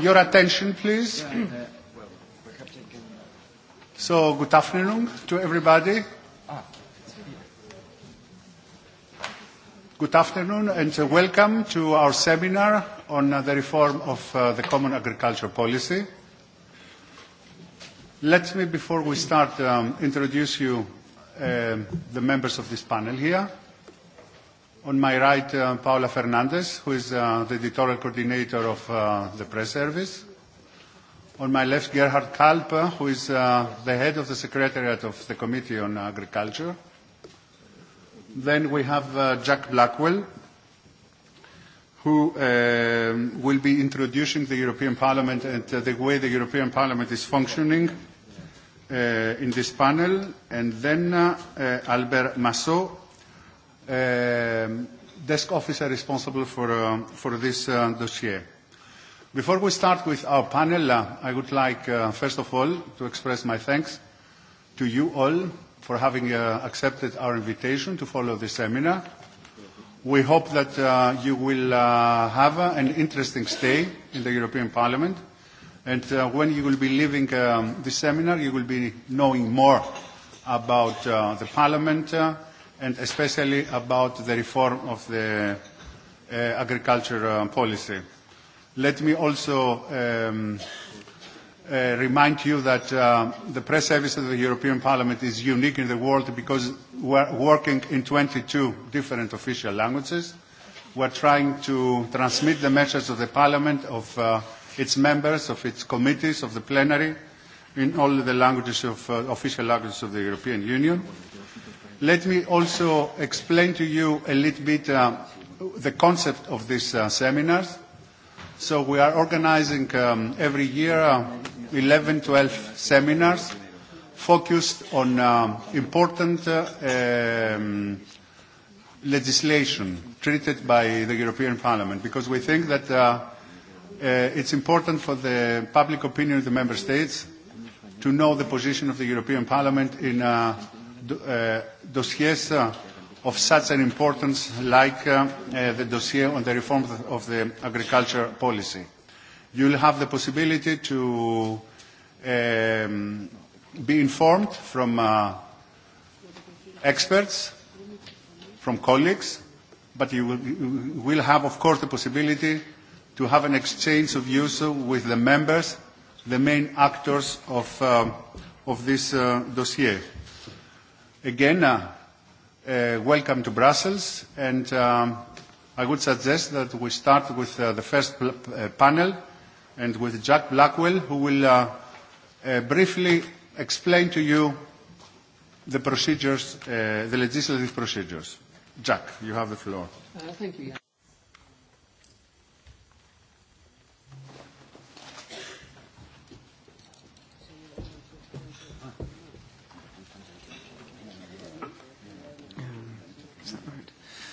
Your attention, please. So, good afternoon to everybody. Good afternoon and welcome to our seminar on the reform of the Common Agriculture Policy. Let me, before we start, introduce you the members of this panel here. On my right, Paula Fernandez, who is the editorial coordinator of the press service. On my left, Gerhard Kalpe, who is the head of the secretariat of the Committee on Agriculture. Then we have Jack Blackwell, who will be introducing the European Parliament and the way the European Parliament is functioning in this panel. And then Albert Massot, desk officer responsible for, for this dossier. Before we start with our panel, I would like, first of all, to express my thanks to you all for having accepted our invitation to follow this seminar. We hope that you will have an interesting stay in the European Parliament, and when you will be leaving this seminar, you will be knowing more about the Parliament, and especially about the reform of the agriculture policy. Let me also remind you that the press service of the European Parliament is unique in the world because we're working in 22 different official languages. We're trying to transmit the message of the Parliament, of its members, of its committees, of the plenary, in all the languages of official languages of the European Union. Let me also explain to you a little bit the concept of these seminars. So we are organizing every year 11, 12 seminars focused on important legislation treated by the European Parliament because we think that it's important for the public opinion of the Member States to know the position of the European Parliament in dossiers of such an importance like the dossier on the reform of the agriculture policy. You will have the possibility to be informed from experts, from colleagues, but you will have, of course, the possibility to have an exchange of views with the members, the main actors of this dossier. Again, welcome to Brussels, and I would suggest that we start with the first panel and with Jack Blackwell, who will briefly explain to you the procedures, the legislative procedures. Jack, you have the floor. Thank you.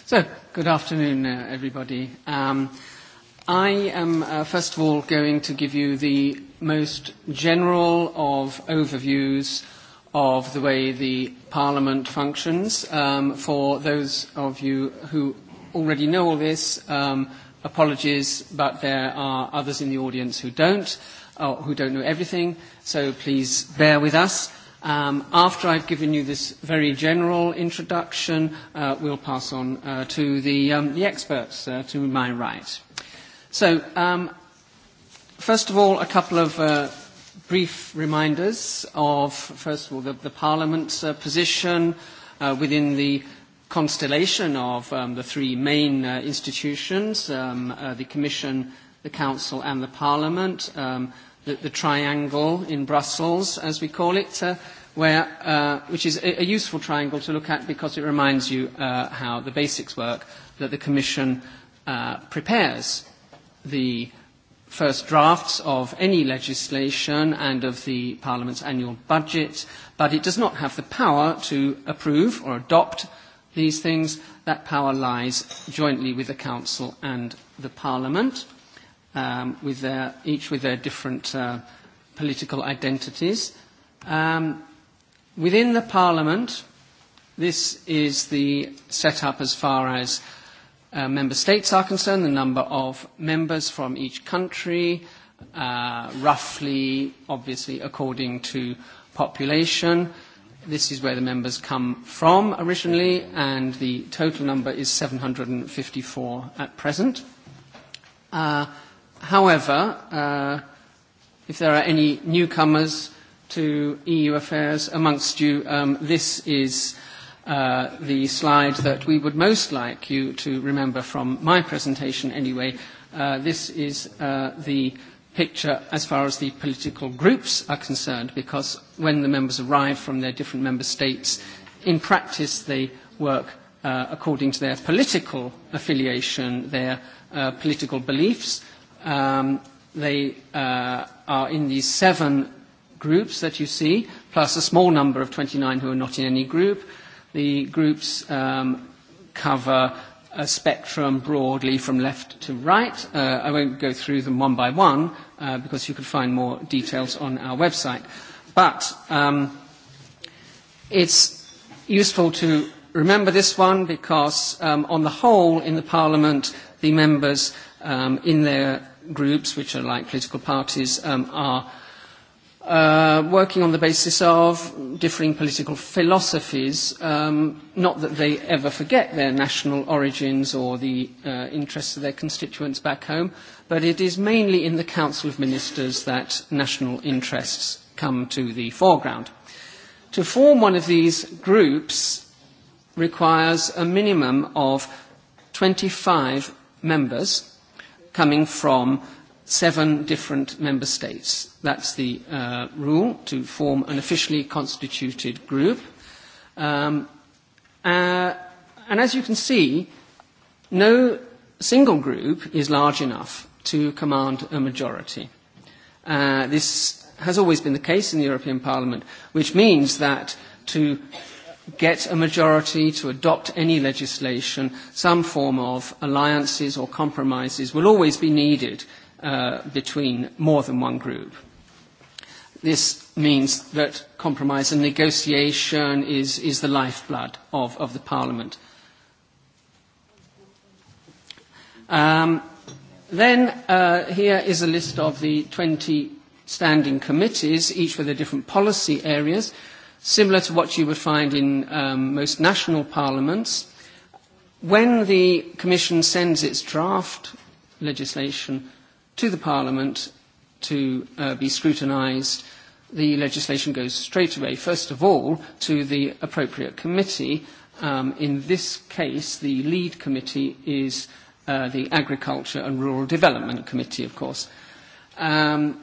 So, good afternoon, everybody. Um, I am, first of all, going to give you the most general of overviews of the way the Parliament functions. Um, for those of you who already know all this, um, apologies, but there are others in the audience who don't, who don't know everything, so please bear with us. After I've given you this very general introduction, we'll pass on to the experts to my right. So, first of all, a couple of brief reminders of, first of all, the Parliament's position within the constellation of the three main institutions, the Commission, the Council and the Parliament the triangle in Brussels, as we call it, where which is a useful triangle to look at because it reminds you how the basics work, that the Commission prepares the first drafts of any legislation and of the Parliament's annual budget, but it does not have the power to approve or adopt these things. That power lies jointly with the Council and the Parliament with their, each with their different political identities. Within the Parliament, this is the setup as far as member states are concerned, the number of members from each country, roughly, obviously, according to population. This is where the members come from originally, and the total number is 754 at present. However, if there are any newcomers to EU affairs amongst you, this is the slide that we would most like you to remember from my presentation anyway. This is the picture as far as the political groups are concerned, because when the members arrive from their different member states, in practice they work according to their political affiliation, their political beliefs They are in these seven groups that you see, plus a small number of 29 who are not in any group. The groups cover a spectrum broadly from left to right. I won't go through them one by one because you can find more details on our website. But it's useful to remember this one because on the whole in the Parliament the members in their groups, which are like political parties, are working on the basis of differing political philosophies, not that they ever forget their national origins or the interests of their constituents back home, but it is mainly in the Council of Ministers that national interests come to the foreground. To form one of these groups requires a minimum of 25 members coming from seven different member states. That's the rule to form an officially constituted group. And as you can see, no single group is large enough to command a majority. This has always been the case in the European Parliament, which means that to get a majority to adopt any legislation, some form of alliances or compromises will always be needed between more than one group. This means that compromise and negotiation is, is the lifeblood of, of the Parliament. Um, then here is a list of the 20 standing committees, each with their different policy areas similar to what you would find in most national parliaments. When the Commission sends its draft legislation to the Parliament to be scrutinised, the legislation goes straight away, first of all, to the appropriate committee. In this case, the lead committee is the Agriculture and Rural Development Committee, of course. Within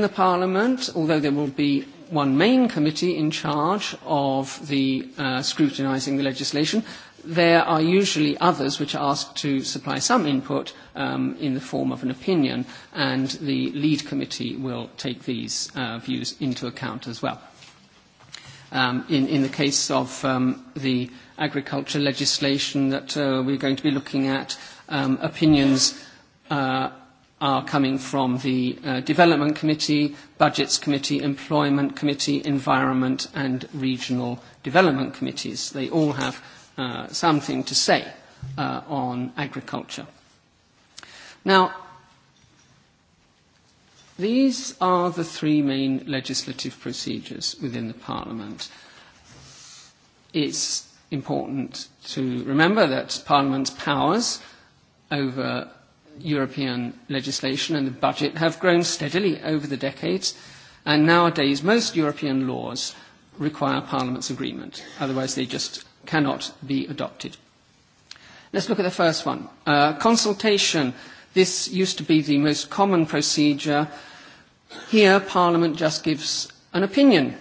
the Parliament, although there will be one main committee in charge of the scrutinising the legislation. There are usually others which are asked to supply some input in the form of an opinion, and the lead committee will take these views into account as well. In the case of the agriculture legislation that we're going to be looking at, opinions are coming from the Development Committee, Budgets Committee, Employment Committee, Environment and Regional Development Committees. They all have something to say on agriculture. Now, these are the three main legislative procedures within the Parliament. It's important to remember that Parliament's powers over European legislation and the budget have grown steadily over the decades, and nowadays most European laws require Parliament's agreement. Otherwise, they just cannot be adopted. Let's look at the first one. Consultation. This used to be the most common procedure. Here, Parliament just gives an opinion.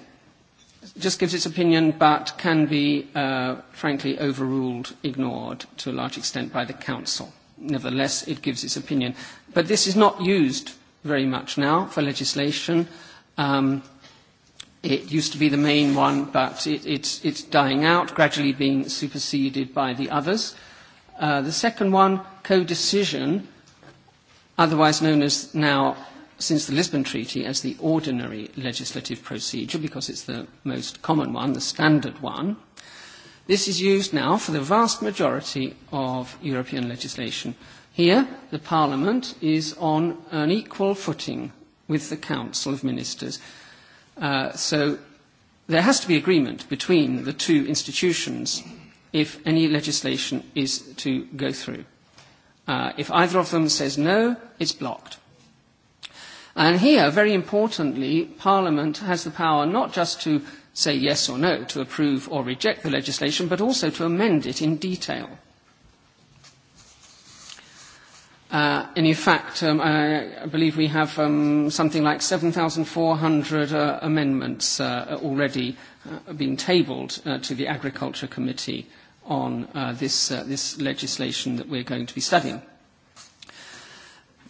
Just gives its opinion, but can be, frankly, overruled, ignored to a large extent by the Council nevertheless it gives its opinion. But this is not used very much now for legislation. It used to be the main one, but it it's dying out, gradually being superseded by the others. The second one, co-decision, otherwise known as now, since the Lisbon Treaty, as the ordinary legislative procedure, because it's the most common one, the standard one. This is used now for the vast majority of European legislation. Here, the Parliament is on an equal footing with the Council of Ministers. So there has to be agreement between the two institutions if any legislation is to go through. If either of them says no, it's blocked. And here, very importantly, Parliament has the power not just to say yes or no to approve or reject the legislation, but also to amend it in detail. And in fact, I believe we have something like 7,400 amendments already been tabled to the Agriculture Committee on this legislation that we're going to be studying.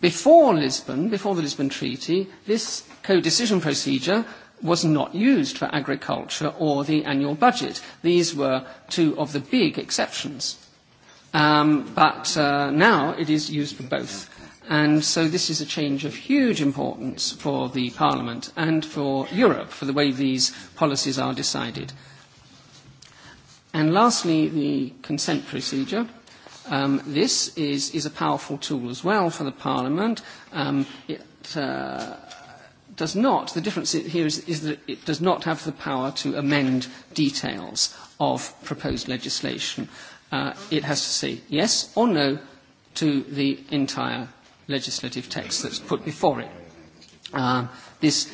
Before Lisbon, before the Lisbon Treaty, this co-decision procedure was not used for agriculture or the annual budget. These were two of the big exceptions. But now it is used for both. And so this is a change of huge importance for the Parliament and for Europe, for the way these policies are decided. And lastly, the consent procedure. This is is a powerful tool as well for the Parliament. It does not, the difference here is, is that it does not have the power to amend details of proposed legislation. it has to say yes or no to the entire legislative text that's put before it. this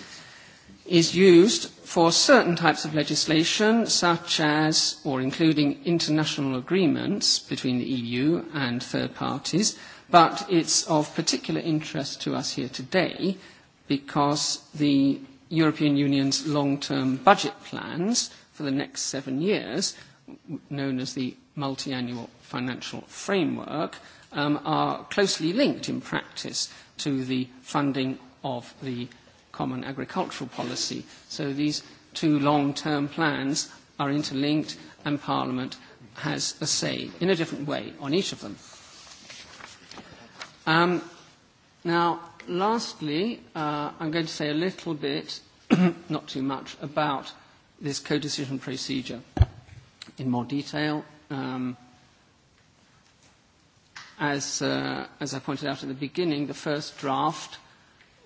is used for certain types of legislation, such as or including international agreements between the EU and third parties, but it's of particular interest to us here today because the European Union's long-term budget plans for the next seven years, known as the Multi-Annual Financial Framework, are closely linked in practice to the funding of the Common Agricultural Policy. So these two long-term plans are interlinked and Parliament has a say in a different way on each of them. Now, lastly, I'm going to say a little bit, not too much, about this co-decision procedure in more detail. As I pointed out at the beginning, the first draft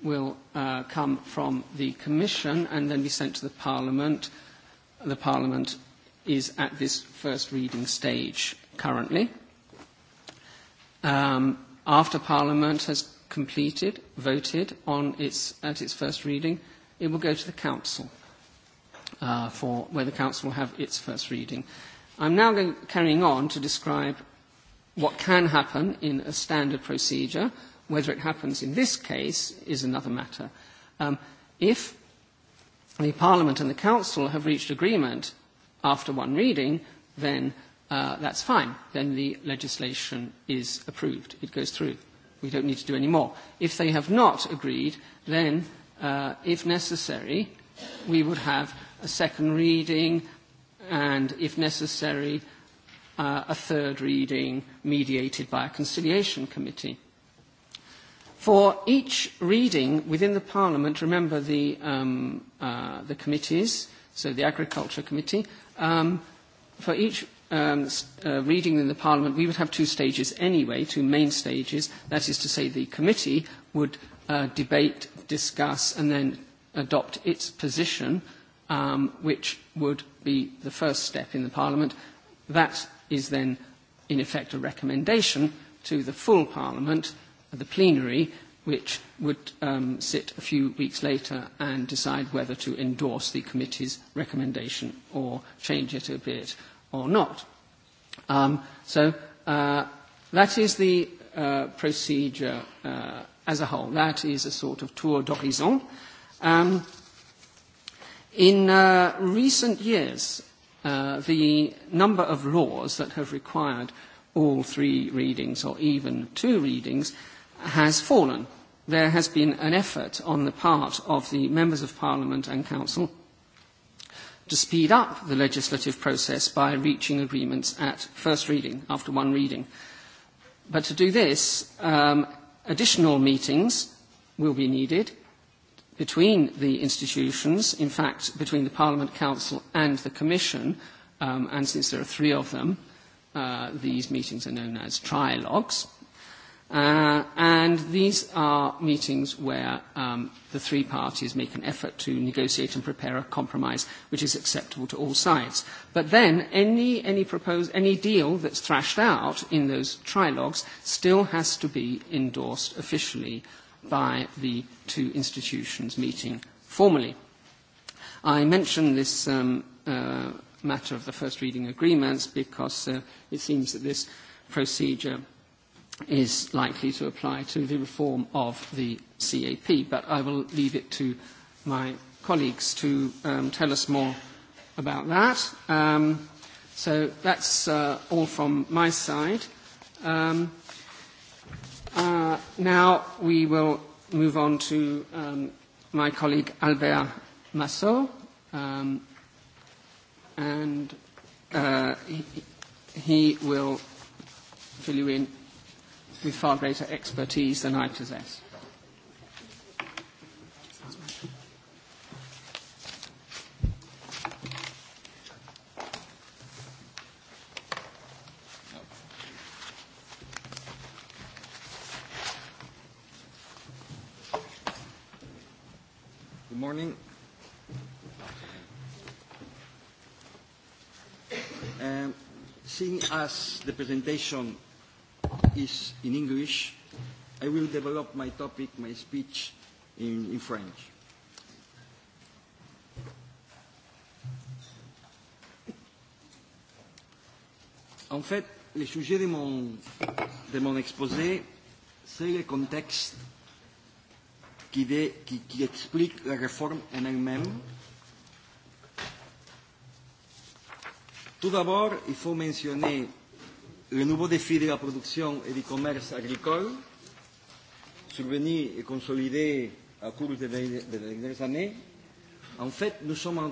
will come from the Commission and then be sent to the Parliament. The Parliament is at this first reading stage currently. After Parliament has completed, voted on its, at its first reading, it will go to the Council for where the Council will have its first reading. I'm now going, carrying on to describe what can happen in a standard procedure. Whether it happens in this case is another matter. If the Parliament and the Council have reached agreement after one reading, then that's fine. Then the legislation is approved. It goes through we don't need to do any more. If they have not agreed, then, if necessary, we would have a second reading and, if necessary, a third reading mediated by a conciliation committee. For each reading within the Parliament, remember the the committees, so the Agriculture Committee, for each reading in the Parliament, we would have two stages anyway, two main stages. That is to say, the committee would debate, discuss, and then adopt its position, which would be the first step in the Parliament. That is then, in effect, a recommendation to the full Parliament, the plenary, which would sit a few weeks later and decide whether to endorse the committee's recommendation or change it a bit or not. So that is the procedure as a whole. That is a sort of tour d'horizon. In recent years, the number of laws that have required all three readings or even two readings has fallen. There has been an effort on the part of the Members of Parliament and Council to speed up the legislative process by reaching agreements at first reading, after one reading. But to do this, additional meetings will be needed between the institutions, in fact, between the Parliament, Council and the Commission, and since there are three of them, these meetings are known as trilogues. And these are meetings where the three parties make an effort to negotiate and prepare a compromise which is acceptable to all sides. But then any any deal that's thrashed out in those trilogues still has to be endorsed officially by the two institutions meeting formally. I mention this matter of the first reading agreements because it seems that this procedure is likely to apply to the reform of the CAP. But I will leave it to my colleagues to tell us more about that. So that's all from my side. Now we will move on to my colleague Albert Massot. And he will fill you in with far greater expertise than I possess. Good morning. Seeing as the presentation is in English. I will develop my topic, my speech in French. En fait, le sujet de mon, de mon exposé, c'est le contexte qui, de, qui, qui explique la réforme en elle-même. Tout d'abord, il faut mentionner le nouveau défi de la production et du commerce agricole, survenu et consolidé à cours des dernières années, en fait, nous sommes en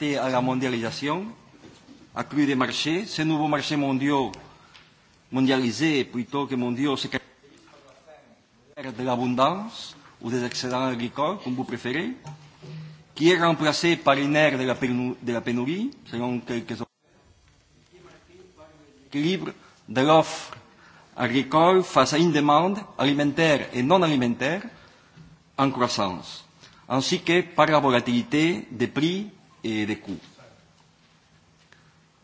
train à la mondialisation, à cru des marchés. Ces nouveaux marchés mondiaux, mondialisés plutôt que mondiaux, se caractérisent de l'abondance ou des excédents agricoles, comme vous préférez, qui est remplacé par une ère de la pénurie, selon quelques l'équilibre de l'offre agricole face à une demande alimentaire et non alimentaire en croissance, ainsi que par la volatilité des prix et des coûts.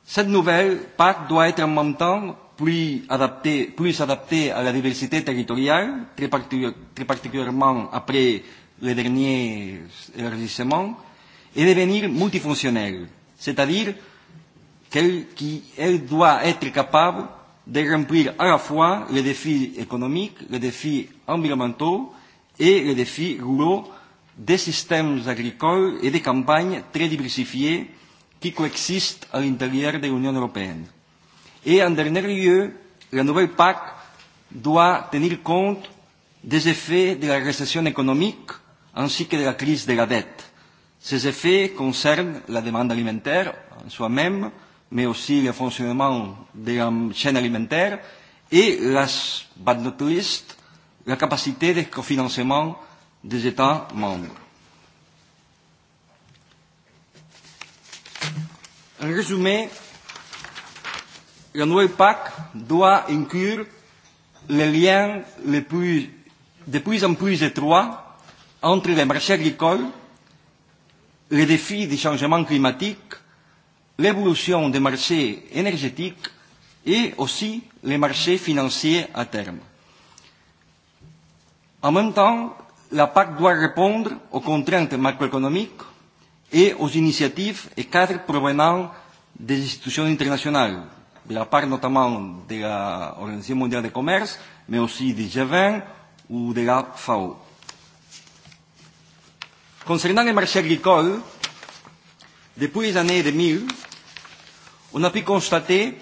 Cette nouvelle PAC doit être en même temps plus adaptée, plus à la diversité territoriale, très, très particulièrement après les derniers élargissements, et devenir multifonctionnelle, c'est-à-dire Elle doit être capable de remplir à la fois les défis économiques, les défis environnementaux et les défis ruraux des systèmes agricoles et des campagnes très diversifiées qui coexistent à l'intérieur de l'Union européenne. Et en dernier lieu, la nouvelle PAC doit tenir compte des effets de la récession économique ainsi que de la crise de la dette. Ces effets concernent la demande alimentaire en soi-même, mais aussi le fonctionnement de la chaîne alimentaire et las la capacité de cofinancement des États membres. En résumé, la nouvelle PAC doit inclure les liens les plus, de plus en plus étroits entre les marchés agricoles, les défis du changement climatique l'évolution des marchés énergétiques et aussi les marchés financiers à terme. En même temps, la PAC doit répondre aux contraintes macroéconomiques et aux initiatives et cadres provenant des institutions internationales, de la part notamment de l'Organisation mondiale du commerce, mais aussi du G20 ou de la FAO. Concernant les marchés agricoles, depuis les années 2000, On a pu constater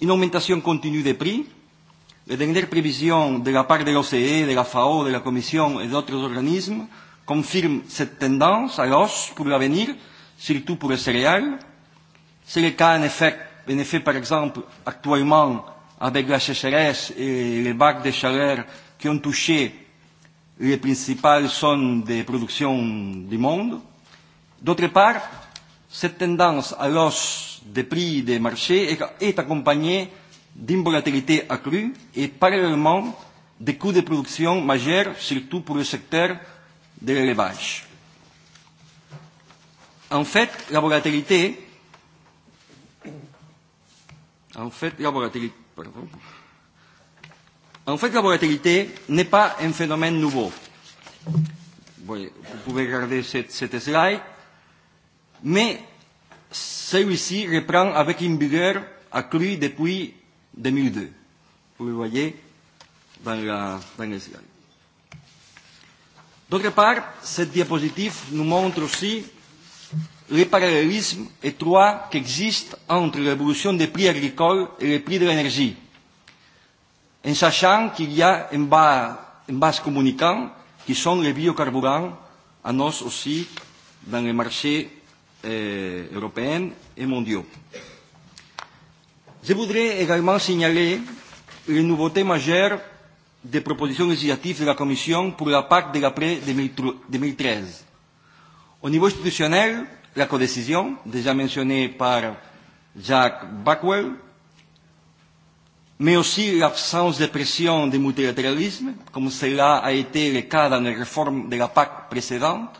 une augmentation continue des prix. Les dernières prévisions de la part de l'OCDE, de la FAO, de la Commission et d'autres organismes confirment cette tendance à l'os pour l'avenir, surtout pour les céréales. C'est le cas en effet, en par exemple actuellement avec la sécheresse et les bacs de chaleur qui ont touché les principales zones de production du monde. D'autre part, cette tendance à l'os des prix des marchés est accompagné d'une volatilité accrue et parallèlement des coûts de production majeurs, surtout pour le secteur de l'élevage. En fait, la volatilité en fait, la volatilité, En fait, la volatilité n'est pas un phénomène nouveau. Vous pouvez regarder cette, cette slide. Mais celui-ci reprend avec une vigueur accrue depuis 2002. Vous le voyez dans, la, dans les slides. D'autre part, cette diapositive nous montre aussi le parallélisme étroit qui existe entre l'évolution des prix agricoles et les prix de l'énergie, en sachant qu'il y a un bas un bas communicant qui sont les biocarburants, nos aussi dans les marchés européennes et mondiaux. Je voudrais également signaler les nouveautés majeures des propositions législatives de la Commission pour la PAC de l'après 2013. Au niveau institutionnel, la codécision, déjà mentionnée par Jack Backwell, mais aussi l'absence de pression du multilatéralisme, comme cela a été le cas dans les réformes de la PAC précédente.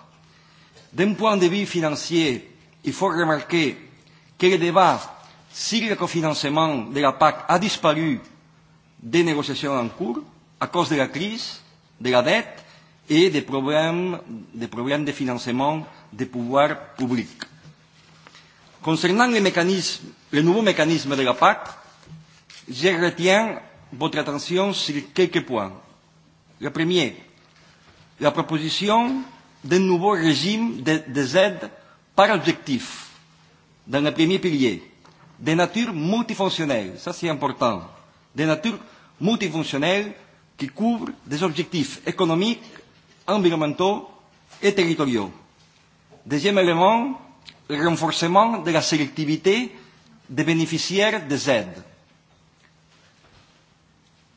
D'un point de vue financier, il faut remarquer que le débat sur le cofinancement de la PAC a disparu des négociations en cours à cause de la crise, de la dette et des problèmes, des problèmes de financement des pouvoirs publics. Concernant le nouveau mécanisme de la PAC, je retiens votre attention sur quelques points. Le premier, la proposition d'un nouveau régime des aides par objectif, dans le premier pilier, de natures multifonctionnelles, ça c'est important, des natures multifonctionnelles qui couvrent des objectifs économiques, environnementaux et territoriaux. Deuxième élément, le renforcement de la sélectivité des bénéficiaires des aides.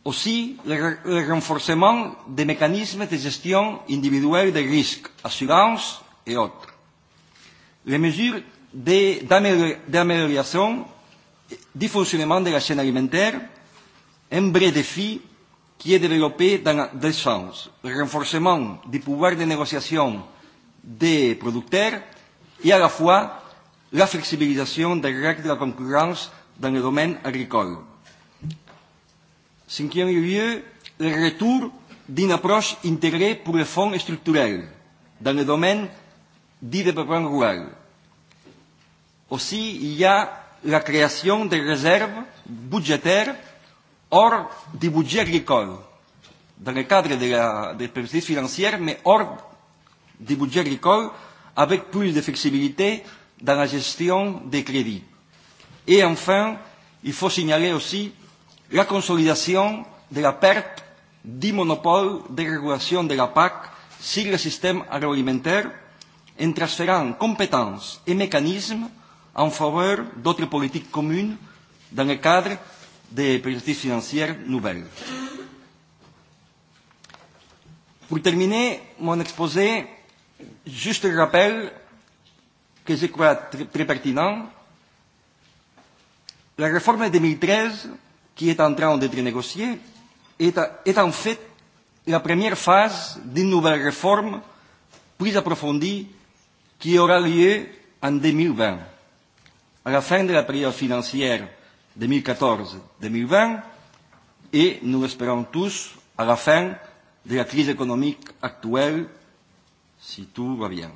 Aussi, le renforcement des mécanismes de gestion individuelle des risques, assurances et autres les mesures d'amélioration du fonctionnement de la chaîne alimentaire, un vrai défi qui est développé dans deux sens. Le renforcement du pouvoir de négociation des producteurs et à la fois la flexibilisation des règles de la concurrence dans le domaine agricole. Cinquième lieu, le retour d'une approche intégrée pour les fonds structurels dans le domaine dit de Pépin rural. Aussi, il y a la création des réserves budgétaires hors du budget agricole, dans le cadre de la des perspectives financières, mais hors du budget agricole, avec plus de flexibilité dans la gestion des crédits. Et enfin, il faut signaler aussi la consolidation de la perte du monopole de régulation de la PAC sur le système agroalimentaire en transférant compétences et mécanismes en faveur d'autres politiques communes dans le cadre des priorités financières nouvelles. Pour terminer mon exposé, juste le rappel que je crois très pertinent. La réforme de 2013, qui est en train d'être négociée, est en fait la première phase d'une nouvelle réforme plus approfondie qui aura lieu en 2020. À la fin de la période financière 2014-2020 et, nous l'espérons tous, à la fin de la crise économique actuelle, si tout va bien.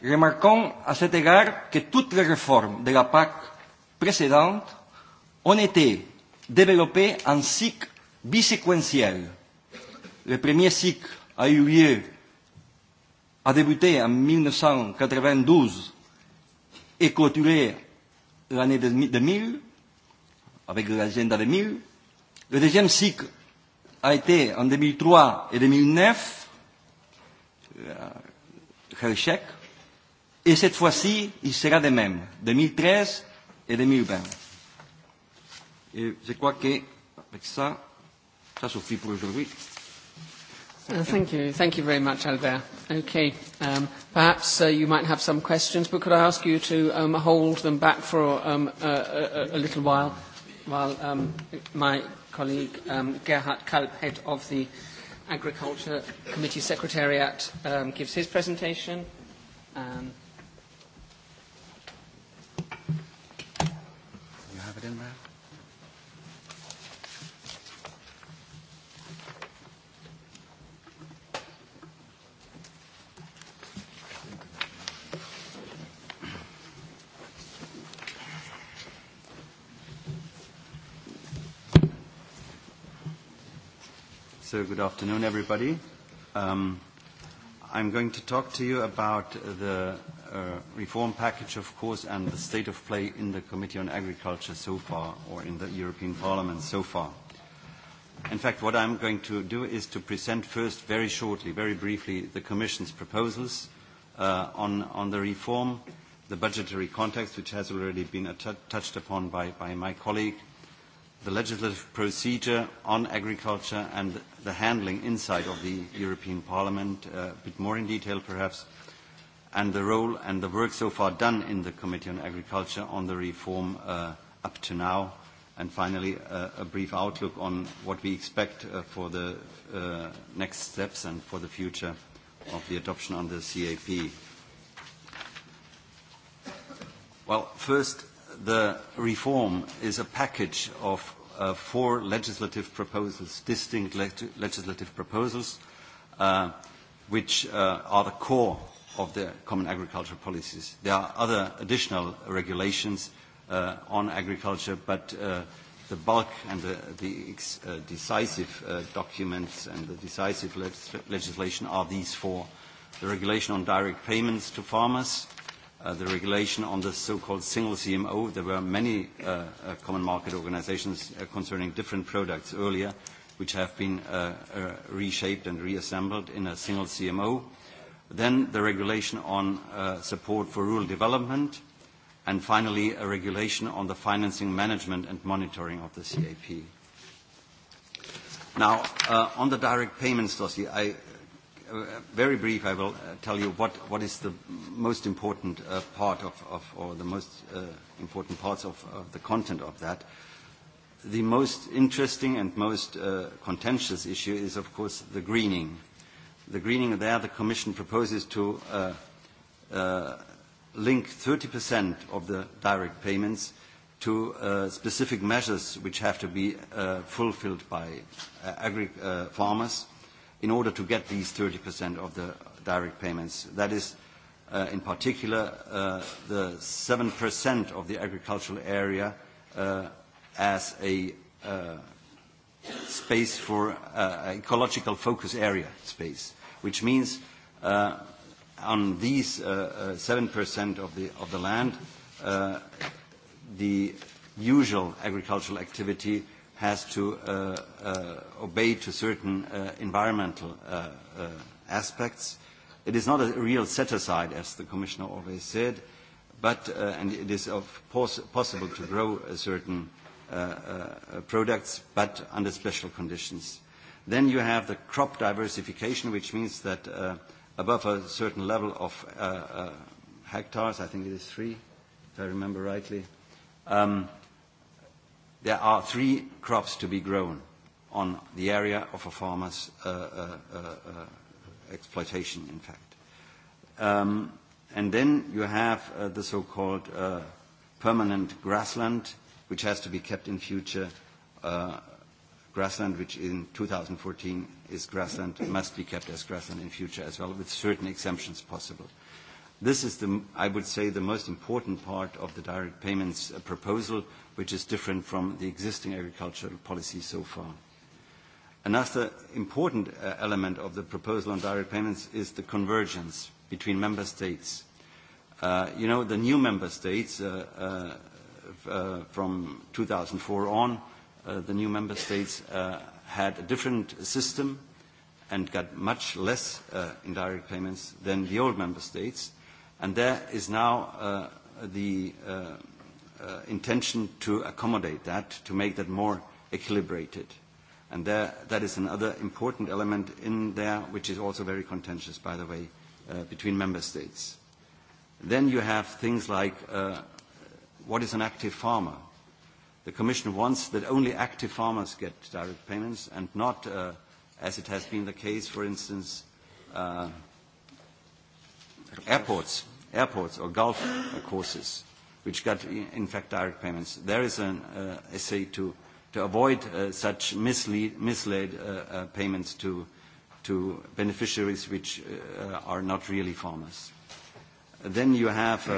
Remarquons à cet égard que toutes les réformes de la PAC précédente ont été développées en cycle biséquentiel. Le premier cycle a eu lieu a débuté en 1992 et clôturé l'année 2000, avec l'agenda 2000. Le deuxième cycle a été en 2003 et 2009, Hershek, et cette fois-ci, il sera de même, 2013 et 2020. Et je crois que avec ça, ça suffit pour aujourd'hui. Thank you. Thank you very much, Albert. Okay. Perhaps you might have some questions, but could I ask you to hold them back for a little while while my colleague Gerhard Kalb, head of the Agriculture Committee Secretariat, gives his presentation. You have it in So good afternoon, everybody. Um, I'm going to talk to you about the reform package, of course, and the state of play in the Committee on Agriculture so far, or in the European Parliament so far. In fact, what I'm going to do is to present first, very shortly, very briefly, the Commission's proposals on the reform, the budgetary context, which has already been touched upon by my colleague, the legislative procedure on agriculture and the handling inside of the European Parliament, a bit more in detail perhaps, and the role and the work so far done in the Committee on Agriculture on the reform up to now, and finally a brief outlook on what we expect for the next steps and for the future of the adoption on the CAP. Well, first, the reform is a package of four legislative proposals, distinct legislative proposals, which are the core of the common agricultural policies. There are other additional regulations on agriculture, but the bulk and the decisive documents and the decisive legislation are these four. The regulation on direct payments to farmers, the regulation on the so-called single CMO. There were many common market organizations concerning different products earlier, which have been reshaped and reassembled in a single CMO. Then the regulation on support for rural development, and finally a regulation on the financing management and monitoring of the CAP. Now, on the direct payments dossier, I very brief, I will tell you what what is the most important part of, or the most important parts of the content of that. The most interesting and most contentious issue is, of course, the greening. The greening there, the Commission proposes to link 30% of the direct payments to specific measures which have to be fulfilled by agri farmers in order to get these 30% of the direct payments. That is, in particular, the 7% of the agricultural area as a space for ecological focus area space, which means on these 7% of the land, the usual agricultural activity has to obey to certain environmental aspects. It is not a real set-aside, as the Commissioner always said, but and it is, of course, possible to grow certain products, but under special conditions. Then you have the crop diversification, which means that above a certain level of hectares, I think it is three, if I remember rightly, there are three crops to be grown on the area of a farmer's exploitation, in fact. And then you have the so-called permanent grassland, which has to be kept in future. Grassland, which in 2014 is grassland, must be kept as grassland in future as well, with certain exemptions possible. This is, I would say, the most important part of the direct payments proposal, which is different from the existing agricultural policy so far. Another important element of the proposal on direct payments is the convergence between member states. You know, the new member states from 2004 on, the new member states had a different system and got much less indirect payments than the old member states and there is now the intention to accommodate that, to make that more equilibrated. And that is another important element in there, which is also very contentious, by the way, between member states. Then you have things like what is an active farmer? The Commission wants that only active farmers get direct payments and not, as it has been the case, for instance, airports airports or golf courses, which got, in fact, direct payments. There is an essay to avoid such misled payments to beneficiaries which are not really farmers. Then you have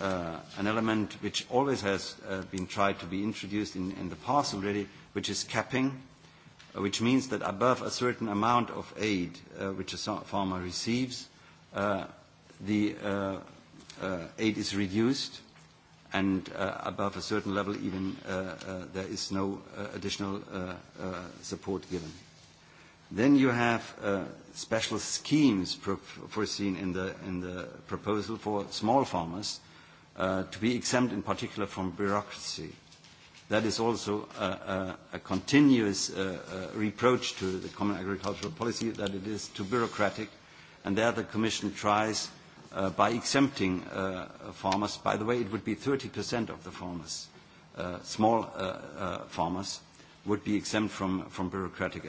an element which always has been tried to be introduced in the past already, which is capping, which means that above a certain amount of aid which a farmer receives, the aid is reduced and above a certain level even there is no additional support given. Then you have special schemes foreseen in the proposal for small farmers to be exempt in particular from bureaucracy. That is also a continuous reproach to the common agricultural policy that it is too bureaucratic and there the Commission tries by exempting farmers. By the way, it would be 30% of the farmers, small farmers, would be exempt from bureaucratic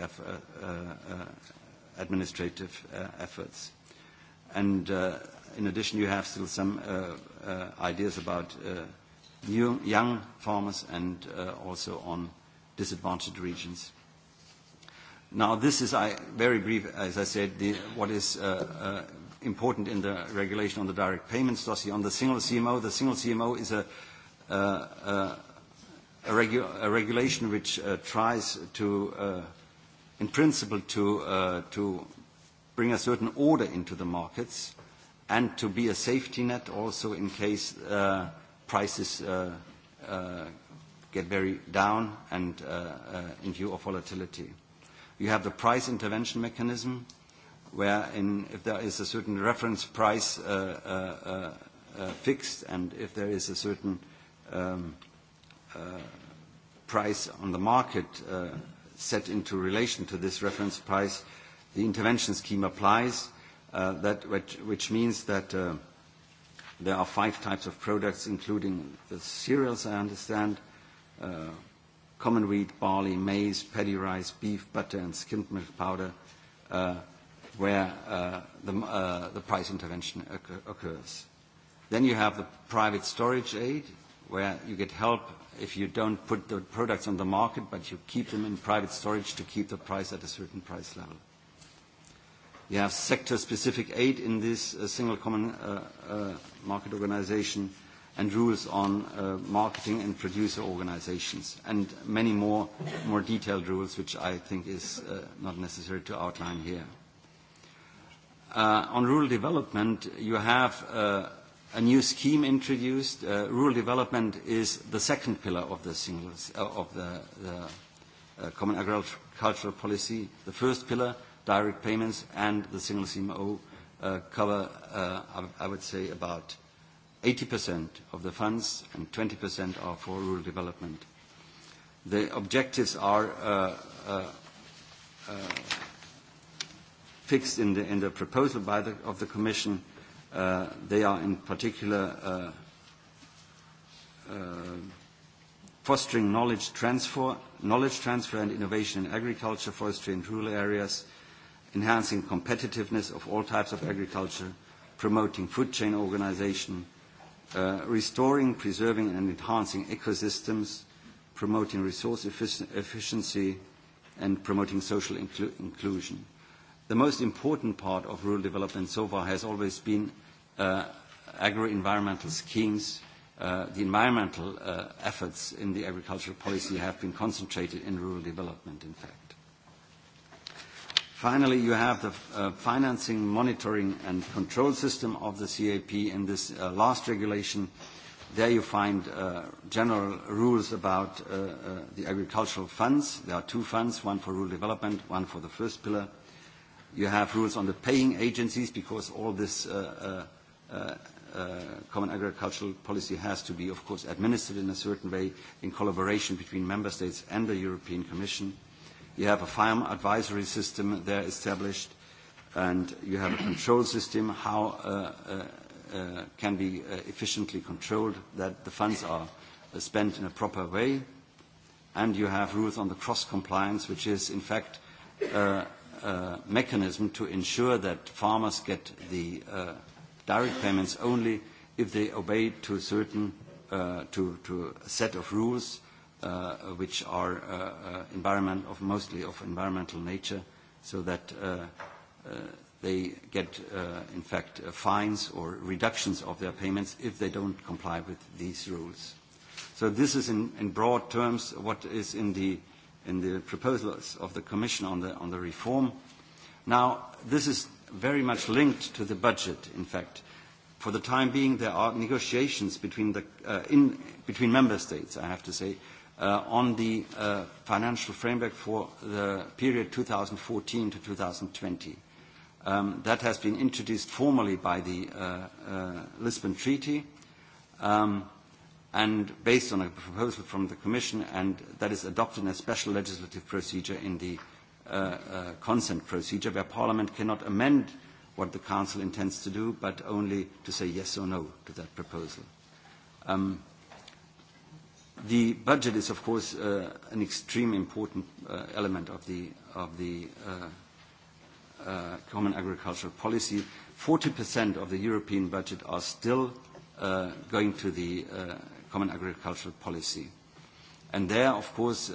administrative efforts. And in addition, you have still some ideas about young farmers and also on disadvantaged regions. Now, this is very brief, as I said, what is important in the regulation on the direct payments dossier. On the single CMO, the single CMO is a regulation which tries to, in principle, to bring a certain order into the markets and to be a safety net also in case prices get very down and in view of volatility. You have the price intervention mechanism where if there is a certain reference price fixed and if there is a certain price on the market set into relation to this reference price, the intervention scheme applies, which means that there are five types of products, including the cereals, I understand, common wheat, barley, maize, paddy rice, beef, butter, and skimmed milk powder, where the price intervention occurs. Then you have the private storage aid, where you get help if you don't put the products on the market, but you keep them in private storage to keep the price at a certain price level. You have sector-specific aid in this single common market organization and rules on marketing and producer organizations, and many more detailed rules, which I think is not necessary to outline here. On rural development, you have a new scheme introduced. Rural development is the second pillar of the common agricultural policy. The first pillar, direct payments, and the single CMO cover, I would say, about 80% of the funds and 20% are for rural development. The objectives are fixed in the proposal by the of the Commission. They are in particular fostering knowledge transfer, knowledge transfer and innovation in agriculture, forestry and rural areas, enhancing competitiveness of all types of agriculture, promoting food chain organization, restoring, preserving and enhancing ecosystems, promoting resource efficiency and promoting social inclusion the most important part of rural development so far has always been agro-environmental schemes. The environmental efforts in the agricultural policy have been concentrated in rural development, in fact. Finally, you have the financing, monitoring, and control system of the CAP in this last regulation. There you find general rules about the agricultural funds. There are two funds, one for rural development, one for the first pillar You have rules on the paying agencies because all this common agricultural policy has to be, of course, administered in a certain way in collaboration between member states and the European Commission. You have a farm advisory system there established, and you have a control system how can be efficiently controlled that the funds are spent in a proper way. And you have rules on the cross-compliance, which is, in fact, mechanism to ensure that farmers get the direct payments only if they obey to a certain to a set of rules which are environment of mostly of environmental nature so that they get in fact fines or reductions of their payments if they don't comply with these rules. So this is in broad terms what is in the in the proposals of the Commission on the on the reform. Now this is very much linked to the budget, in fact. For the time being there are negotiations between the in between Member States, I have to say, on the financial framework for the period 2014 to 2020. That has been introduced formally by the Lisbon Treaty. Um and based on a proposal from the Commission and that is adopted in a special legislative procedure in the consent procedure where Parliament cannot amend what the Council intends to do but only to say yes or no to that proposal. The budget is of course an extremely important element of the of the common agricultural policy. 40% of the European budget are still going to the common agricultural policy. And there, of course,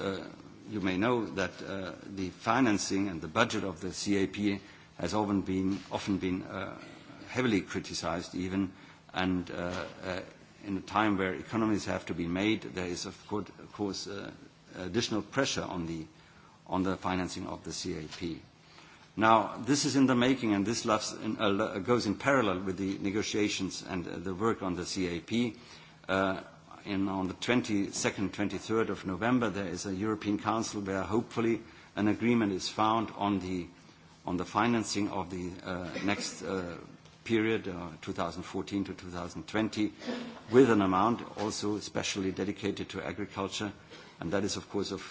you may know that the financing and the budget of the CAP has often been often been heavily criticized even, and in a time where economies have to be made, there is, of course, additional pressure on the on the financing of the CAP. Now, this is in the making, and this goes in parallel with the negotiations and the work on the CAP on the 22nd, 23rd of November, there is a European Council where hopefully an agreement is found on the financing of the next period, 2014 to 2020, with an amount also specially dedicated to agriculture, and that is of course of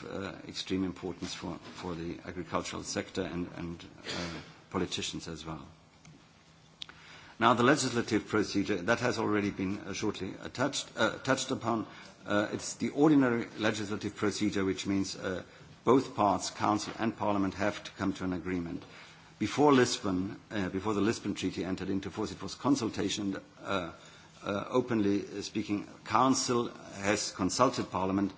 extreme importance for the agricultural sector and politicians as well. Now, the legislative procedure, that has already been shortly touched upon. It's the ordinary legislative procedure, which means both parts, Council and Parliament, have to come to an agreement. Before Lisbon, before the Lisbon Treaty entered into force, it was consultation. Openly speaking, Council has consulted Parliament,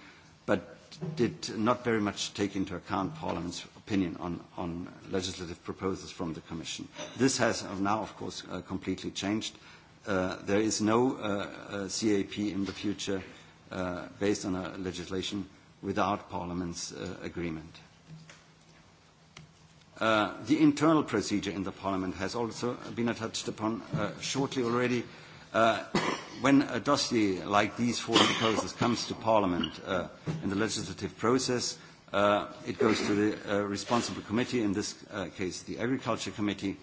but did not very much take into account Parliament's opinion on legislative proposals from the Commission. This has now, of course, completely changed. There is no CAP in the future based on a legislation without Parliament's agreement. The internal procedure in the Parliament has also been touched upon shortly already. When a dossier like these four proposals comes to Parliament in the legislative process, It goes to the responsible committee, in this case the Agriculture Committee,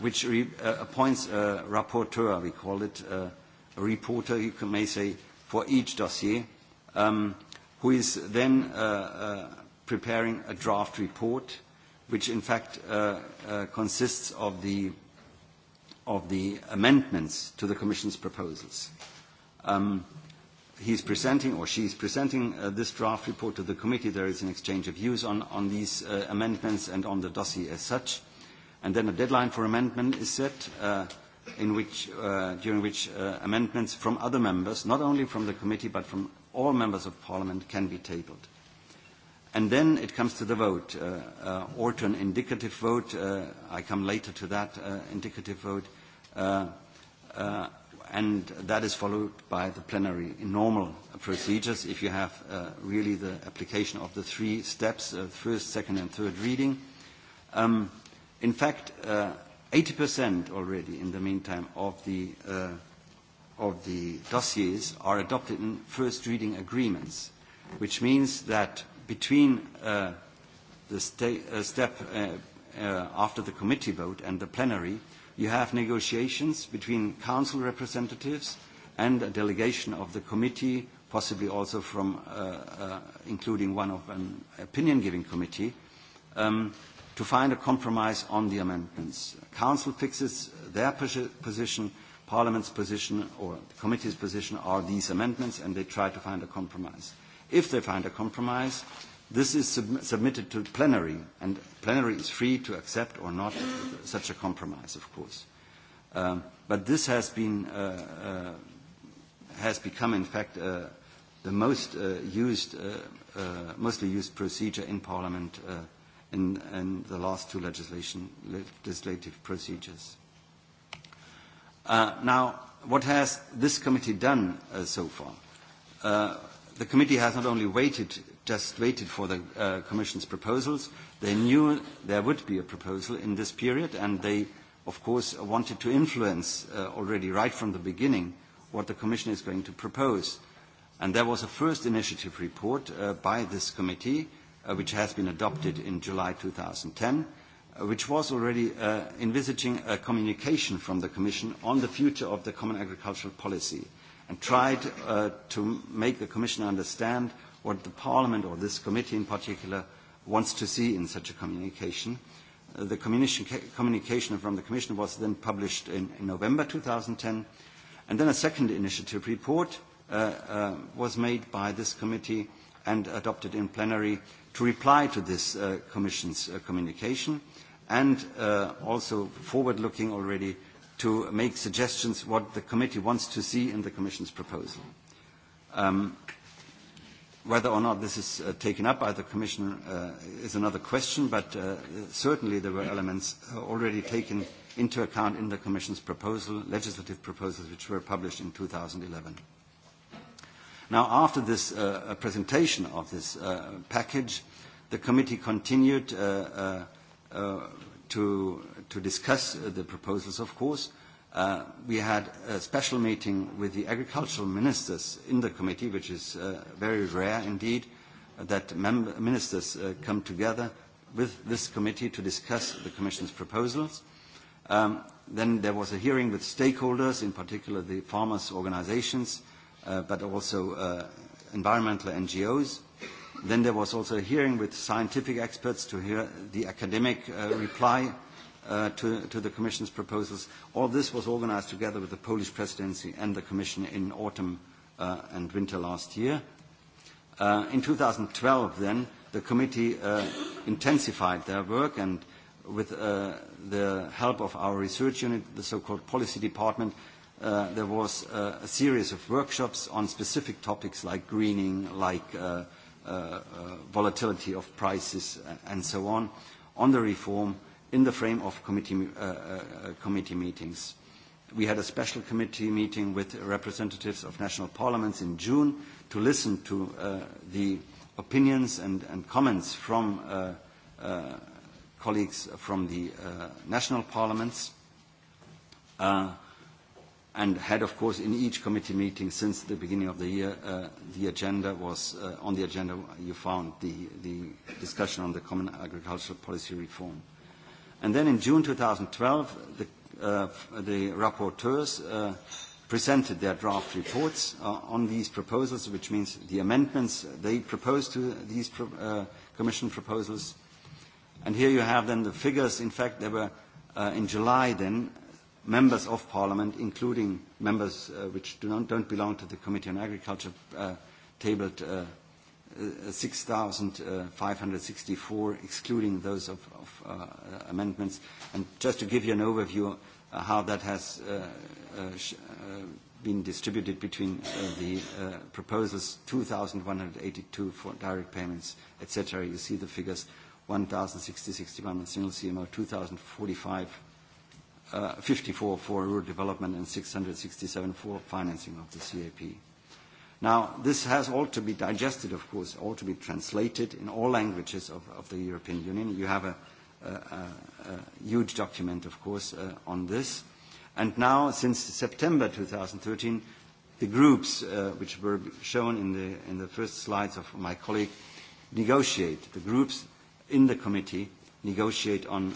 which appoints a rapporteur, we call it, a reporter, you may say, for each dossier, who is then preparing a draft report, which in fact consists of the of the amendments to the Commission's proposals he's is presenting or she is presenting this draft report to the committee. There is an exchange of views on these amendments and on the dossier as such. And then a deadline for amendment is set in which, during which amendments from other members, not only from the committee but from all members of parliament, can be tabled. And then it comes to the vote, or to an indicative vote. I come later to that indicative vote and that is followed by the plenary in normal procedures if you have really the application of the three steps, first, second, and third reading. In fact, 80% already in the meantime of the of the dossiers are adopted in first reading agreements, which means that between the step after the committee vote and the plenary, you have negotiations between council representatives and a delegation of the committee, possibly also from including one of an opinion-giving committee, to find a compromise on the amendments. Council fixes their position, Parliament's position or the committee's position are these amendments, and they try to find a compromise. If they find a compromise, This is submitted to plenary, and plenary is free to accept or not such a compromise, of course. But this has been has become, in fact, the most used, mostly used procedure in Parliament in the last two legislative procedures. Now, what has this committee done so far? The committee has not only waited just waited for the Commission's proposals. They knew there would be a proposal in this period, and they, of course, wanted to influence already right from the beginning what the Commission is going to propose. And there was a first initiative report by this committee, which has been adopted in July 2010, which was already envisaging a communication from the Commission on the future of the common agricultural policy and tried to make the Commission understand what the Parliament, or this committee in particular, wants to see in such a communication. The communication from the Commission was then published in November 2010, and then a second initiative report was made by this committee and adopted in plenary to reply to this Commission's communication and also forward-looking already to make suggestions what the committee wants to see in the Commission's proposal. Whether or not this is taken up by the Commission is another question, but certainly there were elements already taken into account in the Commission's proposal, legislative proposals which were published in 2011. Now, after this presentation of this package, the committee continued to discuss the proposals, of course, We had a special meeting with the agricultural ministers in the committee, which is very rare indeed, that ministers come together with this committee to discuss the Commission's proposals. Then there was a hearing with stakeholders, in particular the farmers' organizations, but also environmental NGOs. Then there was also a hearing with scientific experts to hear the academic reply to the Commission's proposals. All this was organized together with the Polish presidency and the Commission in autumn and winter last year. In 2012, then, the committee intensified their work and with the help of our research unit, the so-called policy department, there was a series of workshops on specific topics like greening, like volatility of prices, and so on, on the reform in the frame of committee meetings. We had a special committee meeting with representatives of national parliaments in June to listen to the opinions and comments from colleagues from the national parliaments and had, of course, in each committee meeting since the beginning of the year, the agenda was on the agenda you found the discussion on the common agricultural policy reform. And then in June 2012, the rapporteurs presented their draft reports on these proposals, which means the amendments they proposed to these Commission proposals. And here you have then the figures. In fact, there were in July then members of Parliament, including members which do not don't belong to the Committee on Agriculture, tabled 6,564, excluding those of amendments. And just to give you an overview how that has been distributed between the proposals, 2,182 for direct payments, etc. You see the figures, 1,061 on single CMO, 2,045 54 for rural development and 667 for financing of the CAP. Now, this has all to be digested, of course, all to be translated in all languages of the European Union. You have a huge document, of course, on this. And now, since September 2013, the groups which were shown in the first slides of my colleague negotiate. The groups in the committee negotiate on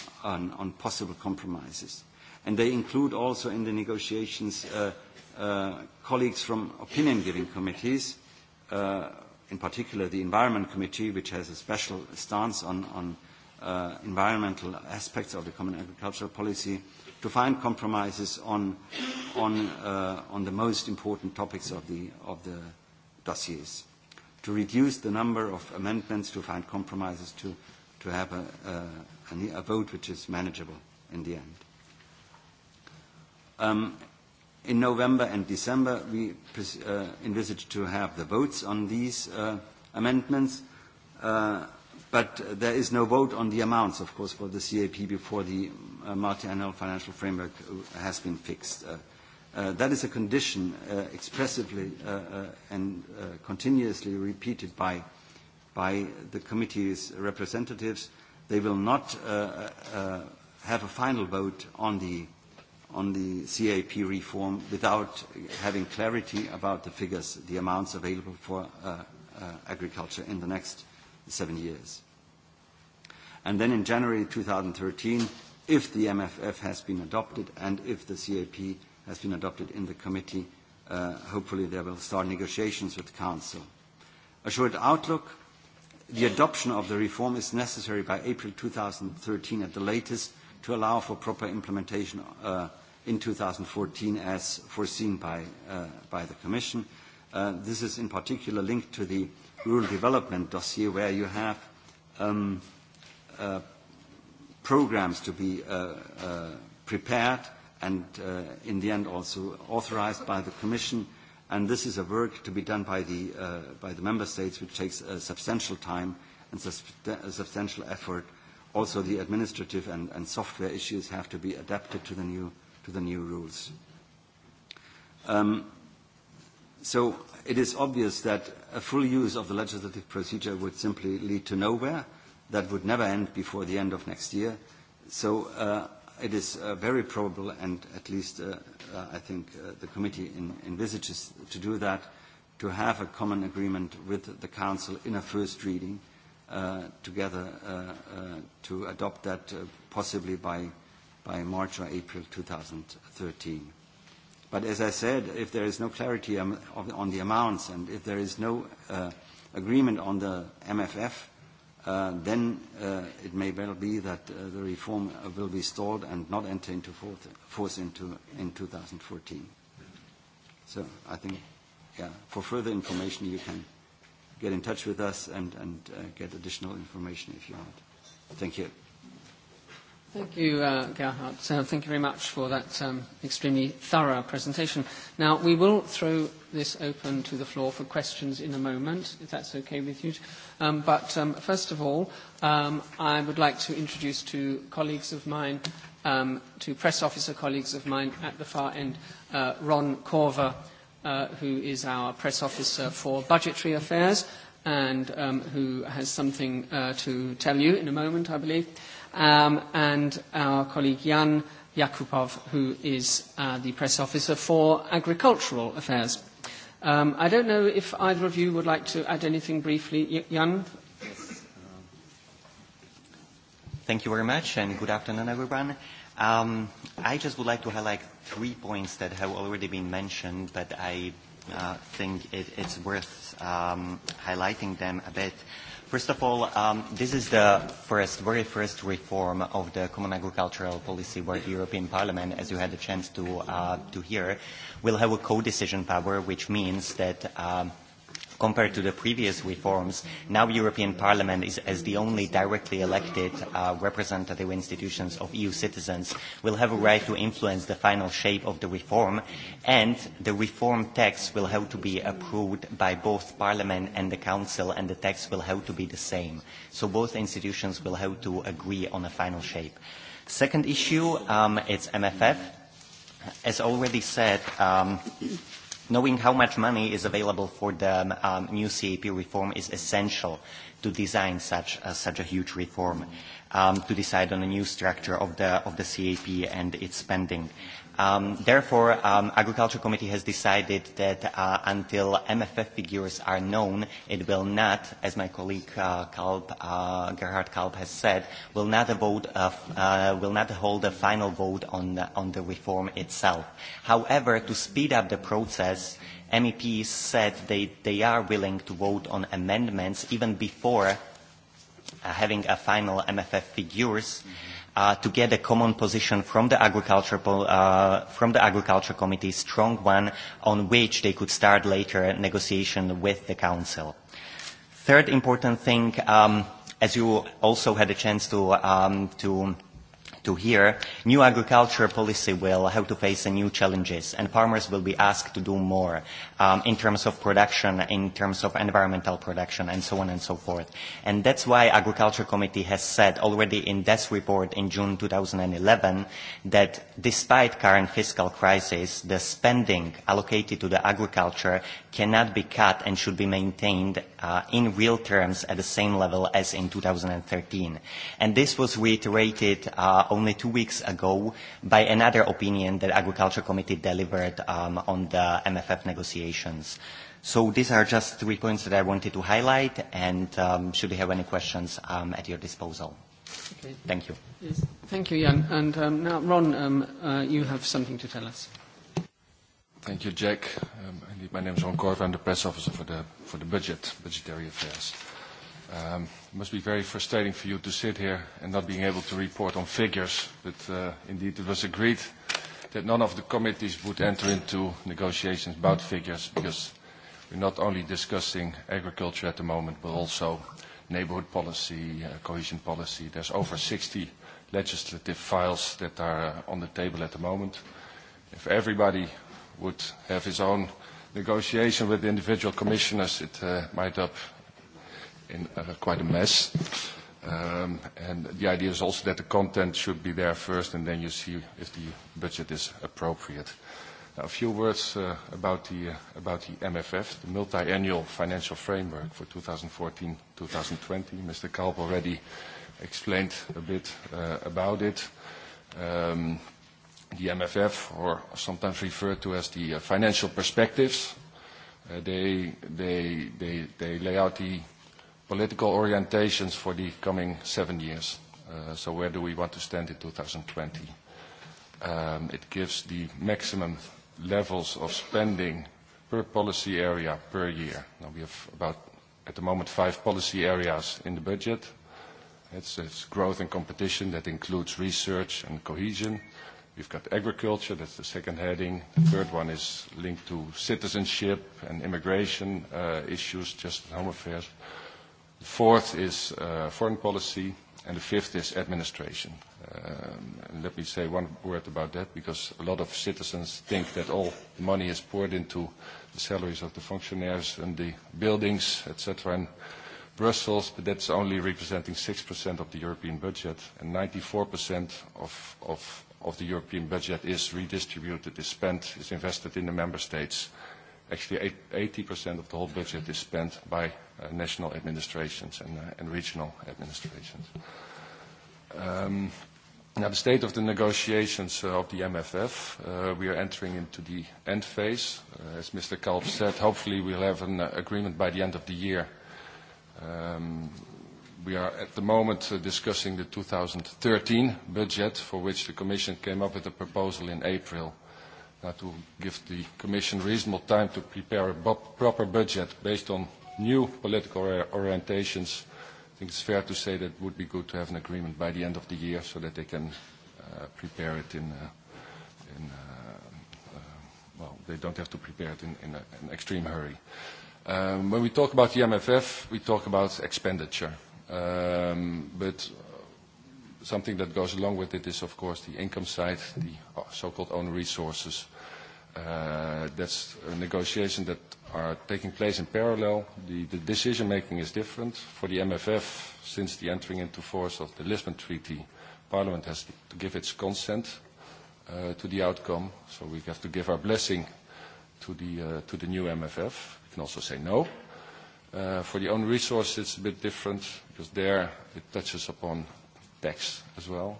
possible compromises, and they include also in the negotiations colleagues from opinion-giving committees, in particular the Environment Committee, which has a special stance on environmental aspects of the Common Agricultural Policy, to find compromises on the most important topics of the dossiers, to reduce the number of amendments, to find compromises, to have a vote which is manageable in the end. In November and December, we envisage to have the votes on these amendments, but there is no vote on the amounts, of course, for the CAP before the multi-annual financial framework has been fixed. That is a condition expressively and continuously repeated by the committee's representatives. They will not have a final vote on the on the CAP reform without having clarity about the figures, the amounts available for agriculture in the next seven years. And then in January 2013, if the MFF has been adopted and if the CAP has been adopted in the committee, hopefully there will start negotiations with Council. A short outlook. The adoption of the reform is necessary by April 2013 at the latest to allow for proper implementation in 2014 as foreseen by the Commission. This is in particular linked to the rural development dossier where you have programs to be prepared and in the end also authorized by the Commission. And this is a work to be done by the member states which takes substantial time and substantial effort also the administrative and, software issues have to be adapted to the new, to the new rules. Um, so it is obvious that a full use of the legislative procedure would simply lead to nowhere. That would never end before the end of next year. So it is very probable, and at least I think the committee envisages to do that, to have a common agreement with the Council in a first reading together to adopt that possibly by by March or April 2013. But as I said, if there is no clarity on the amounts and if there is no agreement on the MFF, then it may well be that the reform will be stalled and not enter into force into in 2014. So I think, yeah, for further information you can get in touch with us and, and get additional information if you want. Thank you. Thank you, Gerhard. Thank you very much for that extremely thorough presentation. Now, we will throw this open to the floor for questions in a moment, if that's okay with you. But first of all, I would like to introduce two colleagues of mine, two press officer colleagues of mine at the far end, Ron Corver who is our press officer for budgetary affairs and who has something to tell you in a moment, I believe, and our colleague Jan Yakupov, who is the press officer for agricultural affairs. I don't know if either of you would like to add anything briefly. Jan? Thank you very much, and good afternoon, everyone. I just would like to highlight three points that have already been mentioned, but I think it's worth highlighting them a bit. First of all, this is the first, very first reform of the Common Agricultural Policy where the European Parliament, as you had the chance to to hear, will have a co-decision power, which means that compared to the previous reforms, now European Parliament is as the only directly elected representative institutions of EU citizens, will have a right to influence the final shape of the reform, and the reform text will have to be approved by both Parliament and the Council, and the text will have to be the same. So both institutions will have to agree on a final shape. Second issue, it's MFF. As already said, Knowing how much money is available for the new CAP reform is essential to design such a huge reform, to decide on a new structure of the CAP and its spending. Therefore, the Agriculture Committee has decided that until MFF figures are known, it will not, as my colleague Gerhard Kalb has said, will not hold a final vote on the reform itself. However, to speed up the process, MEPs said they are willing to vote on amendments even before having a final MFF figures to get a common position from the agriculture from the agriculture committee, strong one on which they could start later negotiation with the council. Third important thing, as you also had a chance to to to hear, new agriculture policy will have to face new challenges, and farmers will be asked to do more in terms of production, in terms of environmental production, and so on and so forth. And that's why Agriculture Committee has said already in this report in June 2011 that despite current fiscal crisis, the spending allocated to the agriculture cannot be cut and should be maintained in real terms at the same level as in 2013. And this was reiterated only two weeks ago by another opinion that Agriculture Committee delivered on the MFF negotiations. So these are just three points that I wanted to highlight, and should you have any questions, I'm at your disposal. Okay, Thank you. Yes, Thank you, Jan. And now, Ron, you have something to tell us. Thank you, Jack. Indeed, my name is Ron Korver. I'm the press officer for the for the budget, budgetary affairs. It must be very frustrating for you to sit here and not being able to report on figures, but indeed it was agreed that none of the committees would enter into negotiations about figures because we're not only discussing agriculture at the moment, but also neighborhood policy, cohesion policy. There's over 60 legislative files that are on the table at the moment. If everybody would have his own negotiation with individual commissioners, it might up in quite a mess. And the idea is also that the content should be there first, and then you see if the budget is appropriate. A few words about the MFF, the Multi-Annual Financial Framework for 2014-2020. Mr. Kalb already explained a bit about it. The MFF, or sometimes referred to as the financial perspectives, they lay out the political orientations for the coming seven years. So where do we want to stand in 2020? It gives the maximum levels of spending per policy area per year. Now we have about, at the moment, five policy areas in the budget. It's growth and competition that includes research and cohesion. We've got agriculture, that's the second heading. The third one is linked to citizenship and immigration issues, just home affairs. The fourth is foreign policy, and the fifth is administration. Let me say one word about that, because a lot of citizens think that all the money is poured into the salaries of the functionaries and the buildings, etc., in Brussels, but that's only representing 6% of the European budget, and 94% of the European budget is redistributed, is spent, is invested in the member states actually 80% of the whole budget is spent by national administrations and and regional administrations. Now, the state of the negotiations of the MFF, we are entering into the end phase. As Mr. Kalb said, hopefully we'll have an agreement by the end of the year. We are at the moment discussing the 2013 budget, for which the Commission came up with a proposal in April to give the Commission reasonable time to prepare a proper budget based on new political orientations, I think it's fair to say that it would be good to have an agreement by the end of the year so that they can prepare it in, well, they don't have to prepare it in an extreme hurry. When we talk about the MFF, we talk about expenditure. But something that goes along with it is, of course, the income side, the so-called own resources. That's a negotiation that are taking place in parallel. The decision-making is different. For the MFF, since the entering into force of the Lisbon Treaty, Parliament has to give its consent to the outcome, so we have to give our blessing to the new MFF. We can also say no. For the own resources, it's a bit different because there it touches upon tax as well.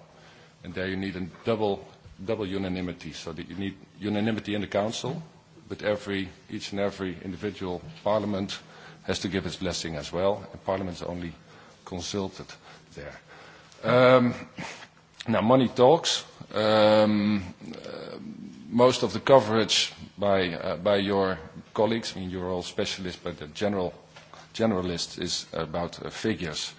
And there you need a double double unanimity, so that you need unanimity in the Council, but every each and every individual Parliament has to give its blessing as well, and Parliament's only consulted there. Now, money talks. Most of the coverage by by your colleagues, I mean you're all specialists, but the general generalist is about figures.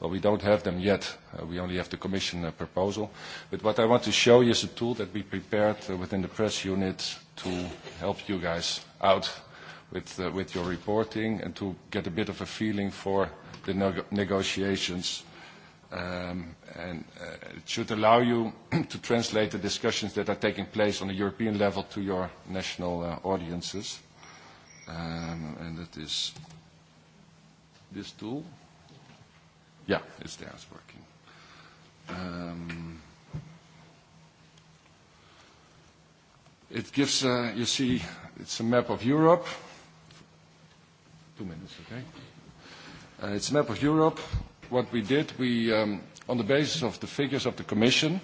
Well, we don't have them yet. We only have the Commission proposal. But what I want to show you is a tool that we prepared within the press unit to help you guys out with with your reporting and to get a bit of a feeling for the negotiations. And it should allow you to translate the discussions that are taking place on the European level to your national audiences. And that is this tool. Yeah, it's there, it's working. Um, it gives, uh, you see, it's a map of Europe. Two minutes, okay? Uh, it's a map of Europe. What we did, we, um, on the basis of the figures of the Commission,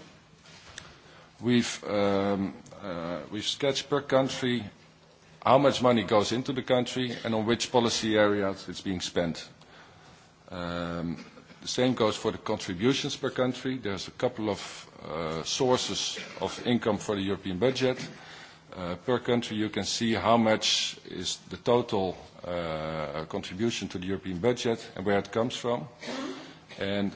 we've, um, uh, we've sketched per country how much money goes into the country and on which policy areas it's being spent. Um, The same goes for the contributions per country. There's a couple of sources of income for the European budget. Per country, you can see how much is the total contribution to the European budget and where it comes from. And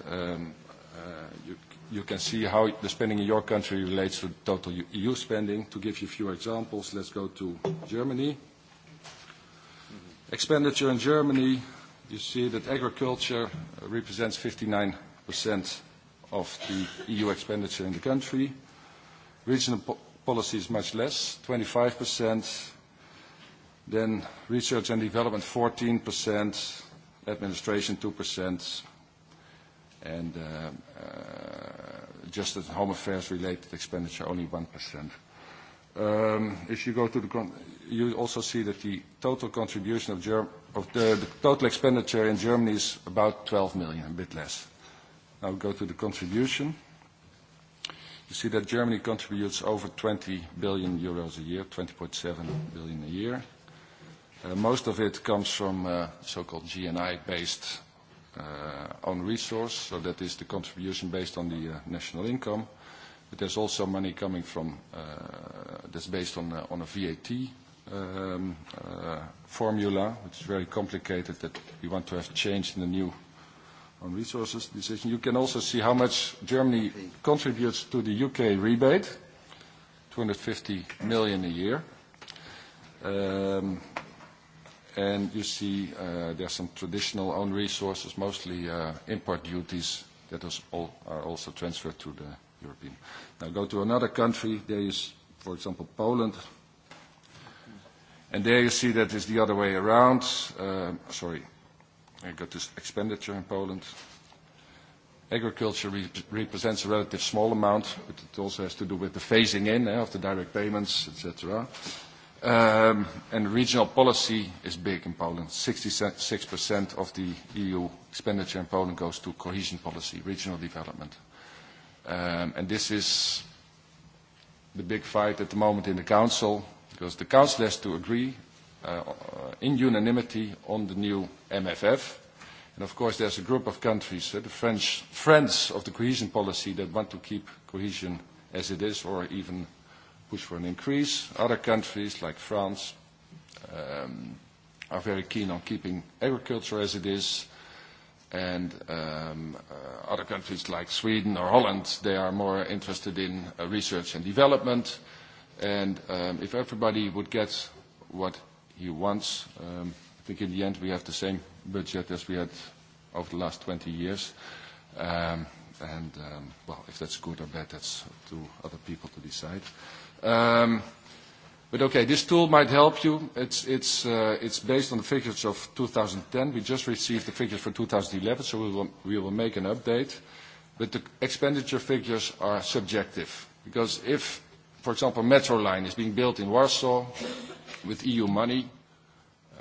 you can see how the spending in your country relates to total EU spending. To give you a few examples, let's go to Germany. Expenditure in Germany you see that agriculture represents 59% of the EU expenditure in the country. Regional policy is much less, 25%. Then research and development, 14%. Administration, 2%. And just as home affairs related expenditure, only 1%. If you go to the you also see that the total contribution of the total expenditure in Germany is about 12 million, a bit less. Now go to the contribution. You see that Germany contributes over 20 billion euros a year, 20.7 billion a year. Most of it comes from so-called GNI-based own resource, so that is the contribution based on the national income. But there's also money coming from that's based on a VAT formula, which is very complicated, that we want to have changed in the new on resources decision. You can also see how much Germany contributes to the UK rebate, 250 million a year. And you see there are some traditional own resources, mostly import duties that are also transferred to the European. Now go to another country. There is, for example, Poland there you see that is the other way around. Sorry, I got this expenditure in Poland. Agriculture represents a relatively small amount, but it also has to do with the phasing in of the direct payments, etc. And regional policy is big in Poland. 66% of the EU expenditure in Poland goes to cohesion policy, regional development. And this is the big fight at the moment in the Council because the Council has to agree in unanimity on the new MFF. And of course, there's a group of countries, the French friends of the cohesion policy, that want to keep cohesion as it is, or even push for an increase. Other countries, like France, are very keen on keeping agriculture as it is. And other countries like Sweden or Holland, they are more interested in research and development. And if everybody would get what he wants, I think in the end we have the same budget as we had over the last 20 years. And, well, if that's good or bad, that's to other people to decide. But okay, this tool might help you. It's, it's, it's based on the figures of 2010. We just received the figures for 2011, so we will, we will make an update. But the expenditure figures are subjective, because if For example, metro line is being built in Warsaw with EU money.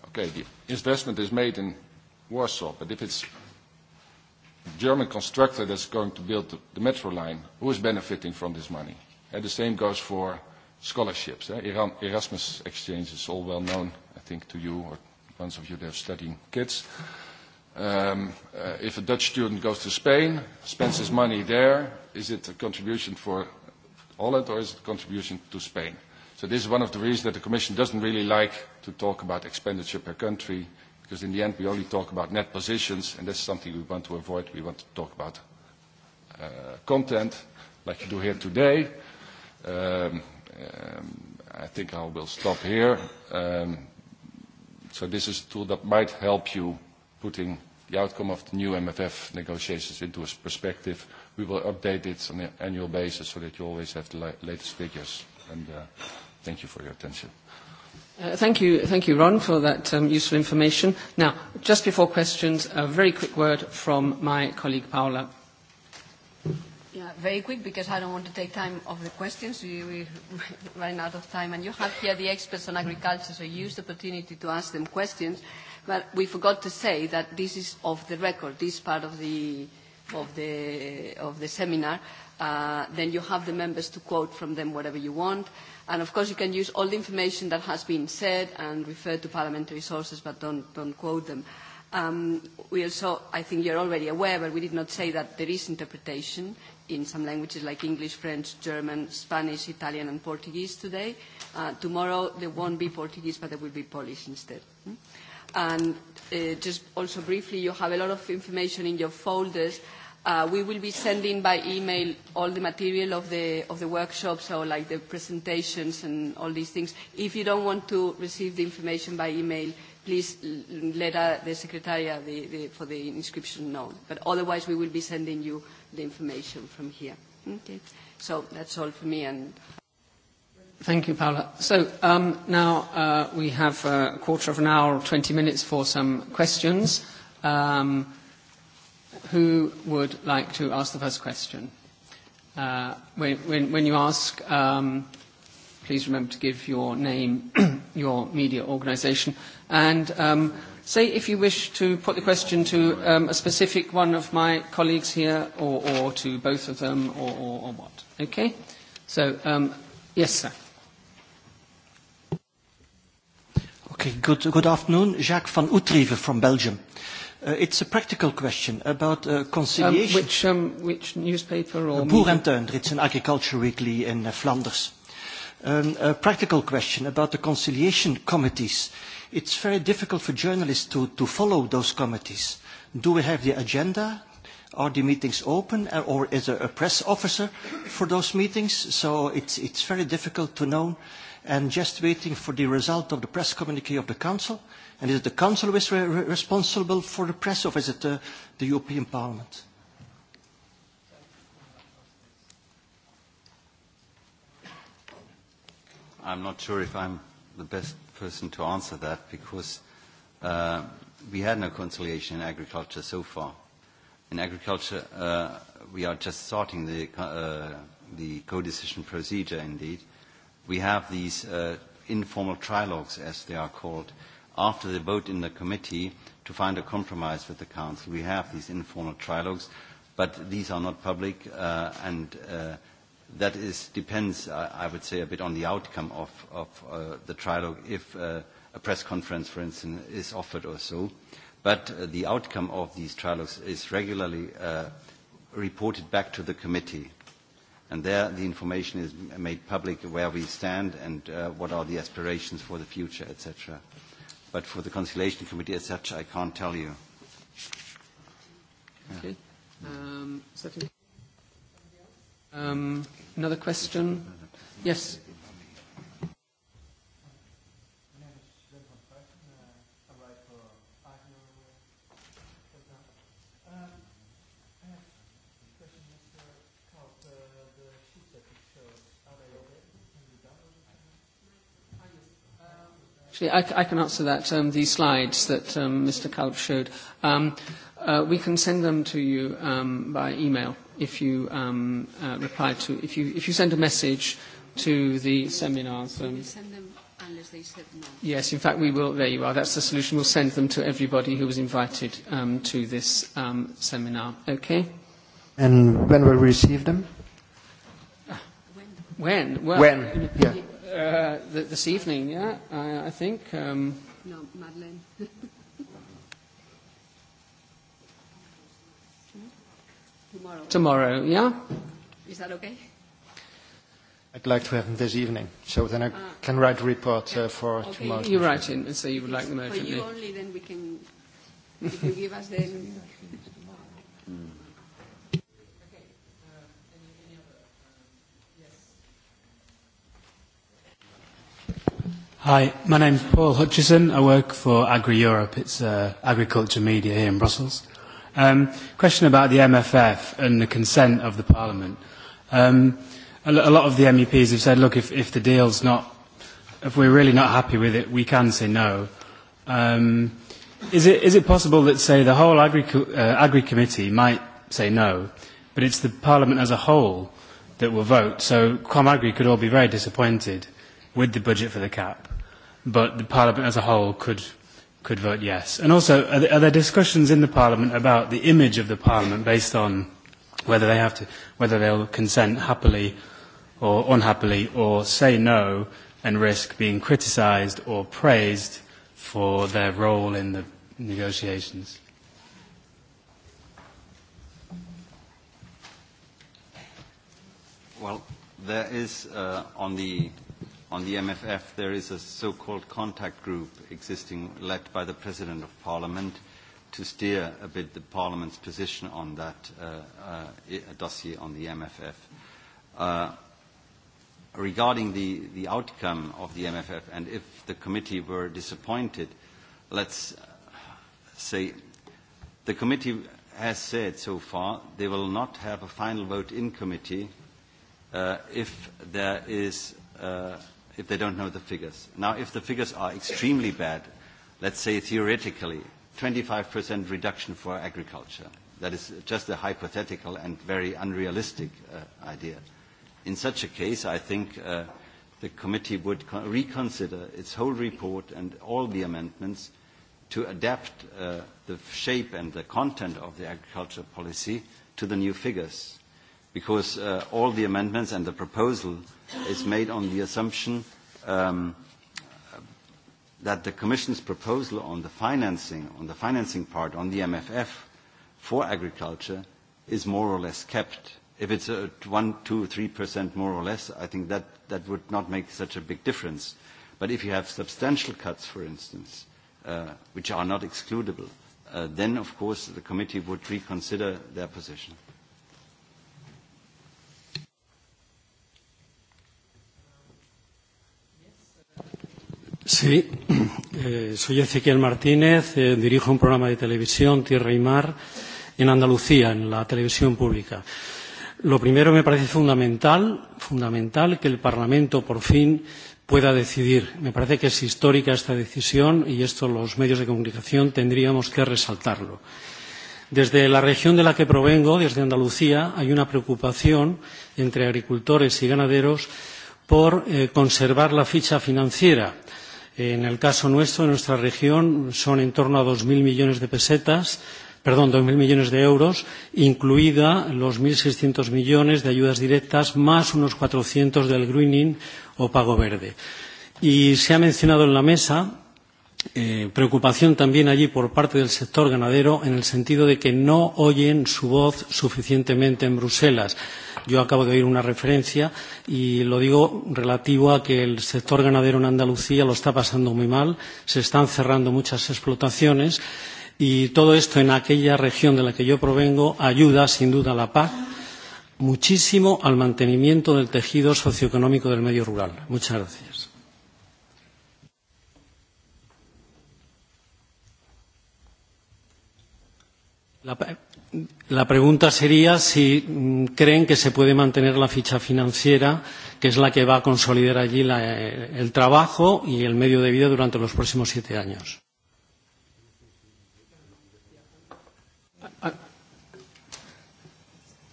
Okay, the investment is made in Warsaw, but if it's German constructor that's going to build the metro line, who is benefiting from this money? The same goes for scholarships. Erasmus exchange is all well known, I think, to you or ones of you that are studying kids. If a Dutch student goes to Spain, spends his money there, is it a contribution for Holland or is it contribution to Spain? So this is one of the reasons that the Commission doesn't really like to talk about expenditure per country, because in the end we only talk about net positions, and that's something we want to avoid. We want to talk about content, like you do here today. I think I will stop here. So this is a tool that might help you putting the outcome of the new MFF negotiations into a perspective we will update it on an annual basis so that you always have the latest figures. And thank you for your attention. Thank you, thank you, Ron, for that useful information. Now, just before questions, a very quick word from my colleague Paula. Yeah, very quick because I don't want to take time of the questions. We're running out of time, and you have here the experts on agriculture, so use the opportunity to ask them questions. But we forgot to say that this is off the record. This part of the of the of the seminar. Then you have the members to quote from them whatever you want. And of course you can use all the information that has been said and refer to parliamentary sources, but don't don't quote them. We also, I think you're already aware, but we did not say that there is interpretation in some languages like English, French, German, Spanish, Italian and Portuguese today. Tomorrow there won't be Portuguese, but there will be Polish instead. And just also briefly, you have a lot of information in your folders We will be sending by email all the material of the of the workshops, or like the presentations and all these things. If you don't want to receive the information by email, please let the secretariat for the inscription know. But otherwise, we will be sending you the information from here. Okay. So that's all for me. And thank you, Paula. So now we have a quarter of an hour, 20 minutes for some questions. Um who would like to ask the first question? When you ask, please remember to give your name, your media organisation, and say if you wish to put the question to a specific one of my colleagues here, or to both of them, or what. Okay? So, um yes, sir. Okay, good afternoon. Jacques van Utrieve from Belgium. It's a practical question about conciliation. Which which newspaper or? Boer en Tuinder. It's an agriculture weekly in Flanders. A practical question about the conciliation committees. It's very difficult for journalists to to follow those committees. Do we have the agenda? Are the meetings open, or is there a press officer for those meetings? So it's it's very difficult to know. And just waiting for the result of the press communique of the Council And is it the Council who is responsible for the press, or is it the European Parliament? I'm not sure if I'm the best person to answer that, because we had no conciliation in agriculture so far. In agriculture, we are just starting the co-decision procedure, indeed. We have these informal trilogues, as they are called after the vote in the committee to find a compromise with the Council. We have these informal trilogues, but these are not public, and that is depends, I would say, a bit on the outcome of the trilogue, if a press conference, for instance, is offered or so. But the outcome of these trilogues is regularly reported back to the committee. And there the information is made public where we stand and what are the aspirations for the future, etc but for the Conciliation Committee as such, I can't tell you. Okay. Um, another question? Yes. Actually, I can answer that. The slides that Mr. Kalb showed, we can send them to you by email if you reply to, if you send a message to the seminars. Unless Yes, in fact, we will. There you are. That's the solution. We'll send them to everybody who was invited to this seminar. Okay. And when will we receive them? When? When? When? Yeah uh, this evening, yeah, I, I think. Um, no, Madeleine. Tomorrow. Tomorrow, yeah. Is that okay? I'd like to have them this evening, so then I can write a report uh, for okay. tomorrow. You write in and say you would like them urgently. For you only, then we can. If you give us then. Hi, my name's Paul Hutchison. I work for Agri Europe. It's agriculture media here in Brussels. Um, question about the MFF and the consent of the Parliament. Um, a lot of the MEPs have said, look, if, if the deal's not, if we're really not happy with it, we can say no. Um, is, it, is it possible that, say, the whole Agri, Agri Committee might say no, but it's the Parliament as a whole that will vote? So Agri could all be very disappointed with the budget for the cap, but the Parliament as a whole could could vote yes. And also, are there discussions in the Parliament about the image of the Parliament based on whether they have to, whether they'll consent happily or unhappily, or say no and risk being criticised or praised for their role in the negotiations? Well, there is on the on the MFF, there is a so-called contact group existing, led by the President of Parliament, to steer a bit the Parliament's position on that dossier on the MFF. Regarding the the outcome of the MFF, and if the committee were disappointed, let's say the committee has said so far they will not have a final vote in committee if there is if they don't know the figures. Now, if the figures are extremely bad, let's say theoretically, 25% reduction for agriculture. That is just a hypothetical and very unrealistic idea. In such a case, I think the committee would reconsider its whole report and all the amendments to adapt the shape and the content of the agriculture policy to the new figures. Because all the amendments and the proposal is made on the assumption that the Commission's proposal on the financing, on the financing part, on the MFF for agriculture is more or less kept. If it's 1, 2, 3% more or less, I think that that would not make such a big difference. But if you have substantial cuts, for instance, which are not excludable, then, of course, the committee would reconsider their position. Sí, soy Ezequiel Martínez, dirijo un programa de televisión Tierra y Mar en Andalucía, en la televisión pública. Lo primero me parece fundamental, fundamental que el Parlamento por fin pueda decidir. Me parece que es histórica esta decisión y esto los medios de comunicación tendríamos que resaltarlo. Desde la región de la que provengo, desde Andalucía, hay una preocupación entre agricultores y ganaderos por conservar la ficha financiera En el caso nuestro, en nuestra región, son en torno a 2.000 millones de pesetas, perdón, 2.000 millones de euros, incluida los 1.600 millones de ayudas directas, más unos 400 del greening o pago verde. Y se ha mencionado en la mesa preocupación también allí por parte del sector ganadero en el sentido de que no oyen su voz suficientemente en Bruselas. Yo acabo de oír una referencia y lo digo relativo a que el sector ganadero en Andalucía lo está pasando muy mal, se están cerrando muchas explotaciones y todo esto en aquella región de la que yo provengo ayuda sin duda a la PAC muchísimo al mantenimiento del tejido socioeconómico del medio rural. Muchas gracias. La La pregunta sería si creen que se puede mantener la ficha financiera, que es la que va a consolidar allí el trabajo y el medio de vida durante los próximos siete años.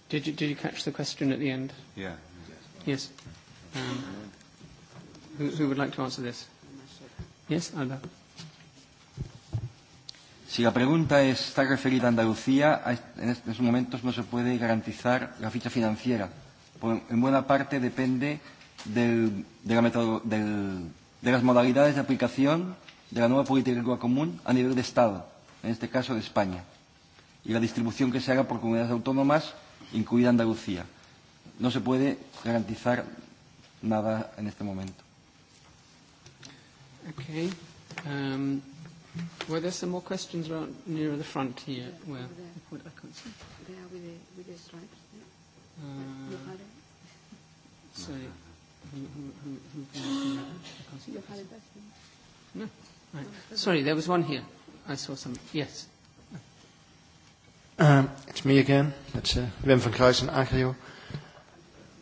Did you, catch the question at the end? Yeah. Yes. who, would like to answer this? Yes, Si la pregunta es está referida a Andalucía, en estos momentos no se puede garantizar la ficha financiera. En buena parte depende del, de, del, de las modalidades de aplicación de la nueva política común a nivel de Estado, en este caso de España, y la distribución que se haga por comunidades autónomas, incluida Andalucía. No se puede garantizar nada en este momento. Okay. Were there some more questions around near the front here? Where? I can't see. There with the, with the stripes. Uh, Sorry. Who, who, who, who I can't see. No. Right. Sorry, there was one here. I saw some. Yes. Um, it's me again. It's uh, Wim van Kruijsen, Agrio.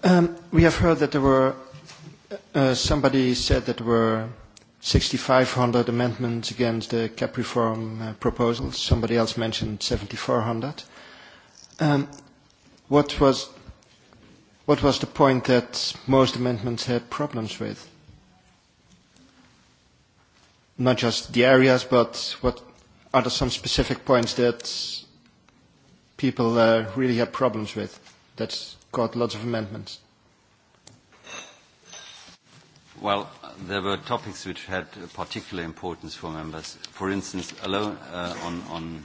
Um, we have heard that there were, uh, somebody said that there were 6,500 amendments against the cap reform proposals. Somebody else mentioned 7,400. What was what was the point that most amendments had problems with? Not just the areas, but what are there some specific points that people really have problems with? That's got lots of amendments. Well there were topics which had particular importance for members. For instance, alone on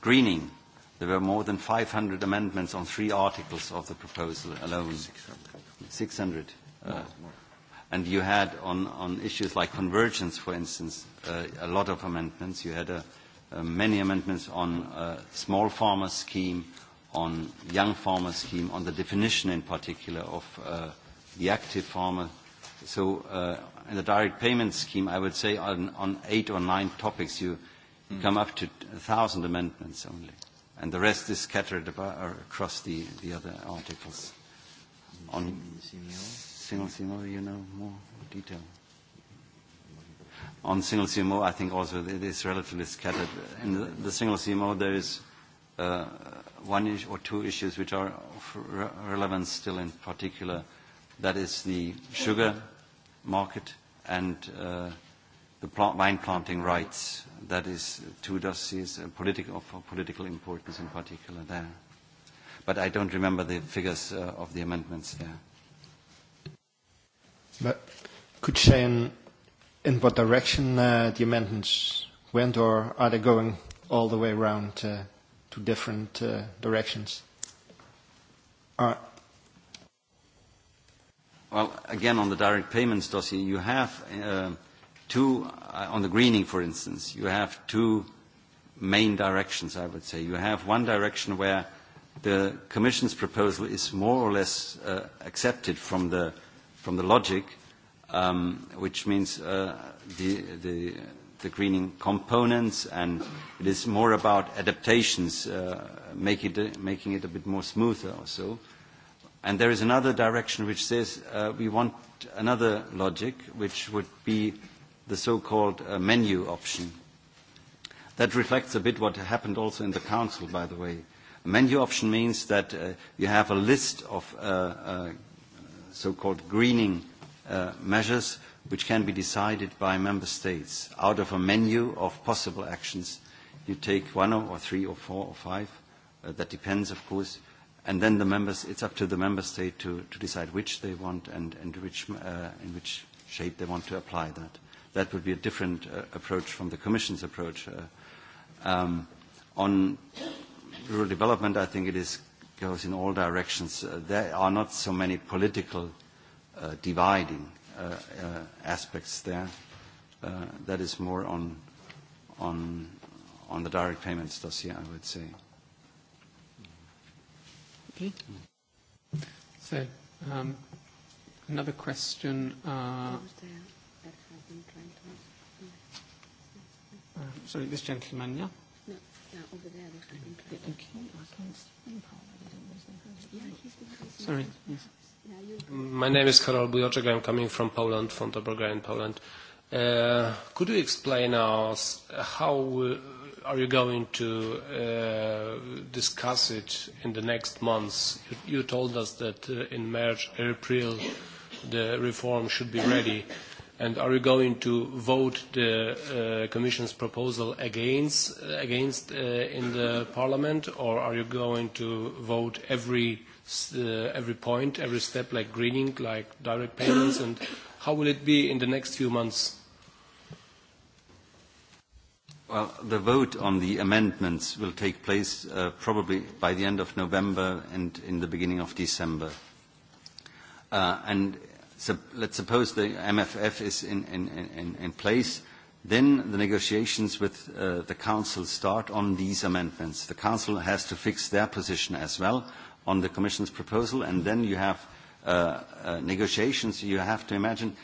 greening, there were more than 500 amendments on three articles of the proposal alone. 600. And you had on issues like convergence, for instance, a lot of amendments. You had many amendments on small farmer scheme, on young farmer scheme, on the definition in particular of the active farmer So in the direct payment scheme, I would say on eight or nine topics, you come up to 1,000 amendments only. And the rest is scattered across the other articles. On single CMO, you know more detail. On single CMO, I think also it is relatively scattered. In the single CMO, there is one or two issues which are of relevance still in particular. That is the sugar market and the wine planting rights. That is two dossiers of political importance in particular there. But I don't remember the figures of the amendments there. But could say in what direction the amendments went, or are they going all the way around to different directions? Well, again, on the direct payments dossier, you have two, on the greening, for instance, you have two main directions, I would say. You have one direction where the Commission's proposal is more or less accepted from the from the logic, which means the the the greening components, and it is more about adaptations, making it a bit more smoother or so. And there is another direction which says we want another logic, which would be the so-called menu option. That reflects a bit what happened also in the Council, by the way. A menu option means that you have a list of so-called greening measures which can be decided by member states. Out of a menu of possible actions, you take one or three or four or five. That depends, of course and then the members it's up to the member state to decide which they want and in which shape they want to apply that that would be a different approach from the commission's approach on rural development i think it goes in all directions there are not so many political dividing aspects there that is more on on the direct payments dossier i would say Okay. So, another question. Uh, sorry, this gentleman, yeah? No, over there. Okay, I can't see Sorry. My name is Karol Bujoczek. I'm coming from Poland, from Dobrogę in Poland. Uh, could you explain us how are you going to discuss it in the next months? You told us that in March, April, the reform should be ready. And are you going to vote the Commission's proposal against in the Parliament, or are you going to vote every every point, every step, like greening, like direct payments, and how will it be in the next few months? Well, the vote on the amendments will take place probably by the end of November and in the beginning of December. And let's suppose the MFF is in place, then the negotiations with the Council start on these amendments. The Council has to fix their position as well on the Commission's proposal, and then you have negotiations. You have to imagine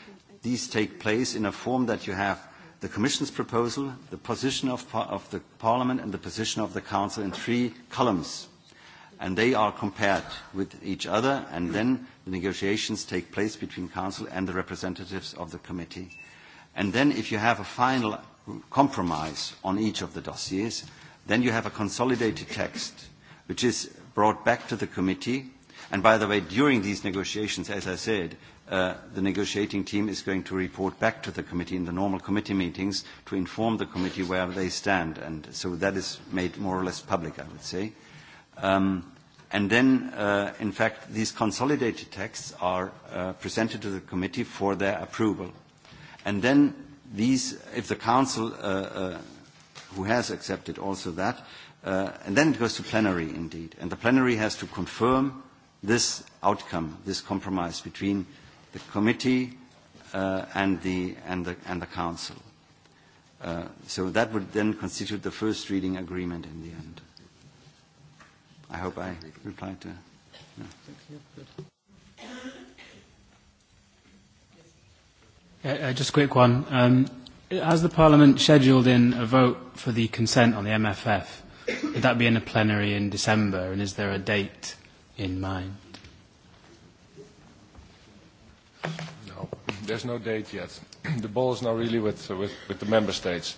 these take place in a form that you have the Commission's proposal, the position of the Parliament and the position of the Council in three columns. And they are compared with each other and then the negotiations take place between Council and the representatives of the committee. And then if you have a final compromise on each of the dossiers, then you have a consolidated text which is brought back to the committee. And by the way, during these negotiations, as I said, the negotiating team is going to report back to the committee in the normal committee meetings to inform the committee where they stand. And so that is made more or less public, I would say. And then, in fact, these consolidated texts are presented to the committee for their approval. And then these, if the council, who has accepted also that, and then it goes to plenary indeed. And the plenary has to confirm this outcome, this compromise between the committee and the and the and the council so that would then constitute the first reading agreement in the end i hope i replied to just a quick one um has the parliament scheduled in a vote for the consent on the mff would that be in a plenary in december and is there a date in mind No, there's no date yet. The ball is now really with with the member states.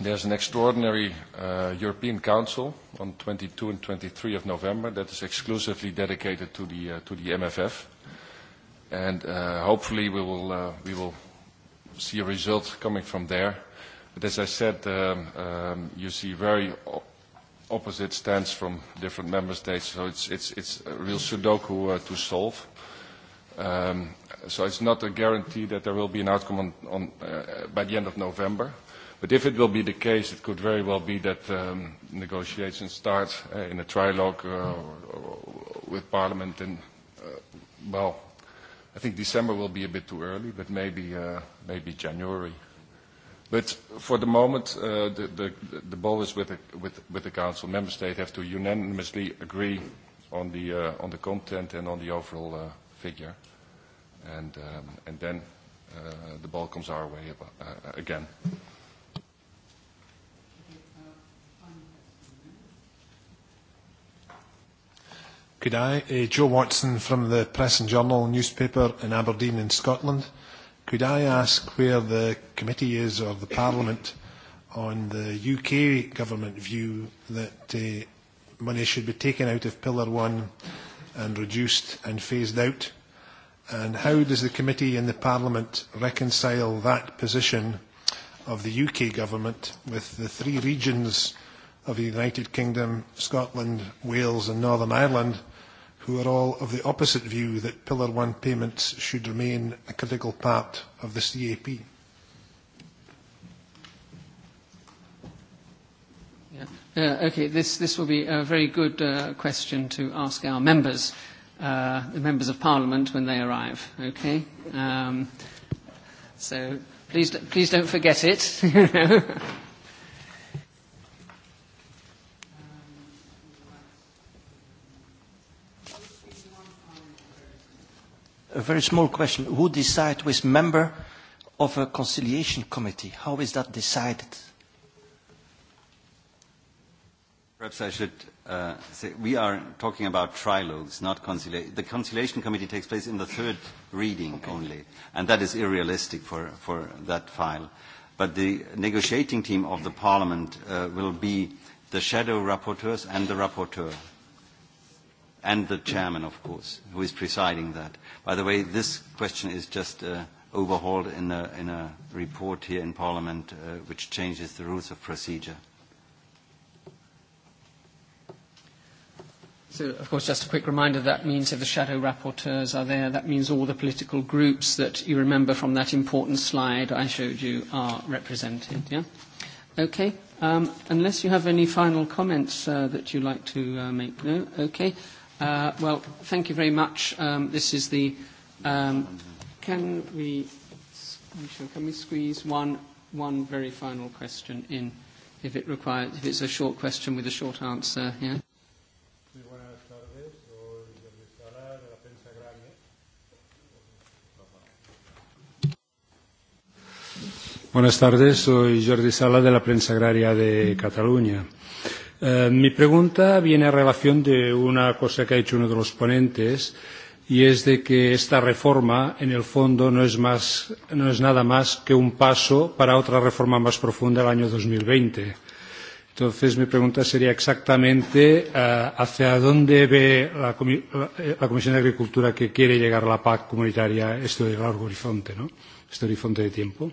There's an extraordinary European Council on 22 and 23 of November that is exclusively dedicated to the to the MFF, and hopefully we will we will see a result coming from there. But as I said, you see very opposite stance from different member states, so it's it's it's a real Sudoku to solve. So it's not a guarantee that there will be an outcome by the end of November. But if it will be the case, it could very well be that negotiations start in a trilogue with Parliament in, well, I think December will be a bit too early, but maybe maybe January. But for the moment, the ball is with the Council. Member States have to unanimously agree on the content and on the overall figure and then the ball comes our way again. Could I, Joe Watson from the Press and Journal newspaper in Aberdeen in Scotland, could I ask where the committee is or the Parliament on the UK government view that money should be taken out of Pillar 1 and reduced and phased out? And how does the committee and the Parliament reconcile that position of the UK government with the three regions of the United Kingdom, Scotland, Wales and Northern Ireland, who are all of the opposite view that Pillar 1 payments should remain a critical part of the CAP? Okay, this this will be a very good question to ask our members the members of parliament when they arrive. Okay? Um, so please, please don't forget it. A very small question. Who decides which member of a conciliation committee? How is that decided? Perhaps I should say we are talking about trilogues, not conciliation. The conciliation committee takes place in the third reading only, and that is irrealistic for, for that file. But the negotiating team of the Parliament will be the shadow rapporteurs and the rapporteur, and the chairman, of course, who is presiding that. By the way, this question is just overhauled in a, in a report here in Parliament which changes the rules of procedure. So, of course, just a quick reminder, that means if the shadow rapporteurs are there, that means all the political groups that you remember from that important slide I showed you are represented, yeah? Okay. Um, unless you have any final comments uh, that you'd like to uh, make, no? Okay. Uh, well, thank you very much. Um, this is the... Um, can we... Can we squeeze one, one very final question in, if it requires, if it's a short question with a short answer, yeah? Buenas tardes, soy Jordi Sala de la Prensa Agraria de Cataluña. Mi pregunta viene a relación de una cosa que ha hecho uno de los ponentes y es de que esta reforma, en el fondo, no es nada más que un paso para otra reforma más profunda el año 2020. Entonces, mi pregunta sería exactamente hacia dónde ve la Comisión de Agricultura que quiere llegar la PAC comunitaria, de largo horizonte, ¿no? Este horizonte de tiempo.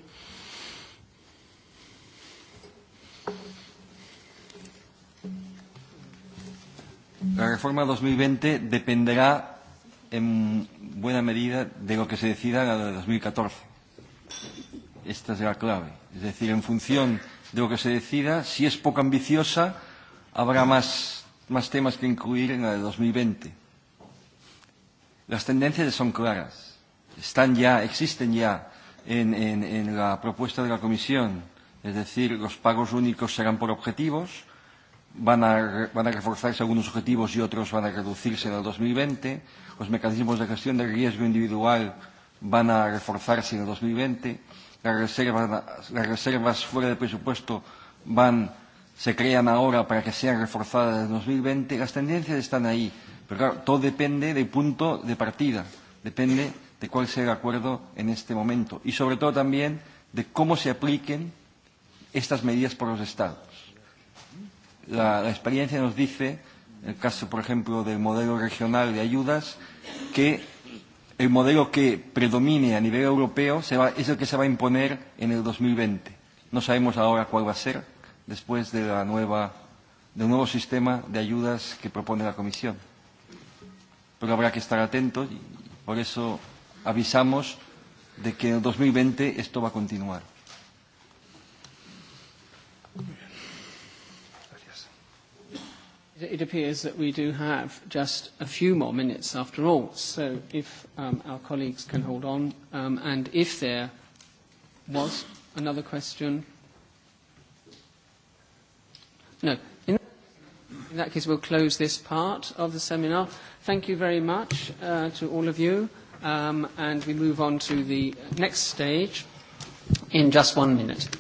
La reforma 2020 dependerá en buena medida de lo que se decida en la de 2014. Esta es la clave. Es decir, en función de lo que se decida, si es poco ambiciosa, habrá más, más temas que incluir en la de 2020. Las tendencias son claras. Están ya, existen ya en, en, en la propuesta de la Comisión. Es decir, los pagos únicos serán por objetivos, van a, van a reforzarse algunos objetivos y otros van a reducirse en el 2020. Los mecanismos de gestión de riesgo individual van a reforzarse en el 2020. Las reservas, las reservas fuera de presupuesto van, se crean ahora para que sean reforzadas en 2020. Las tendencias están ahí, pero claro, todo depende del punto de partida, depende de cuál sea el acuerdo en este momento y sobre todo también de cómo se apliquen estas medidas por los estados La, experiencia nos dice, en el caso, por ejemplo, del modelo regional de ayudas, que el modelo que predomine a nivel europeo se va, es el que se va a imponer en el 2020. No sabemos ahora cuál va a ser después de la nueva, del nuevo sistema de ayudas que propone la Comisión. Pero habrá que estar atentos y por eso avisamos de que en el 2020 esto va a continuar. It appears that we do have just a few more minutes after all, so if our colleagues can hold on, and if there was another question. No. In that case, we'll close this part of the seminar. Thank you very much to all of you, and we move on to the next stage in just one minute.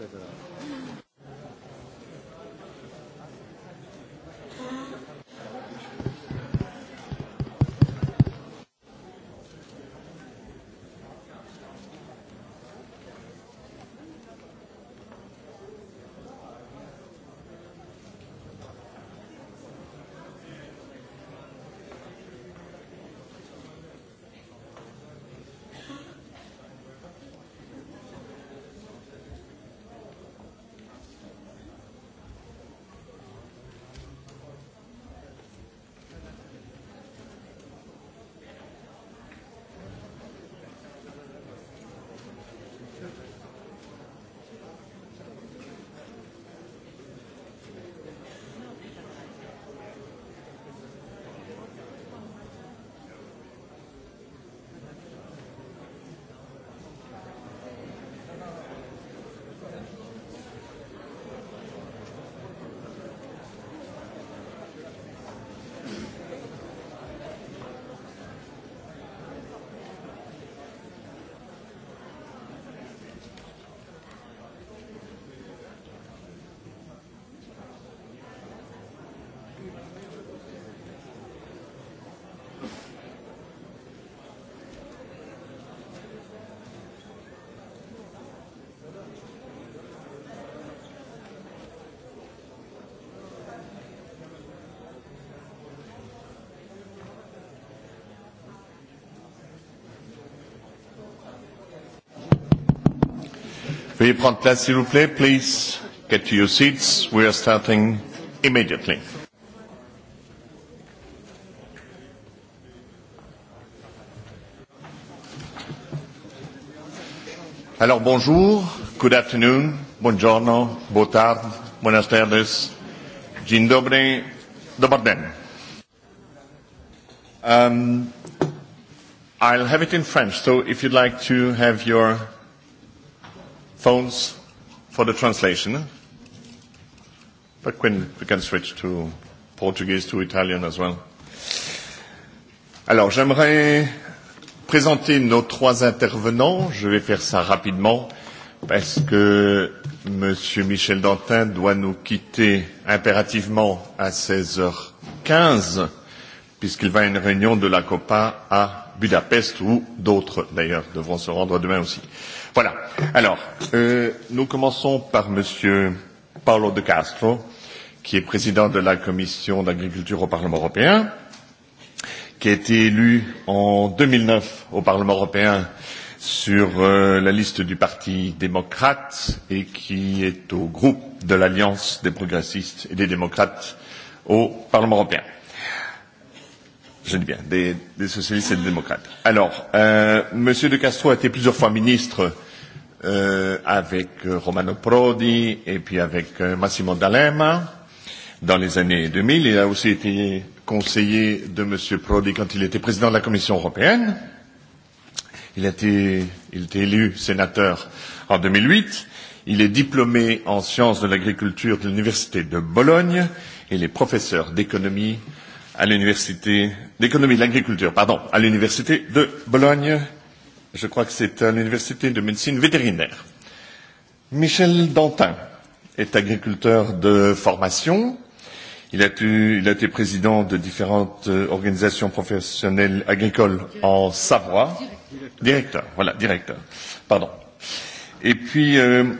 etc. Veuillez prendre place, s'il vous plaît. Please get to your seats. We are starting immediately. Alors bonjour, good afternoon, buongiorno, boa tarde, buenas tardes, dzień dobre, Um, I'll have it in French, so if you'd like to have your phones for the translation. But we can switch to Portuguese, to Italian as well. Alors, j'aimerais présenter nos trois intervenants. Je vais faire ça rapidement parce que M. Michel Dantin doit nous quitter impérativement à 16h15 puisqu'il va à une réunion de la COPA à Budapest où d'autres d'ailleurs devront se rendre demain aussi. Voilà. Alors, nous commençons par Monsieur Paolo de Castro, qui est président de la Commission d'agriculture au Parlement européen, qui a été élu en 2009 au Parlement européen sur la liste du Parti démocrate et qui est au groupe de l'Alliance des progressistes et des démocrates au Parlement européen. Je dis bien, des, des socialistes et des démocrates. Alors, euh, Monsieur de Castro a été plusieurs fois ministre euh, avec Romano Prodi et puis avec Massimo D'Alema dans les années 2000. Il a aussi été conseiller de Monsieur Prodi quand il était président de la Commission européenne. Il a été, il a élu sénateur en 2008. Il est diplômé en sciences de l'agriculture de l'Université de Bologne. Il est professeur d'économie à l'université d'économie de l'agriculture, pardon, à l'université de Bologne. Je crois que c'est à l'université de médecine vétérinaire. Michel Dantin est agriculteur de formation. Il a, il a été président de différentes organisations professionnelles agricoles en Savoie. Directeur, voilà, directeur. Pardon. Et puis, M.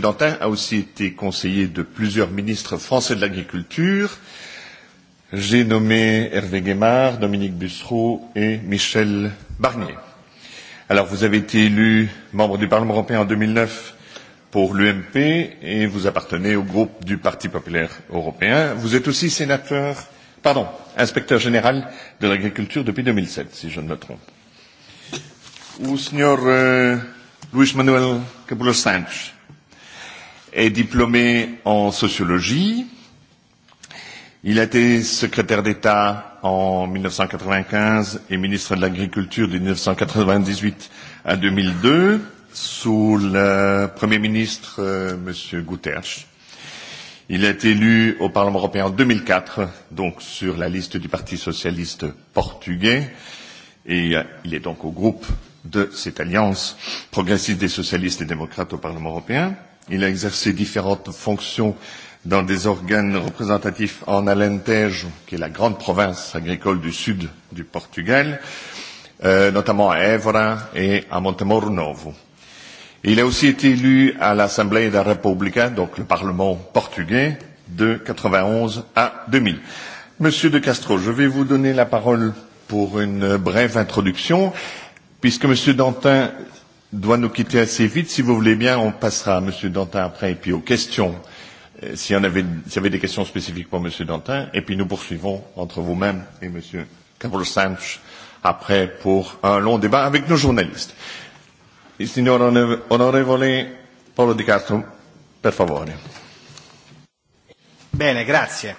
Dantin a aussi été conseiller de plusieurs ministres français de l'agriculture J'ai nommé Hervé Guémard, Dominique Bussereau et Michel Barnier. Alors, vous avez été élu membre du Parlement européen en 2009 pour l'UMP et vous appartenez au groupe du Parti populaire européen. Vous êtes aussi sénateur, pardon, inspecteur général de l'agriculture depuis 2007, si je ne me trompe. Ou Sr. Luís Manuel Cabulos Sánchez est diplômé en sociologie Il a été secrétaire d'État en 1995 et ministre de l'Agriculture de 1998 à 2002 sous le Premier ministre Monsieur Guterres. Il a été élu au Parlement européen en 2004, donc sur la liste du Parti socialiste portugais, et il est donc au groupe de cette alliance progressiste des socialistes et démocrates au Parlement européen. Il a exercé différentes fonctions dans des organes représentatifs en Alentejo, qui est la grande province agricole du sud du Portugal, notamment à Évora et à Montemor Novo. Il a aussi été élu à l'Assemblée de la República, donc le Parlement portugais, de 91 à 2000. Monsieur de Castro, je vais vous donner la parole pour une brève introduction, puisque Monsieur Dantin doit nous quitter assez vite. Si vous voulez bien, on passera à Monsieur Dantin après et puis aux questions S'il y avait des questions spécifiques pour M. Dantin, et puis nous poursuivons entre vous-même et M. Carlos après pour un long débat avec nos journalistes. Il signor onorevole Paolo Di Castro, per favore. Bene, grazie.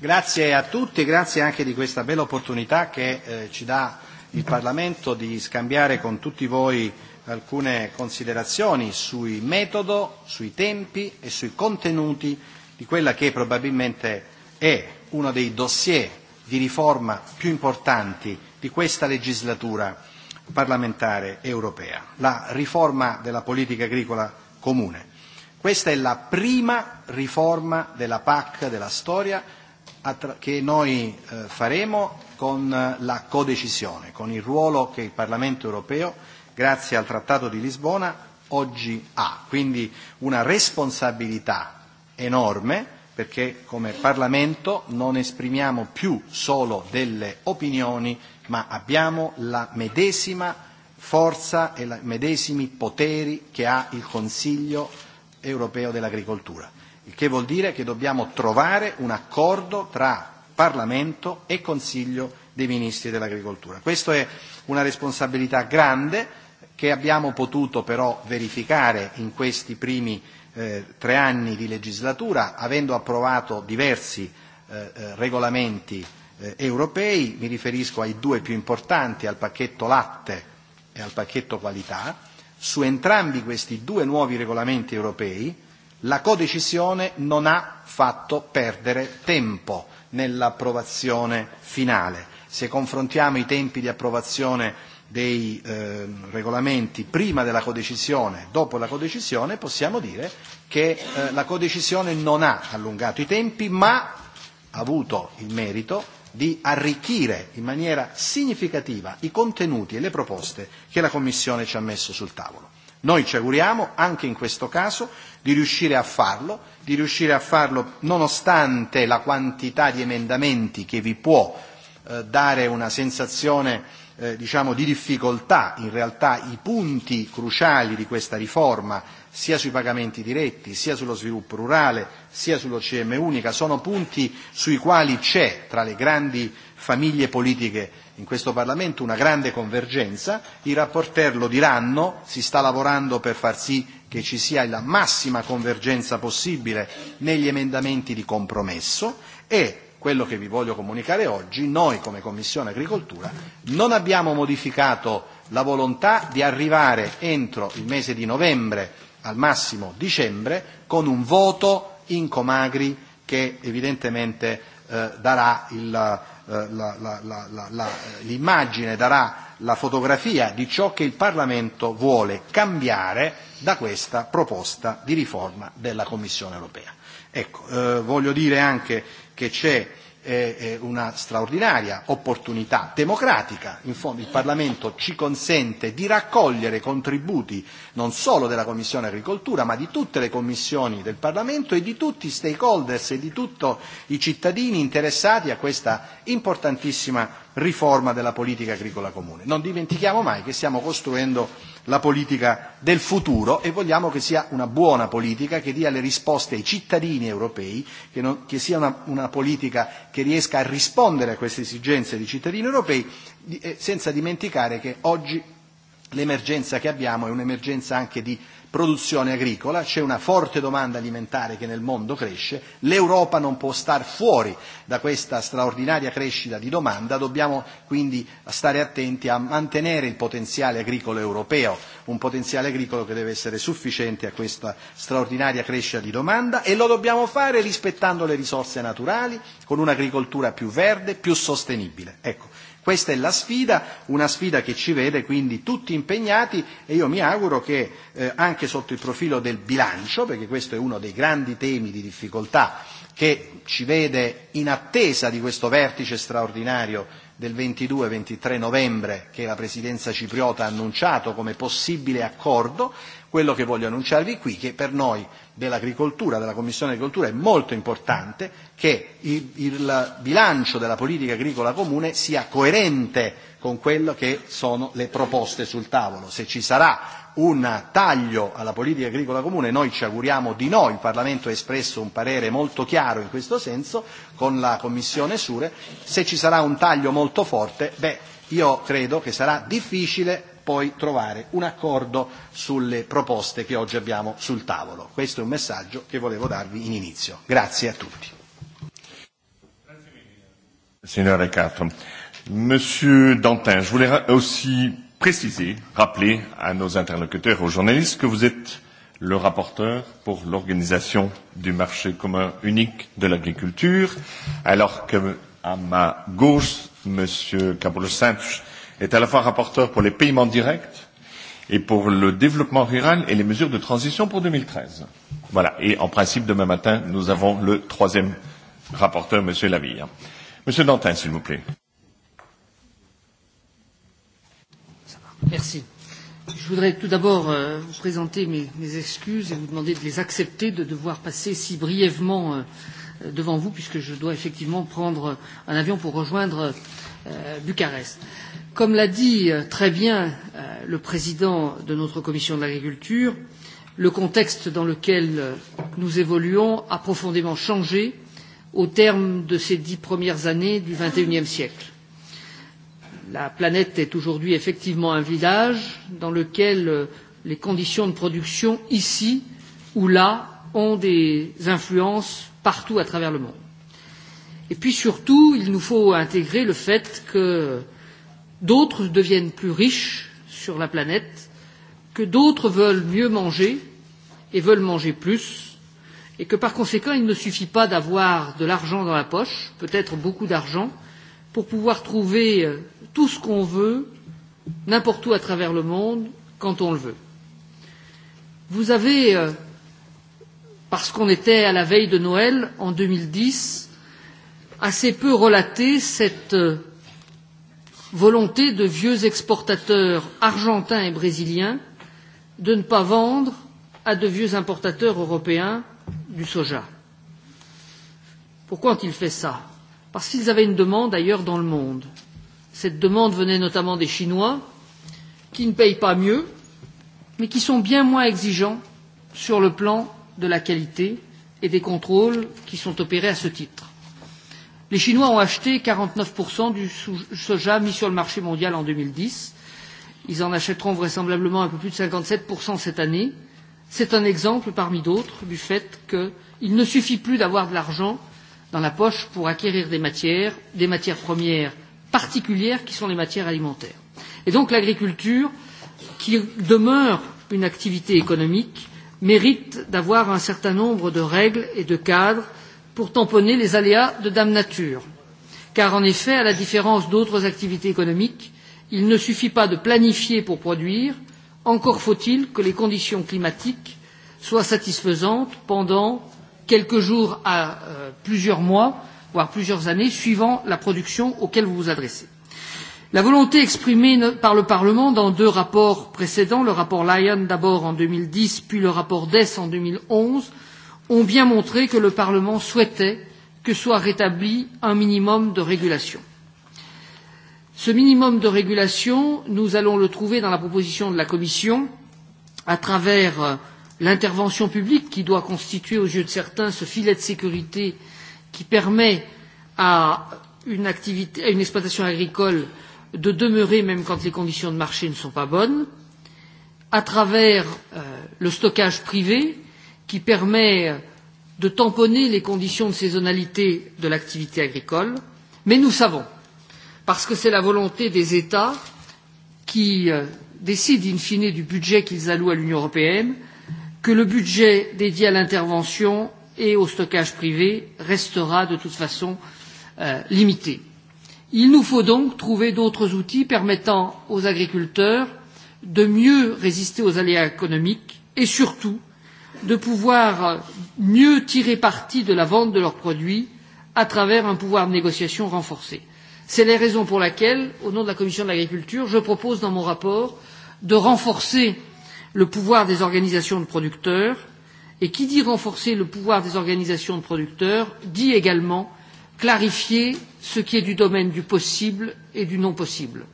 Grazie a tutti, grazie anche di questa bella opportunità che ci dà il Parlamento di scambiare con tutti voi alcune considerazioni sui metodo, sui tempi e sui contenuti di quella che probabilmente è uno dei dossier di riforma più importanti di questa legislatura parlamentare europea, la riforma della politica agricola comune. Questa è la prima riforma della PAC della storia che noi faremo con la codecisione, con il ruolo che il Parlamento europeo grazie al Trattato di Lisbona, oggi ha. Quindi una responsabilità enorme perché come Parlamento non esprimiamo più solo delle opinioni, ma abbiamo la medesima forza e i medesimi poteri che ha il Consiglio europeo dell'agricoltura, il che vuol dire che dobbiamo trovare un accordo tra Parlamento e Consiglio dei Ministri dell'agricoltura. Questo è una responsabilità grande che abbiamo potuto però verificare in questi primi tre anni di legislatura, avendo approvato diversi regolamenti europei, mi riferisco ai due più importanti, al pacchetto latte e al pacchetto qualità. Su entrambi questi due nuovi regolamenti europei la codecisione non ha fatto perdere tempo nell'approvazione finale se confrontiamo i tempi di approvazione dei regolamenti prima della codecisione, dopo la codecisione, possiamo dire che la codecisione non ha allungato i tempi, ma ha avuto il merito di arricchire in maniera significativa i contenuti e le proposte che la Commissione ci ha messo sul tavolo. Noi ci auguriamo, anche in questo caso, di riuscire a farlo, di riuscire a farlo nonostante la quantità di emendamenti che vi può dare una sensazione diciamo di difficoltà in realtà i punti cruciali di questa riforma sia sui pagamenti diretti sia sullo sviluppo rurale sia sull'OCM unica sono punti sui quali c'è tra le grandi famiglie politiche in questo Parlamento una grande convergenza i rapporter lo diranno si sta lavorando per far sì che ci sia la massima convergenza possibile negli emendamenti di compromesso e quello che vi voglio comunicare oggi, noi come Commissione Agricoltura non abbiamo modificato la volontà di arrivare entro il mese di novembre, al massimo dicembre, con un voto in Comagri che evidentemente darà l'immagine, darà la fotografia di ciò che il Parlamento vuole cambiare da questa proposta di riforma della Commissione europea. Ecco, voglio dire anche che c'è una straordinaria opportunità democratica. In fondo il Parlamento ci consente di raccogliere contributi non solo della Commissione Agricoltura ma di tutte le commissioni del Parlamento e di tutti i stakeholders e di tutti i cittadini interessati a questa importantissima riforma della politica agricola comune. Non dimentichiamo mai che stiamo costruendo la politica del futuro e vogliamo che sia una buona politica che dia le risposte ai cittadini europei, che sia una politica che riesca a rispondere a queste esigenze dei cittadini europei, senza dimenticare che oggi l'emergenza che abbiamo è un'emergenza anche di produzione agricola, c'è una forte domanda alimentare che nel mondo cresce, l'Europa non può star fuori da questa straordinaria crescita di domanda, dobbiamo quindi stare attenti a mantenere il potenziale agricolo europeo, un potenziale agricolo che deve essere sufficiente a questa straordinaria crescita di domanda e lo dobbiamo fare rispettando le risorse naturali, con un'agricoltura più verde, più sostenibile. Ecco, Questa è la sfida, una sfida che ci vede quindi tutti impegnati e io mi auguro che anche sotto il profilo del bilancio, perché questo è uno dei grandi temi di difficoltà che ci vede in attesa di questo vertice straordinario del 22-23 novembre che la presidenza cipriota ha annunciato come possibile accordo, Quello che voglio annunciarvi qui, che per noi dell'agricoltura, della Commissione agricoltura, è molto importante che il bilancio della politica agricola comune sia coerente con quello che sono le proposte sul tavolo. Se ci sarà un taglio alla politica agricola comune, noi ci auguriamo di no, il Parlamento ha espresso un parere molto chiaro in questo senso con la Commissione Sure, se ci sarà un taglio molto forte, beh, io credo che sarà difficile poi trovare un accordo sulle proposte che oggi abbiamo sul tavolo. Questo è un messaggio che volevo darvi in inizio. Grazie a tutti. Monsieur Dantin, je voulais aussi préciser, rappeler à nos interlocuteurs, aux journalistes, que vous êtes le rapporteur pour l'organisation du marché commun unique de l'agriculture, alors que à ma gauche, Monsieur Capoulos-Santos est à la fois rapporteur pour les paiements directs et pour le développement rural et les mesures de transition pour 2013. Voilà. Et en principe, demain matin, nous avons le troisième rapporteur, Monsieur Laville. Monsieur Dantin, s'il vous plaît. Merci. Je voudrais tout d'abord vous présenter mes excuses et vous demander de les accepter de devoir passer si brièvement devant vous puisque je dois effectivement prendre un avion pour rejoindre Bucarest. Comme l'a dit très bien le président de notre commission de l'agriculture, le contexte dans lequel nous évoluons a profondément changé au terme de ces dix premières années du XXIe siècle. La planète est aujourd'hui effectivement un village dans lequel les conditions de production, ici ou là, ont des influences partout à travers le monde. Et puis surtout, il nous faut intégrer le fait que d'autres deviennent plus riches sur la planète, que d'autres veulent mieux manger et veulent manger plus, et que par conséquent, il ne suffit pas d'avoir de l'argent dans la poche, peut-être beaucoup d'argent, pour pouvoir trouver tout ce qu'on veut, n'importe où à travers le monde, quand on le veut. Vous avez, parce qu'on était à la veille de Noël, en 2010, assez peu relaté cette volonté de vieux exportateurs argentins et brésiliens de ne pas vendre à de vieux importateurs européens du soja. Pourquoi ont-ils fait ça Parce qu'ils avaient une demande ailleurs dans le monde. Cette demande venait notamment des Chinois, qui ne payent pas mieux, mais qui sont bien moins exigeants sur le plan de la qualité et des contrôles qui sont opérés à ce titre. Les Chinois ont acheté 49% du soja mis sur le marché mondial en 2010. Ils en achèteront vraisemblablement un peu plus de 57% cette année. C'est un exemple parmi d'autres du fait qu'il ne suffit plus d'avoir de l'argent dans la poche pour acquérir des matières, des matières premières particulières qui sont les matières alimentaires. Et donc l'agriculture, qui demeure une activité économique, mérite d'avoir un certain nombre de règles et de cadres pour tamponner les aléas de dame nature. Car en effet, à la différence d'autres activités économiques, il ne suffit pas de planifier pour produire, encore faut-il que les conditions climatiques soient satisfaisantes pendant quelques jours à plusieurs mois, voire plusieurs années, suivant la production auquel vous vous adressez. La volonté exprimée par le Parlement dans deux rapports précédents, le rapport Lyon d'abord en 2010, puis le rapport Dess en 2011, ont bien montré que le Parlement souhaitait que soit rétabli un minimum de régulation. Ce minimum de régulation, nous allons le trouver dans la proposition de la Commission à travers l'intervention publique qui doit constituer aux yeux de certains ce filet de sécurité qui permet à une exploitation agricole de demeurer même quand les conditions de marché ne sont pas bonnes, à travers le stockage privé qui permet de tamponner les conditions de saisonnalité de l'activité agricole, mais nous savons, parce que c'est la volonté des États qui décident in fine du budget qu'ils allouent à l'Union européenne, que le budget dédié à l'intervention et au stockage privé restera de toute façon limité. Il nous faut donc trouver d'autres outils permettant aux agriculteurs de mieux résister aux aléas économiques et surtout de pouvoir mieux tirer parti de la vente de leurs produits à travers un pouvoir de négociation renforcé. C'est la raison pour laquelle, au nom de la Commission de l'agriculture, je propose dans mon rapport de renforcer le pouvoir des organisations de producteurs et qui dit renforcer le pouvoir des organisations de producteurs dit également clarifier ce qui est du domaine du possible et du non possible.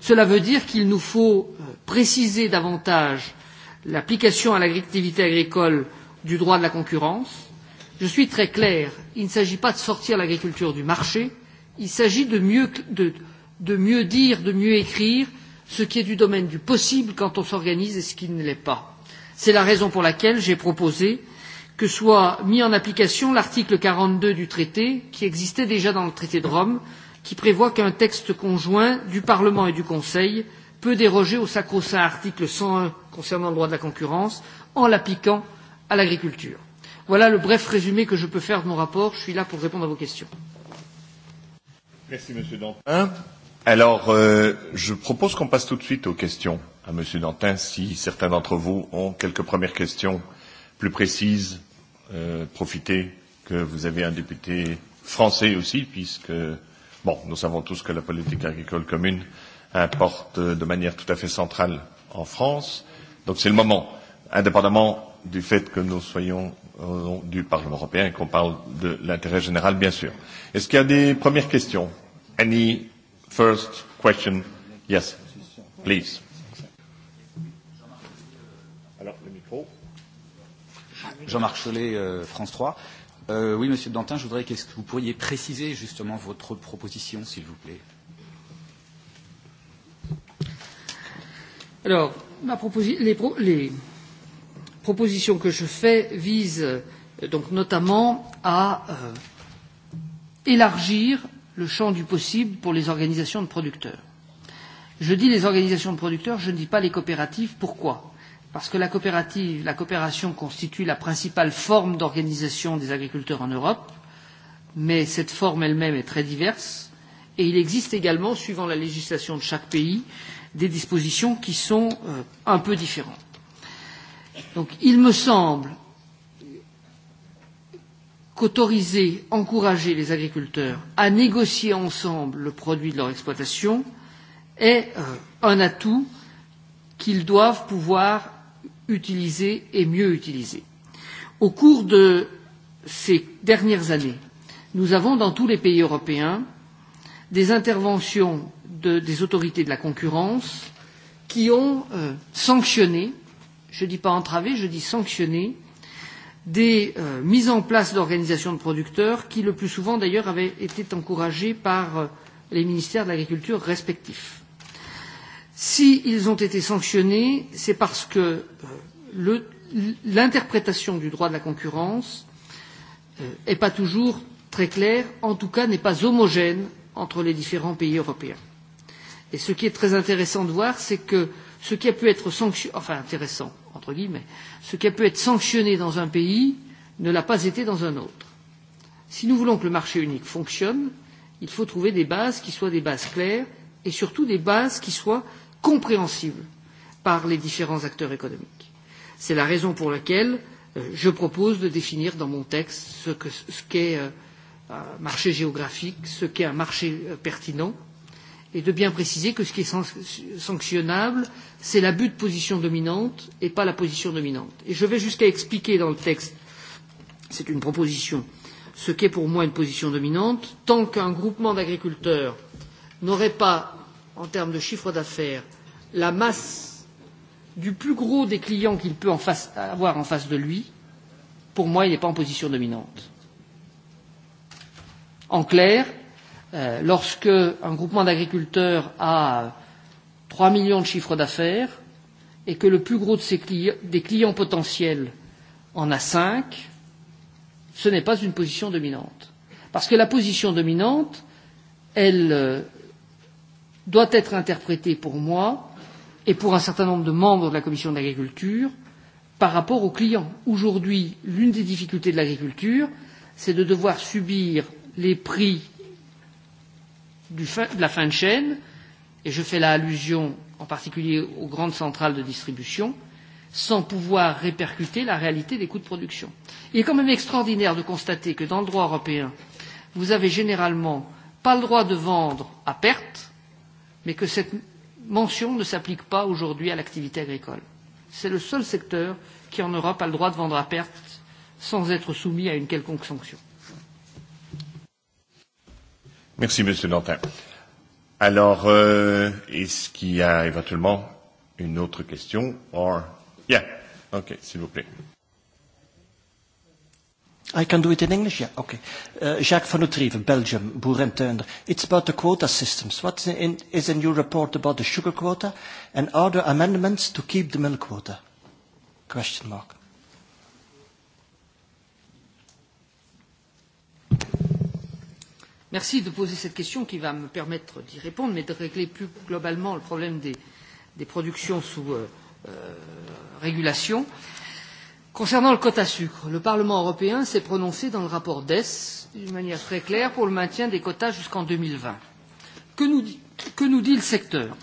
Cela veut dire qu'il nous faut préciser davantage l'application à l'activité agricole du droit de la concurrence. Je suis très clair, il ne s'agit pas de sortir l'agriculture du marché, il s'agit de mieux dire, de mieux écrire ce qui est du domaine du possible quand on s'organise et ce qui ne l'est pas. C'est la raison pour laquelle j'ai proposé que soit mis en application l'article 42 du traité, qui existait déjà dans le traité de Rome, qui prévoit qu'un texte conjoint du Parlement et du Conseil peut déroger au sacro-saint article 101 concernant le droit de la concurrence en l'appliquant à l'agriculture. Voilà le bref résumé que je peux faire de mon rapport. Je suis là pour répondre à vos questions. Merci, Monsieur Dantin. Alors, je propose qu'on passe tout de suite aux questions à Monsieur Dantin, si certains d'entre vous ont quelques premières questions plus précises. Profitez que vous avez un député français aussi, puisque, bon, nous savons tous que la politique agricole commune importe de manière tout à fait centrale en France. Donc c'est le moment, indépendamment du fait que nous soyons du Parlement européen et qu'on parle de l'intérêt général, bien sûr. Est-ce qu'il y a des premières questions Any first question Yes, please. Alors, le micro. Jean-Marc Chollet, France 3. Oui, Monsieur Dantin, je voudrais que vous pourriez préciser justement votre proposition, s'il vous plaît. Alors, ma les, les propositions que je fais visent donc notamment à élargir le champ du possible pour les organisations de producteurs. Je dis les organisations de producteurs, je ne dis pas les coopératives. Pourquoi Parce que la coopérative, la coopération constitue la principale forme d'organisation des agriculteurs en Europe, mais cette forme elle-même est très diverse, et il existe également, suivant la législation de chaque pays, des dispositions qui sont un peu différentes. Donc il me semble qu'autoriser, encourager les agriculteurs à négocier ensemble le produit de leur exploitation est un atout qu'ils doivent pouvoir utiliser et mieux utiliser. Au cours de ces dernières années, nous avons dans tous les pays européens des interventions des autorités de la concurrence qui ont sanctionné je ne dis pas entravé, je dis sanctionné des mises en place d'organisations de producteurs qui, le plus souvent d'ailleurs, avaient été encouragées par les ministères de l'Agriculture respectifs. S'ils ont été sanctionnés, c'est parce que l'interprétation du droit de la concurrence n'est pas toujours très claire, en tout cas n'est pas homogène entre les différents pays européens. Et ce qui est très intéressant de voir, c'est que ce qui a pu être sanctionné, enfin intéressant, entre guillemets, ce qui a pu être sanctionné dans un pays ne l'a pas été dans un autre. Si nous voulons que le marché unique fonctionne, il faut trouver des bases qui soient des bases claires et surtout des bases qui soient compréhensibles par les différents acteurs économiques. C'est la raison pour laquelle je propose de définir dans mon texte ce qu'est un marché géographique, ce qu'est un marché pertinent et de bien préciser que ce qui est sanctionnable, c'est l'abus de position dominante et pas la position dominante. Et je vais jusqu'à expliquer dans le texte, c'est une proposition, ce qu'est pour moi une position dominante, tant qu'un groupement d'agriculteurs n'aurait pas, en termes de chiffre d'affaires, la masse du plus gros des clients qu'il peut avoir en face de lui, pour moi, il n'est pas en position dominante. En clair, lorsque un groupement d'agriculteurs a 3 millions de chiffres d'affaires et que le plus gros de ses des clients potentiels en a 5, ce n'est pas une position dominante. Parce que la position dominante, elle doit être interprétée pour moi et pour un certain nombre de membres de la Commission de l'agriculture par rapport aux clients. Aujourd'hui, l'une des difficultés de l'agriculture, c'est de devoir subir les prix du de la fin de chaîne, et je fais là allusion en particulier aux grandes centrales de distribution, sans pouvoir répercuter la réalité des coûts de production. Il est quand même extraordinaire de constater que dans le droit européen, vous avez généralement pas le droit de vendre à perte, mais que cette mention ne s'applique pas aujourd'hui à l'activité agricole. C'est le seul secteur qui, en Europe, a le droit de vendre à perte sans être soumis à une quelconque sanction. Merci, Monsieur Nantin. Alors, euh, est-ce qu'il y a éventuellement une autre question? Or, yeah, okay, s'il vous plaît. I can do it in English, yeah, okay. Uh, Jacques van Utrieven, Belgium, Boer and It's about the quota systems. What in, is in your report about the sugar quota? And are there amendments to keep the milk quota? Question mark. Merci de poser cette question qui va me permettre d'y répondre, mais de régler plus globalement le problème des productions sous régulation. Concernant le quota sucre, le Parlement européen s'est prononcé dans le rapport DES d'une manière très claire pour le maintien des quotas jusqu'en 2020. Que nous dit le secteur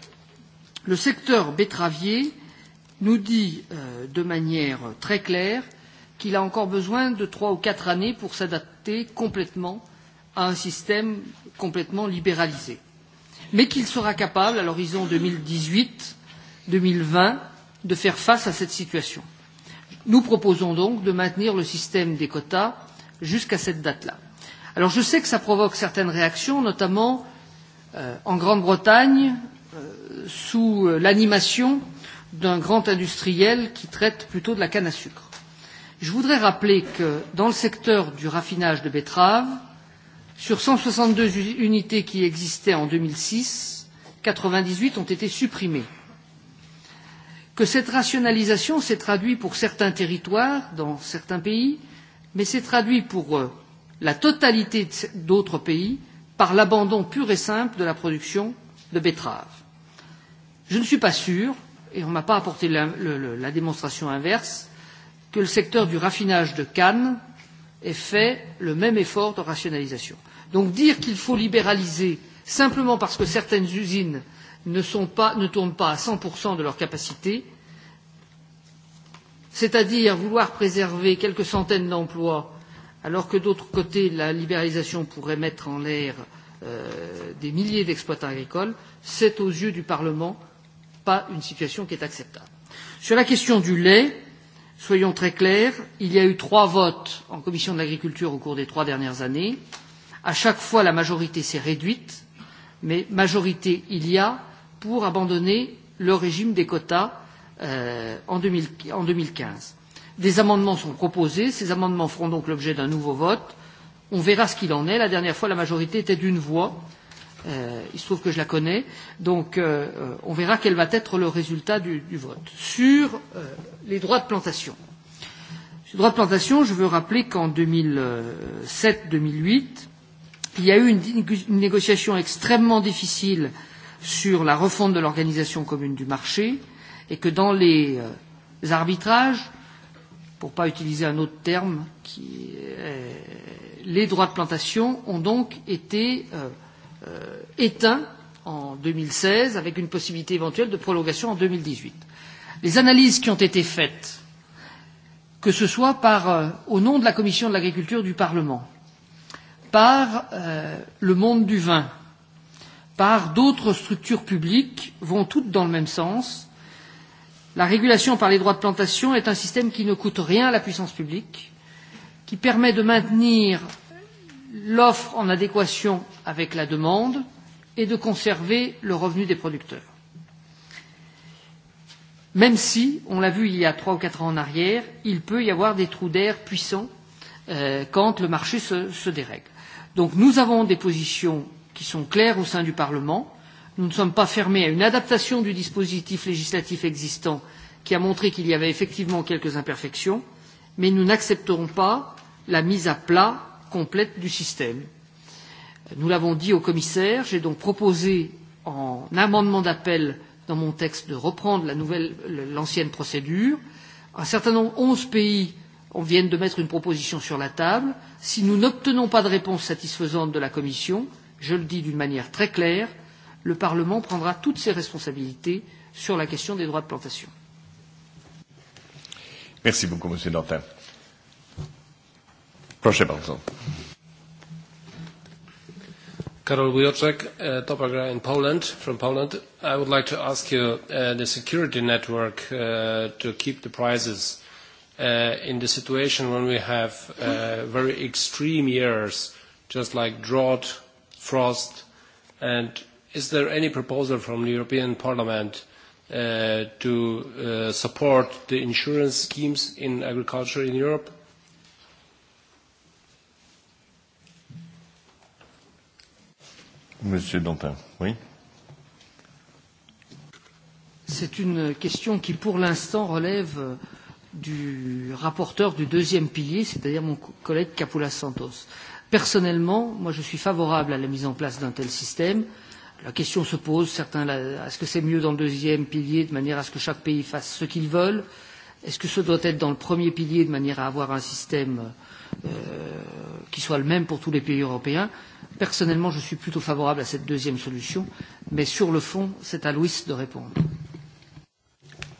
Le secteur betteravier nous dit de manière très claire qu'il a encore besoin de trois ou quatre années pour s'adapter complètement à un système complètement libéralisé, mais qu'il sera capable, à l'horizon 2018-2020, de faire face à cette situation. Nous proposons donc de maintenir le système des quotas jusqu'à cette date-là. Alors je sais que ça provoque certaines réactions, notamment en Grande-Bretagne, sous l'animation d'un grand industriel qui traite plutôt de la canne à sucre. Je voudrais rappeler que dans le secteur du raffinage de betteraves, Sur 162 unités qui existaient en 2006, 98 ont été supprimées. Que cette rationalisation s'est traduite pour certains territoires, dans certains pays, mais s'est traduite pour la totalité d'autres pays par l'abandon pur et simple de la production de betteraves. Je ne suis pas sûr, et on ne m'a pas apporté la démonstration inverse, que le secteur du raffinage de cannes ait fait le même effort de rationalisation. Donc dire qu'il faut libéraliser simplement parce que certaines usines ne tournent pas à 100% de leur capacité, c'est-à-dire vouloir préserver quelques centaines d'emplois, alors que d'autre côté la libéralisation pourrait mettre en l'air des milliers d'exploitants agricoles, c'est aux yeux du Parlement pas une situation qui est acceptable. Sur la question du lait, soyons très clairs, il y a eu trois votes en commission de l'agriculture au cours des trois dernières années. À chaque fois, la majorité s'est réduite, mais majorité il y a pour abandonner le régime des quotas en 2015. Des amendements sont proposés. Ces amendements feront donc l'objet d'un nouveau vote. On verra ce qu'il en est. La dernière fois, la majorité était d'une voix. Il se trouve que je la connais. Donc, on verra quel va être le résultat du vote. Sur les droits de plantation. Sur les droits de plantation, je veux rappeler qu'en 2007-2008, Il y a eu une négociation extrêmement difficile sur la refonte de l'organisation commune du marché et que dans les arbitrages, pour ne pas utiliser un autre terme, les droits de plantation ont donc été éteints en 2016 avec une possibilité éventuelle de prolongation en 2018. Les analyses qui ont été faites, que ce soit par, au nom de la Commission de l'agriculture du Parlement, par le monde du vin, par d'autres structures publiques, vont toutes dans le même sens. La régulation par les droits de plantation est un système qui ne coûte rien à la puissance publique, qui permet de maintenir l'offre en adéquation avec la demande et de conserver le revenu des producteurs. Même si, on l'a vu il y a trois ou quatre ans en arrière, il peut y avoir des trous d'air puissants quand le marché se dérègle. Donc nous avons des positions qui sont claires au sein du Parlement. Nous ne sommes pas fermés à une adaptation du dispositif législatif existant qui a montré qu'il y avait effectivement quelques imperfections, mais nous n'accepterons pas la mise à plat complète du système. Nous l'avons dit au commissaire, j'ai donc proposé en amendement d'appel dans mon texte de reprendre l'ancienne procédure. Un certain nombre, onze pays on vient de mettre une proposition sur la table. Si nous n'obtenons pas de réponse satisfaisante de la Commission, je le dis d'une manière très claire, le Parlement prendra toutes ses responsabilités sur la question des droits de plantation. Merci beaucoup, Monsieur Dantin. Proszę bardzo. Karol uh, top in Poland, from Poland. I would like to ask you the security network to keep the prices in the situation when we have very extreme years, just like drought, frost, and is there any proposal from the European Parliament to support the insurance schemes in agriculture in Europe? Monsieur Dantin, oui. C'est une question qui, pour l'instant, relève du rapporteur du deuxième pilier, c'est-à-dire mon collègue Capula Santos. Personnellement, moi je suis favorable à la mise en place d'un tel système. La question se pose, certains, est-ce que c'est mieux dans le deuxième pilier de manière à ce que chaque pays fasse ce qu'il veut, Est-ce que ce doit être dans le premier pilier de manière à avoir un système qui soit le même pour tous les pays européens Personnellement, je suis plutôt favorable à cette deuxième solution, mais sur le fond, c'est à Louis de répondre.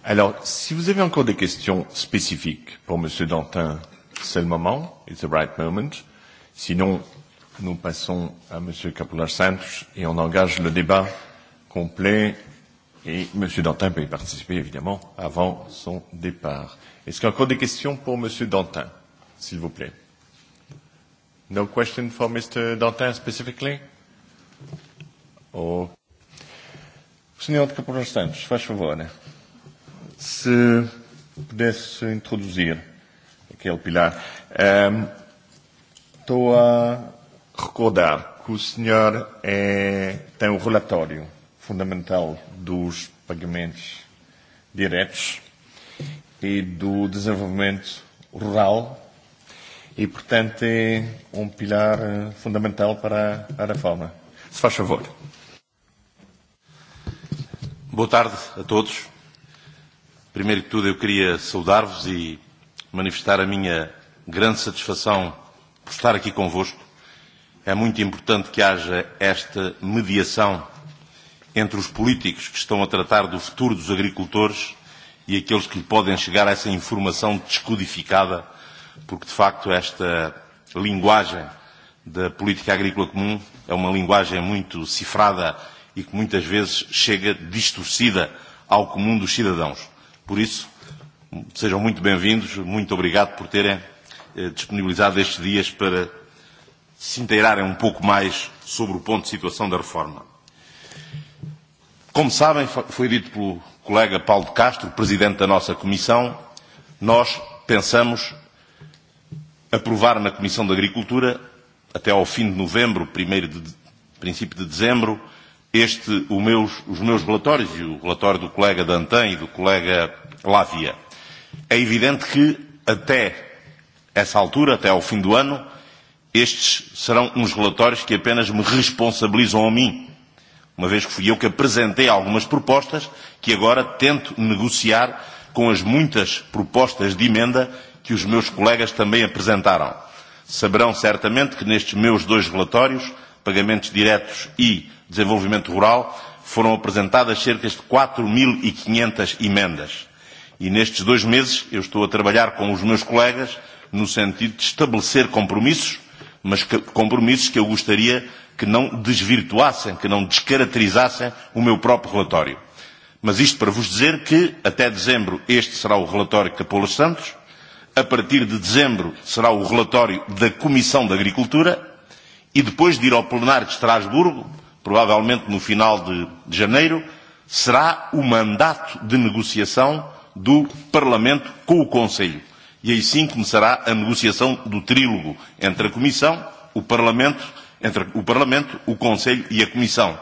Alors, si vous avez encore des questions spécifiques pour M. Dantin, c'est le moment, it's the right moment. Sinon, nous passons à M. Capular santos et on engage le débat complet. Et M. Dantin peut y participer, évidemment, avant son départ. Est-ce qu'il y a encore des questions pour M. Dantin, s'il vous plaît No question for Mr. Dantin specifically? santos se pudesse introduzir aquele pilar. Estou a recordar que o senhor é, tem o relatório fundamental dos pagamentos diretos e do desenvolvimento rural e, portanto, é um pilar fundamental para a reforma. Se faz favor. Boa tarde a todos. Primeiro que tudo, eu queria saudar-vos e manifestar a minha grande satisfação por estar aqui convosco. É muito importante que haja esta mediação entre os políticos que estão a tratar do futuro dos agricultores e aqueles que lhe podem chegar a essa informação descodificada, porque de facto esta linguagem da política agrícola comum é uma linguagem muito cifrada e que muitas vezes chega distorcida ao comum dos cidadãos. Por isso, sejam muito bem-vindos, muito obrigado por terem disponibilizado estes dias para se inteirarem um pouco mais sobre o ponto de situação da reforma. Como sabem, foi dito pelo colega Paulo de Castro, presidente da nossa comissão, nós pensamos aprovar na Comissão da Agricultura, até ao fim de novembro, primeiro de, princípio de dezembro, este, o meus, os meus relatórios e o relatório do colega Dantan e do colega Lávia. É evidente que até essa altura, até ao fim do ano, estes serão uns relatórios que apenas me responsabilizam a mim, uma vez que fui eu que apresentei algumas propostas que agora tento negociar com as muitas propostas de emenda que os meus colegas também apresentaram. Saberão certamente que nestes meus dois relatórios, pagamentos diretos e Desenvolvimento Rural foram apresentadas cerca de 4.500 emendas. E nestes dois meses eu estou a trabalhar com os meus colegas no sentido de estabelecer compromissos, mas compromissos que eu gostaria que não desvirtuassem, que não descaracterizassem o meu próprio relatório. Mas isto para vos dizer que até dezembro este será o relatório de Capola Santos, a partir de dezembro será o relatório da Comissão da Agricultura e depois de ir ao plenário de Estrasburgo provavelmente no final de janeiro, será o mandato de negociação do Parlamento com o Conselho. E aí sim começará a negociação do trílogo entre a Comissão, o Parlamento, entre o Parlamento, o Conselho e a Comissão.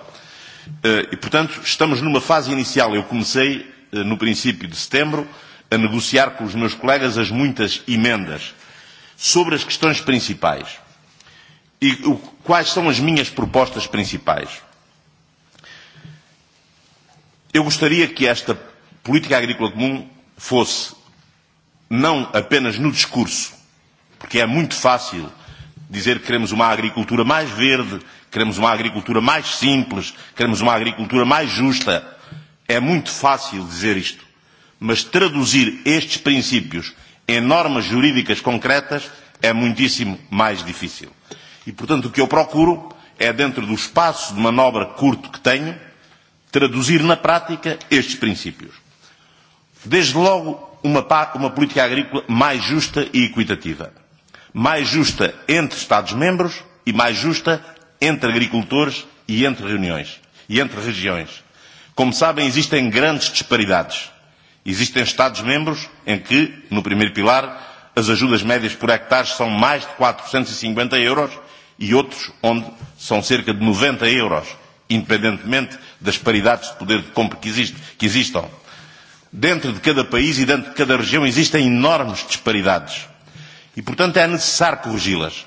E, portanto, estamos numa fase inicial. Eu comecei, no princípio de setembro, a negociar com os meus colegas as muitas emendas sobre as questões principais e quais são as minhas propostas principais. Eu gostaria que esta política agrícola comum fosse não apenas no discurso, porque é muito fácil dizer que queremos uma agricultura mais verde, queremos uma agricultura mais simples, queremos uma agricultura mais justa. É muito fácil dizer isto, mas traduzir estes princípios em normas jurídicas concretas é muitíssimo mais difícil. E, portanto, o que eu procuro é, dentro do espaço de manobra curto que tenho, traduzir na prática estes princípios. Desde logo, uma, uma política agrícola mais justa e equitativa. Mais justa entre Estados-membros e mais justa entre agricultores e entre reuniões e entre regiões. Como sabem, existem grandes disparidades. Existem Estados-membros em que, no primeiro pilar, as ajudas médias por hectare são mais de 450 euros e outros onde são cerca de 90 euros, independentemente das paridades de poder de compra que existam. Dentro de cada país e dentro de cada região existem enormes disparidades e, portanto, é necessário corrigi-las.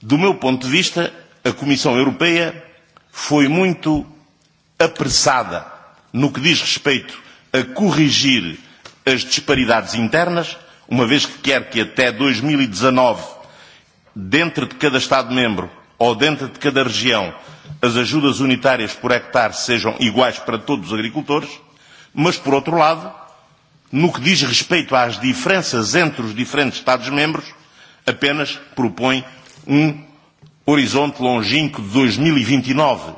Do meu ponto de vista, a Comissão Europeia foi muito apressada no que diz respeito a corrigir as disparidades internas, uma vez que quer que até 2019 dentro de cada Estado-membro ou dentro de cada região, as ajudas unitárias por hectare sejam iguais para todos os agricultores, mas, por outro lado, no que diz respeito às diferenças entre os diferentes Estados-membros, apenas propõe um horizonte longínquo de 2029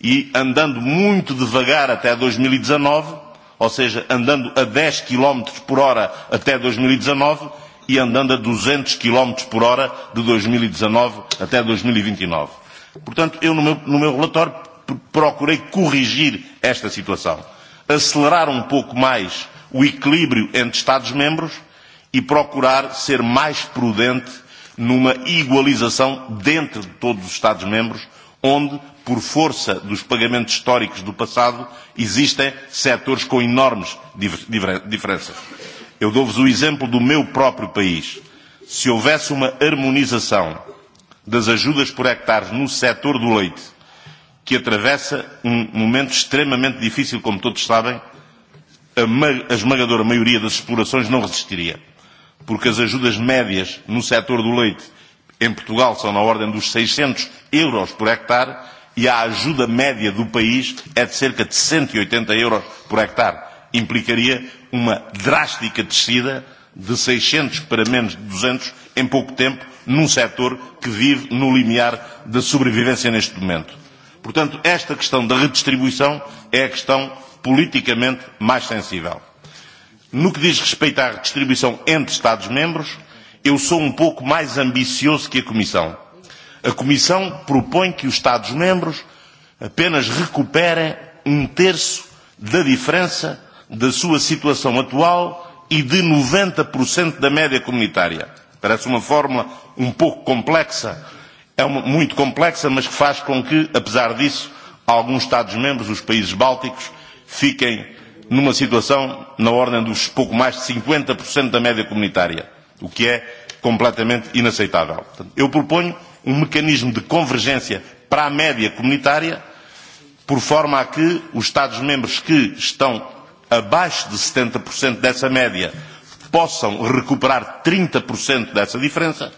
e andando muito devagar até 2019, ou seja, andando a 10 km por hora até 2019, e andando a 200 km por hora de 2019 até 2029. Portanto, eu no meu, no meu relatório procurei corrigir esta situação, acelerar um pouco mais o equilíbrio entre Estados-membros e procurar ser mais prudente numa igualização dentro de todos os Estados-membros, onde, por força dos pagamentos históricos do passado, existem setores com enormes diferenças. Eu dou-vos o exemplo do meu próprio país. Se houvesse uma harmonização das ajudas por hectares no setor do leite, que atravessa um momento extremamente difícil, como todos sabem, a esmagadora maioria das explorações não resistiria, porque as ajudas médias no setor do leite em Portugal são na ordem dos 600 euros por hectare e a ajuda média do país é de cerca de 180 euros por hectare implicaria uma drástica descida de 600 para menos de 200 em pouco tempo, num setor que vive no limiar da sobrevivência neste momento. Portanto, esta questão da redistribuição é a questão politicamente mais sensível. No que diz respeito à redistribuição entre Estados-membros, eu sou um pouco mais ambicioso que a Comissão. A Comissão propõe que os Estados-membros apenas recuperem um terço da diferença da sua situação atual e de 90% da média comunitária. Parece uma fórmula um pouco complexa, é muito complexa, mas que faz com que, apesar disso, alguns Estados-membros, os países bálticos, fiquem numa situação na ordem dos pouco mais de 50% da média comunitária, o que é completamente inaceitável. Eu proponho um mecanismo de convergência para a média comunitária, por forma a que os Estados-membros que estão abaixo de 70% dessa média possam recuperar 30% dessa diferença,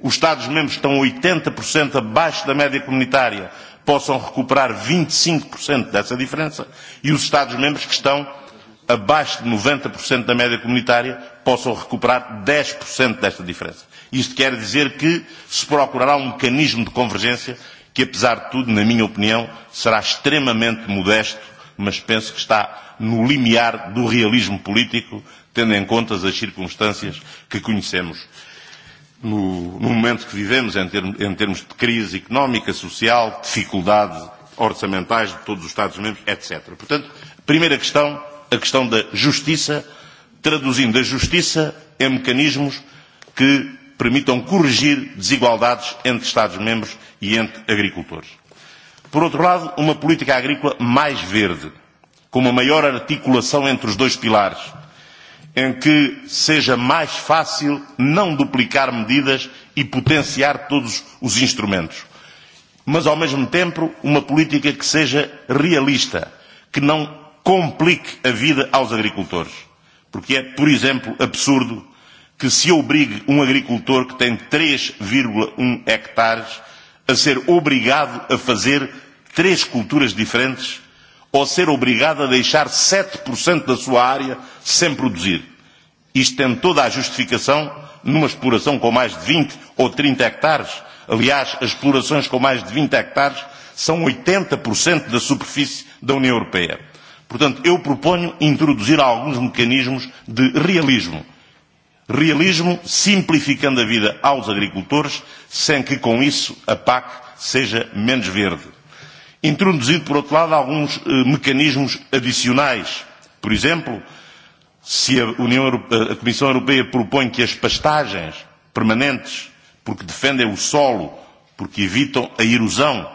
os Estados-membros que estão 80% abaixo da média comunitária possam recuperar 25% dessa diferença e os Estados-membros que estão abaixo de 90% da média comunitária possam recuperar 10% desta diferença. Isto quer dizer que se procurará um mecanismo de convergência que, apesar de tudo, na minha opinião, será extremamente modesto, mas penso que está no limiar do realismo político, tendo em conta as circunstâncias que conhecemos no, no momento que vivemos, em, termos, em termos de crise económica, social, dificuldades orçamentais de todos os Estados-membros, etc. Portanto, primeira questão, a questão da justiça, traduzindo a justiça em mecanismos que permitam corrigir desigualdades entre Estados-membros e entre agricultores. Por outro lado, uma política agrícola mais verde, com uma maior articulação entre os dois pilares, em que seja mais fácil não duplicar medidas e potenciar todos os instrumentos. Mas, ao mesmo tempo, uma política que seja realista, que não complique a vida aos agricultores. Porque é, por exemplo, absurdo que se obrigue um agricultor que tem 3,1 hectares a ser obrigado a fazer três culturas diferentes ou ser obrigada a deixar 7% da sua área sem produzir. Isto tem toda a justificação numa exploração com mais de 20 ou 30 hectares. Aliás, as explorações com mais de 20 hectares são 80% da superfície da União Europeia. Portanto, eu proponho introduzir alguns mecanismos de realismo. Realismo simplificando a vida aos agricultores, sem que com isso a PAC seja menos verde introduzido, por outro lado, alguns mecanismos adicionais. Por exemplo, se a, União a Comissão Europeia propõe que as pastagens permanentes, porque defendem o solo, porque evitam a erosão,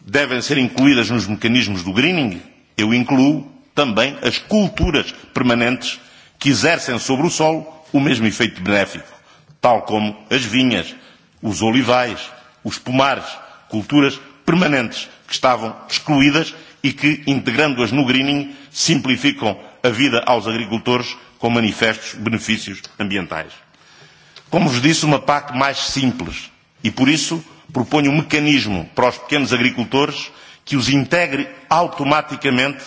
devem ser incluídas nos mecanismos do greening, eu incluo também as culturas permanentes que exercem sobre o solo o mesmo efeito benéfico, tal como as vinhas, os olivais, os pomares, culturas permanentes que estavam excluídas e que, integrando-as no greening, simplificam a vida aos agricultores com manifestos benefícios ambientais. Como vos disse, uma PAC mais simples e, por isso, proponho um mecanismo para os pequenos agricultores que os integre automaticamente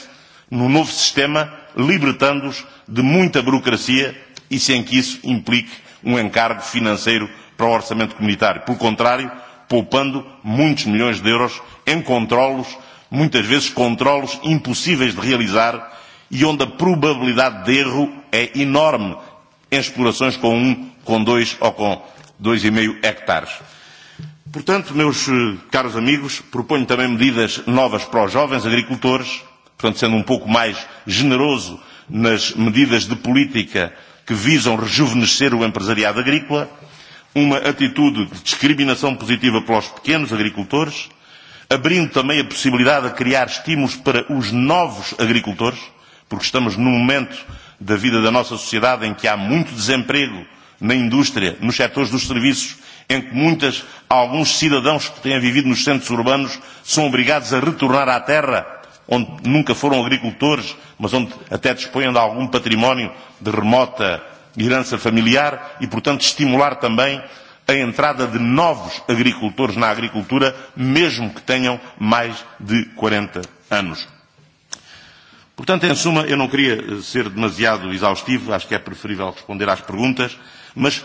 no novo sistema, libertando-os de muita burocracia e sem que isso implique um encargo financeiro para o orçamento comunitário. Pelo contrário, poupando muitos milhões de euros em controlos, muitas vezes controlos impossíveis de realizar e onde a probabilidade de erro é enorme em explorações com um, com dois ou com dois e meio hectares. Portanto, meus caros amigos, proponho também medidas novas para os jovens agricultores, portanto, sendo um pouco mais generoso nas medidas de política que visam rejuvenescer o empresariado agrícola uma atitude de discriminação positiva para os pequenos agricultores, abrindo também a possibilidade de criar estímulos para os novos agricultores, porque estamos num momento da vida da nossa sociedade em que há muito desemprego na indústria, nos setores dos serviços, em que muitas, alguns cidadãos que têm vivido nos centros urbanos são obrigados a retornar à terra, onde nunca foram agricultores, mas onde até dispõem de algum património de remota herança familiar e, portanto, estimular também a entrada de novos agricultores na agricultura, mesmo que tenham mais de 40 anos. Portanto, em suma, eu não queria ser demasiado exaustivo, acho que é preferível responder às perguntas, mas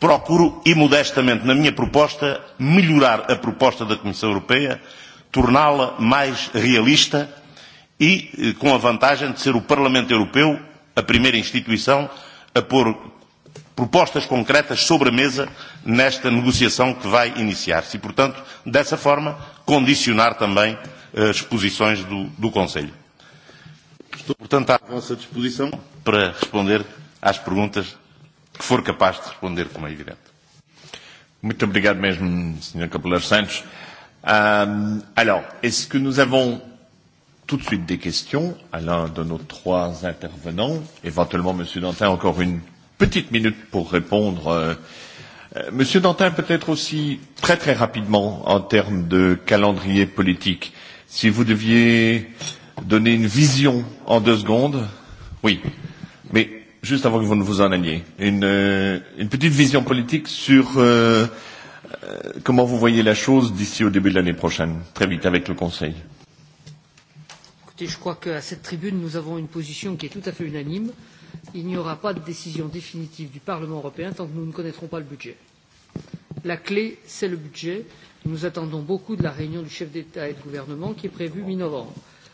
procuro, e modestamente na minha proposta, melhorar a proposta da Comissão Europeia, torná-la mais realista e com a vantagem de ser o Parlamento Europeu a primeira instituição a pôr propostas concretas sobre a mesa nesta negociação que vai iniciar-se. E, portanto, dessa forma, condicionar também as posições do, do Conselho. Estou, portanto, à vossa disposição para responder às perguntas que for capaz de responder, como é evidente. Muito obrigado mesmo, Sr. Capelar Santos. alors, que nous avons tout de suite des questions à l'un de nos trois intervenants. Éventuellement, M. Dantin, encore une petite minute pour répondre. Monsieur Dantin, peut-être aussi très très rapidement en termes de calendrier politique, si vous deviez donner une vision en deux secondes. Oui, mais juste avant que vous ne vous en alliez, une, une petite vision politique sur comment vous voyez la chose d'ici au début de l'année prochaine, très vite avec le Conseil je crois qu'à cette tribune, nous avons une position qui est tout à fait unanime. Il n'y aura pas de décision définitive du Parlement européen tant que nous ne connaîtrons pas le budget. La clé, c'est le budget. Nous attendons beaucoup de la réunion du chef d'État et de gouvernement qui est prévue mi-novembre.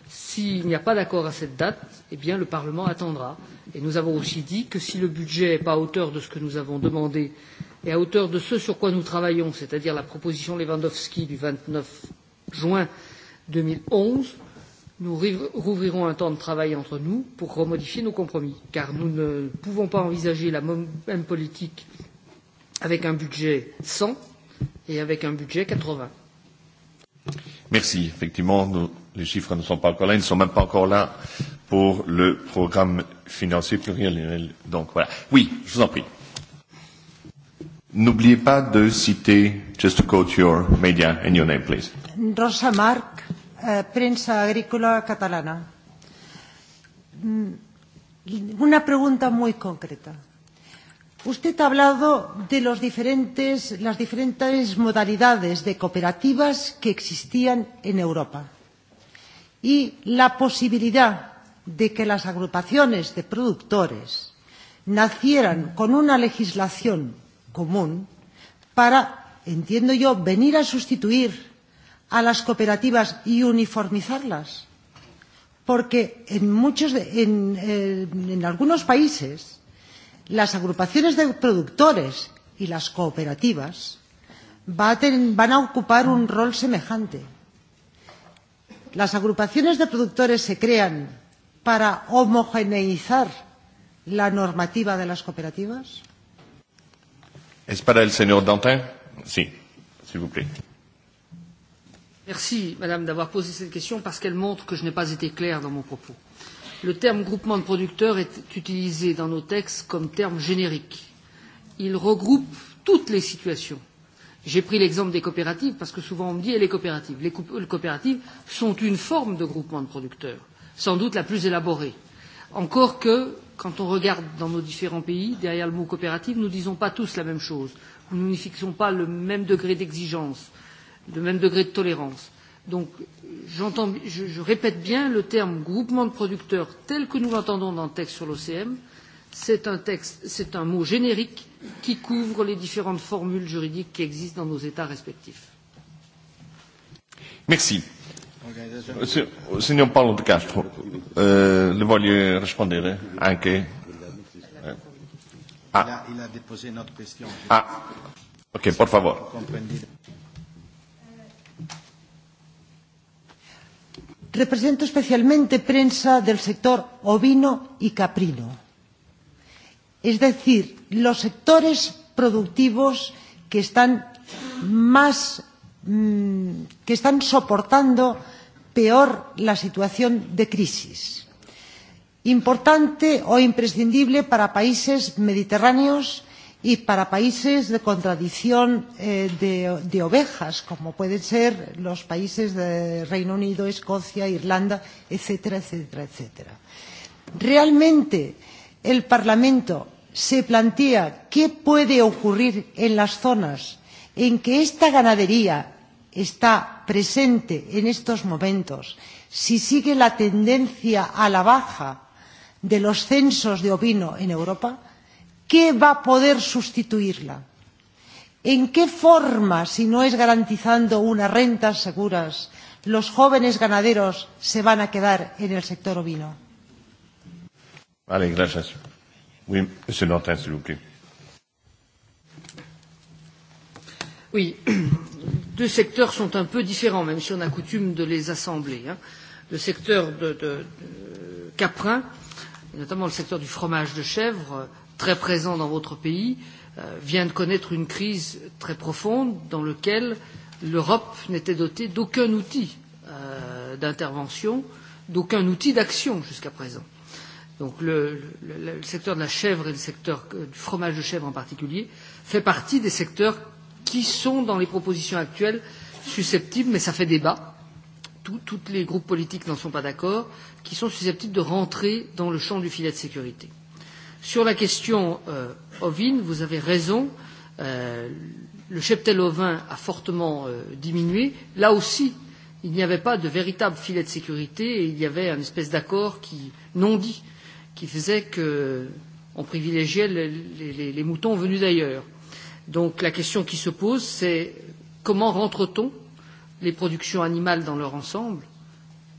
S'il n'y a pas d'accord à cette date, eh bien, le Parlement attendra. Et nous avons aussi dit que si le budget n'est pas à hauteur de ce que nous avons demandé et à hauteur de ce sur quoi nous travaillons, c'est-à-dire la proposition Lewandowski du 29 juin 2011, nous rouvrirons un temps de travail entre nous pour remodifier nos compromis, car nous ne pouvons pas envisager la même politique avec un budget 100 et avec un budget 80. Merci. Effectivement, les chiffres ne sont pas encore là. Ils ne sont même pas encore là pour le programme financier pluriannuel. Donc voilà. Oui, je vous en prie. N'oubliez pas de citer, just to quote your media and your name, please. Rosa Marc prensa agrícola catalana. Una pregunta muy concreta. Usted ha hablado de las diferentes modalidades de cooperativas que existían en Europa y la posibilidad de que las agrupaciones de productores nacieran con una legislación común para, entiendo yo, venir a sustituir a las cooperativas y uniformizarlas? Porque en, muchos en, en algunos países las agrupaciones de productores y las cooperativas va van a ocupar un rol semejante. Las agrupaciones de productores se crean para homogeneizar la normativa de las cooperativas. ¿Es para el señor Dantin? Sí, s'il vous plaît. Merci, Madame, d'avoir posé cette question parce qu'elle montre que je n'ai pas été clair dans mon propos. Le terme groupement de producteurs est utilisé dans nos textes comme terme générique. Il regroupe toutes les situations. J'ai pris l'exemple des coopératives parce que souvent on me dit les coopératives. Les coopératives sont une forme de groupement de producteurs, sans doute la plus élaborée. Encore que, quand on regarde dans nos différents pays, derrière le mot coopérative, nous ne disons pas tous la même chose. Nous n'y fixons pas le même degré d'exigence le même degré de tolérance. Donc, je répète bien le terme groupement de producteurs tel que nous l'entendons dans le texte sur l'OCM. C'est un un mot générique qui couvre les différentes formules juridiques qui existent dans nos États respectifs. Merci. Signor Paolo De Castro, le voglio rispondere anche. Ah, ok, favor. Represento especialmente prensa del sector ovino y caprino, es decir, los sectores productivos que están más que están soportando peor la situación de crisis. Importante o imprescindible para países mediterráneos y para países de contradicción de ovejas, como pueden ser los países de Reino Unido, Escocia, Irlanda, etcétera, etcétera, etcétera. Realmente el Parlamento se plantea qué puede ocurrir en las zonas en que esta ganadería está presente en estos momentos, si sigue la tendencia a la baja de los censos de ovino en Europa, ¿Qué va a poder sustituirla? ¿En qué forma, si no es garantizando unas rentas seguras, los jóvenes ganaderos se van a quedar en el sector ovino? Vale, gracias. Oui, monsieur s'il vous plaît. Oui, deux secteurs sont un peu différents, même si on a coutume de les assembler. Hein. Le secteur de, de, de caprin, notamment le secteur du fromage de chèvre, très présent dans votre pays, vient de connaître une crise très profonde dans laquelle l'Europe n'était dotée d'aucun outil d'intervention, d'aucun outil d'action jusqu'à présent. Donc le secteur de la chèvre et le secteur du fromage de chèvre en particulier fait partie des secteurs qui sont dans les propositions actuelles susceptibles, mais ça fait débat, tous les groupes politiques n'en sont pas d'accord, qui sont susceptibles de rentrer dans le champ du filet de sécurité. Sur la question ovine, vous avez raison, le cheptel ovin a fortement diminué. Là aussi, il n'y avait pas de véritable filet de sécurité et il y avait un espèce d'accord qui non dit, qui faisait qu'on privilégiait les moutons venus d'ailleurs. Donc la question qui se pose, c'est comment rentre-t-on les productions animales dans leur ensemble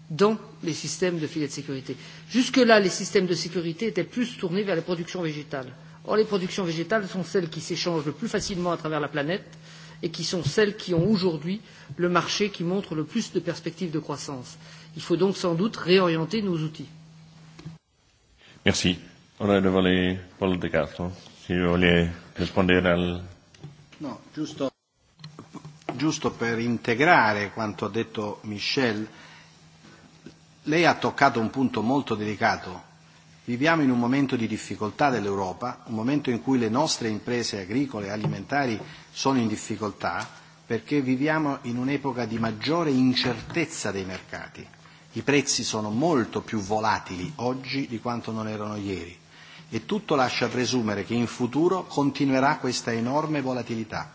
dans les systèmes de filets de sécurité. Jusque-là, les systèmes de sécurité étaient plus tournés vers les productions végétales. Or, les productions végétales sont celles qui s'échangent le plus facilement à travers la planète et qui sont celles qui ont aujourd'hui le marché qui montre le plus de perspectives de croissance. Il faut donc sans doute réorienter nos outils. Merci. Onorevole Paul De Castro, si vuole rispondere al... No, giusto, giusto per integrare quanto ha detto Michel, Lei ha toccato un punto molto delicato. Viviamo in un momento di difficoltà dell'Europa, un momento in cui le nostre imprese agricole e alimentari sono in difficoltà perché viviamo in un'epoca di maggiore incertezza dei mercati. I prezzi sono molto più volatili oggi di quanto non erano ieri e tutto lascia presumere che in futuro continuerà questa enorme volatilità.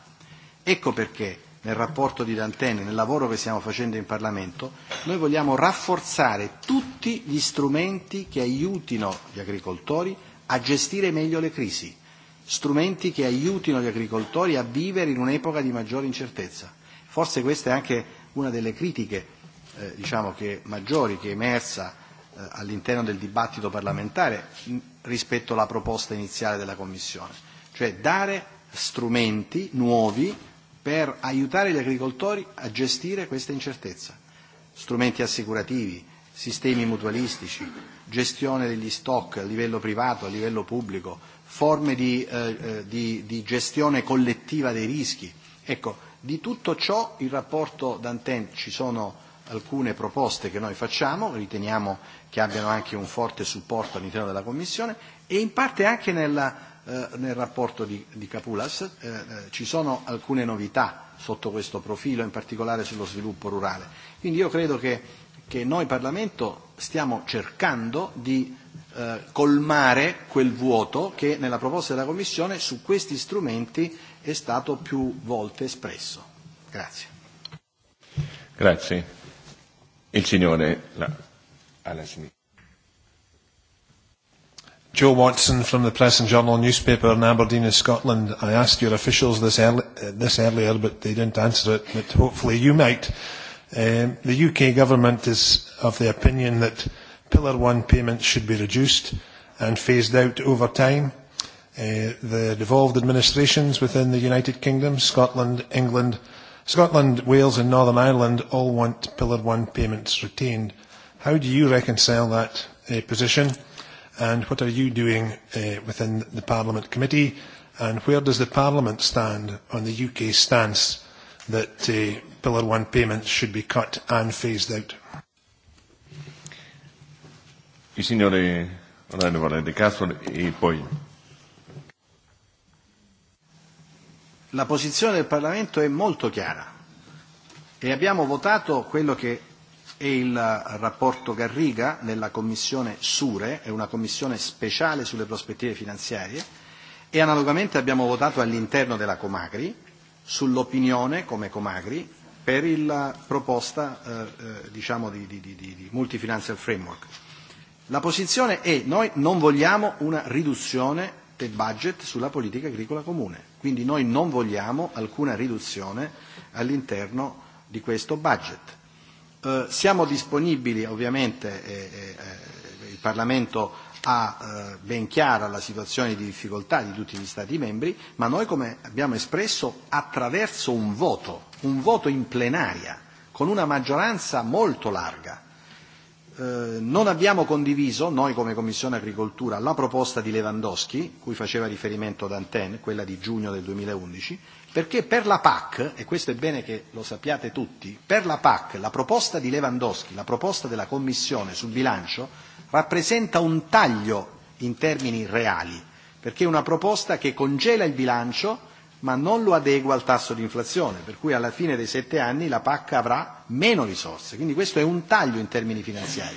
Ecco perché nel rapporto di Dantene, nel lavoro che stiamo facendo in Parlamento, noi vogliamo rafforzare tutti gli strumenti che aiutino gli agricoltori a gestire meglio le crisi, strumenti che aiutino gli agricoltori a vivere in un'epoca di maggiore incertezza. Forse questa è anche una delle critiche diciamo che maggiori che è emersa all'interno del dibattito parlamentare rispetto alla proposta iniziale della Commissione, cioè dare strumenti nuovi per aiutare gli agricoltori a gestire questa incertezza. Strumenti assicurativi, sistemi mutualistici, gestione degli stock a livello privato, a livello pubblico, forme di, di, di gestione collettiva dei rischi. Ecco, di tutto ciò il rapporto d'Anten ci sono alcune proposte che noi facciamo, riteniamo che abbiano anche un forte supporto all'interno della Commissione e in parte anche nella nel rapporto di Capulas. Ci sono alcune novità sotto questo profilo, in particolare sullo sviluppo rurale. Quindi io credo che che noi Parlamento stiamo cercando di colmare quel vuoto che nella proposta della Commissione su questi strumenti è stato più volte espresso. Grazie. Grazie. Il signore Joe Watson from the Press and Journal newspaper in Aberdeen in Scotland. I asked your officials this, this earlier, but they didn't answer it, but hopefully you might. the UK government is of the opinion that Pillar 1 payments should be reduced and phased out over time. the devolved administrations within the United Kingdom, Scotland, England, Scotland, Wales and Northern Ireland all want Pillar 1 payments retained. How do you reconcile that position? and what are you doing within the Parliament Committee, and where does the Parliament stand on the UK stance that Pillar 1 payments should be cut and phased out? Il signore onorevole De Castro e poi. La posizione del Parlamento è molto chiara e abbiamo votato quello che e il rapporto Garriga nella commissione Sure, è una commissione speciale sulle prospettive finanziarie e analogamente abbiamo votato all'interno della Comagri sull'opinione come Comagri per la proposta diciamo di di di multifinancial framework. La posizione è noi non vogliamo una riduzione del budget sulla politica agricola comune, quindi noi non vogliamo alcuna riduzione all'interno di questo budget Siamo disponibili, ovviamente il Parlamento ha ben chiara la situazione di difficoltà di tutti gli Stati membri, ma noi come abbiamo espresso attraverso un voto, un voto in plenaria, con una maggioranza molto larga. Non abbiamo condiviso, noi come Commissione Agricoltura, la proposta di Lewandowski, cui faceva riferimento Dantin, quella di giugno del 2011, Perché per la PAC, e questo è bene che lo sappiate tutti, per la PAC la proposta di Lewandowski, la proposta della Commissione sul bilancio, rappresenta un taglio in termini reali, perché è una proposta che congela il bilancio ma non lo adegua al tasso di inflazione, per cui alla fine dei sette anni la PAC avrà meno risorse. Quindi questo è un taglio in termini finanziari.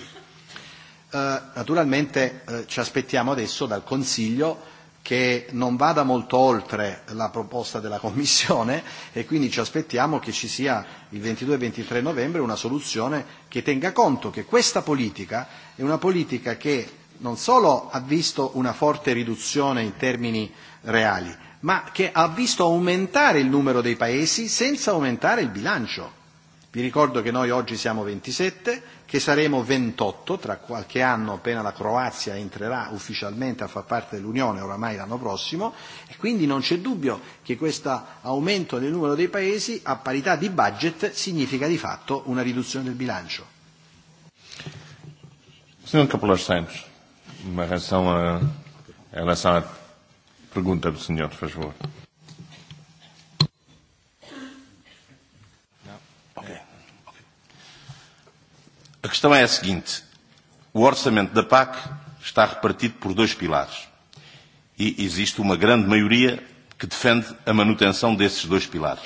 Naturalmente ci aspettiamo adesso dal Consiglio che non vada molto oltre la proposta della Commissione e quindi ci aspettiamo che ci sia il 22 e 23 novembre una soluzione che tenga conto che questa politica è una politica che non solo ha visto una forte riduzione in termini reali, ma che ha visto aumentare il numero dei paesi senza aumentare il bilancio Vi ricordo che noi oggi siamo 27, che saremo 28 tra qualche anno appena la Croazia entrerà ufficialmente a far parte dell'Unione oramai l'anno prossimo e quindi non c'è dubbio che questo aumento del numero dei paesi a parità di budget significa di fatto una riduzione del bilancio. A questão é a seguinte. O orçamento da PAC está repartido por dois pilares. E existe uma grande maioria que defende a manutenção desses dois pilares.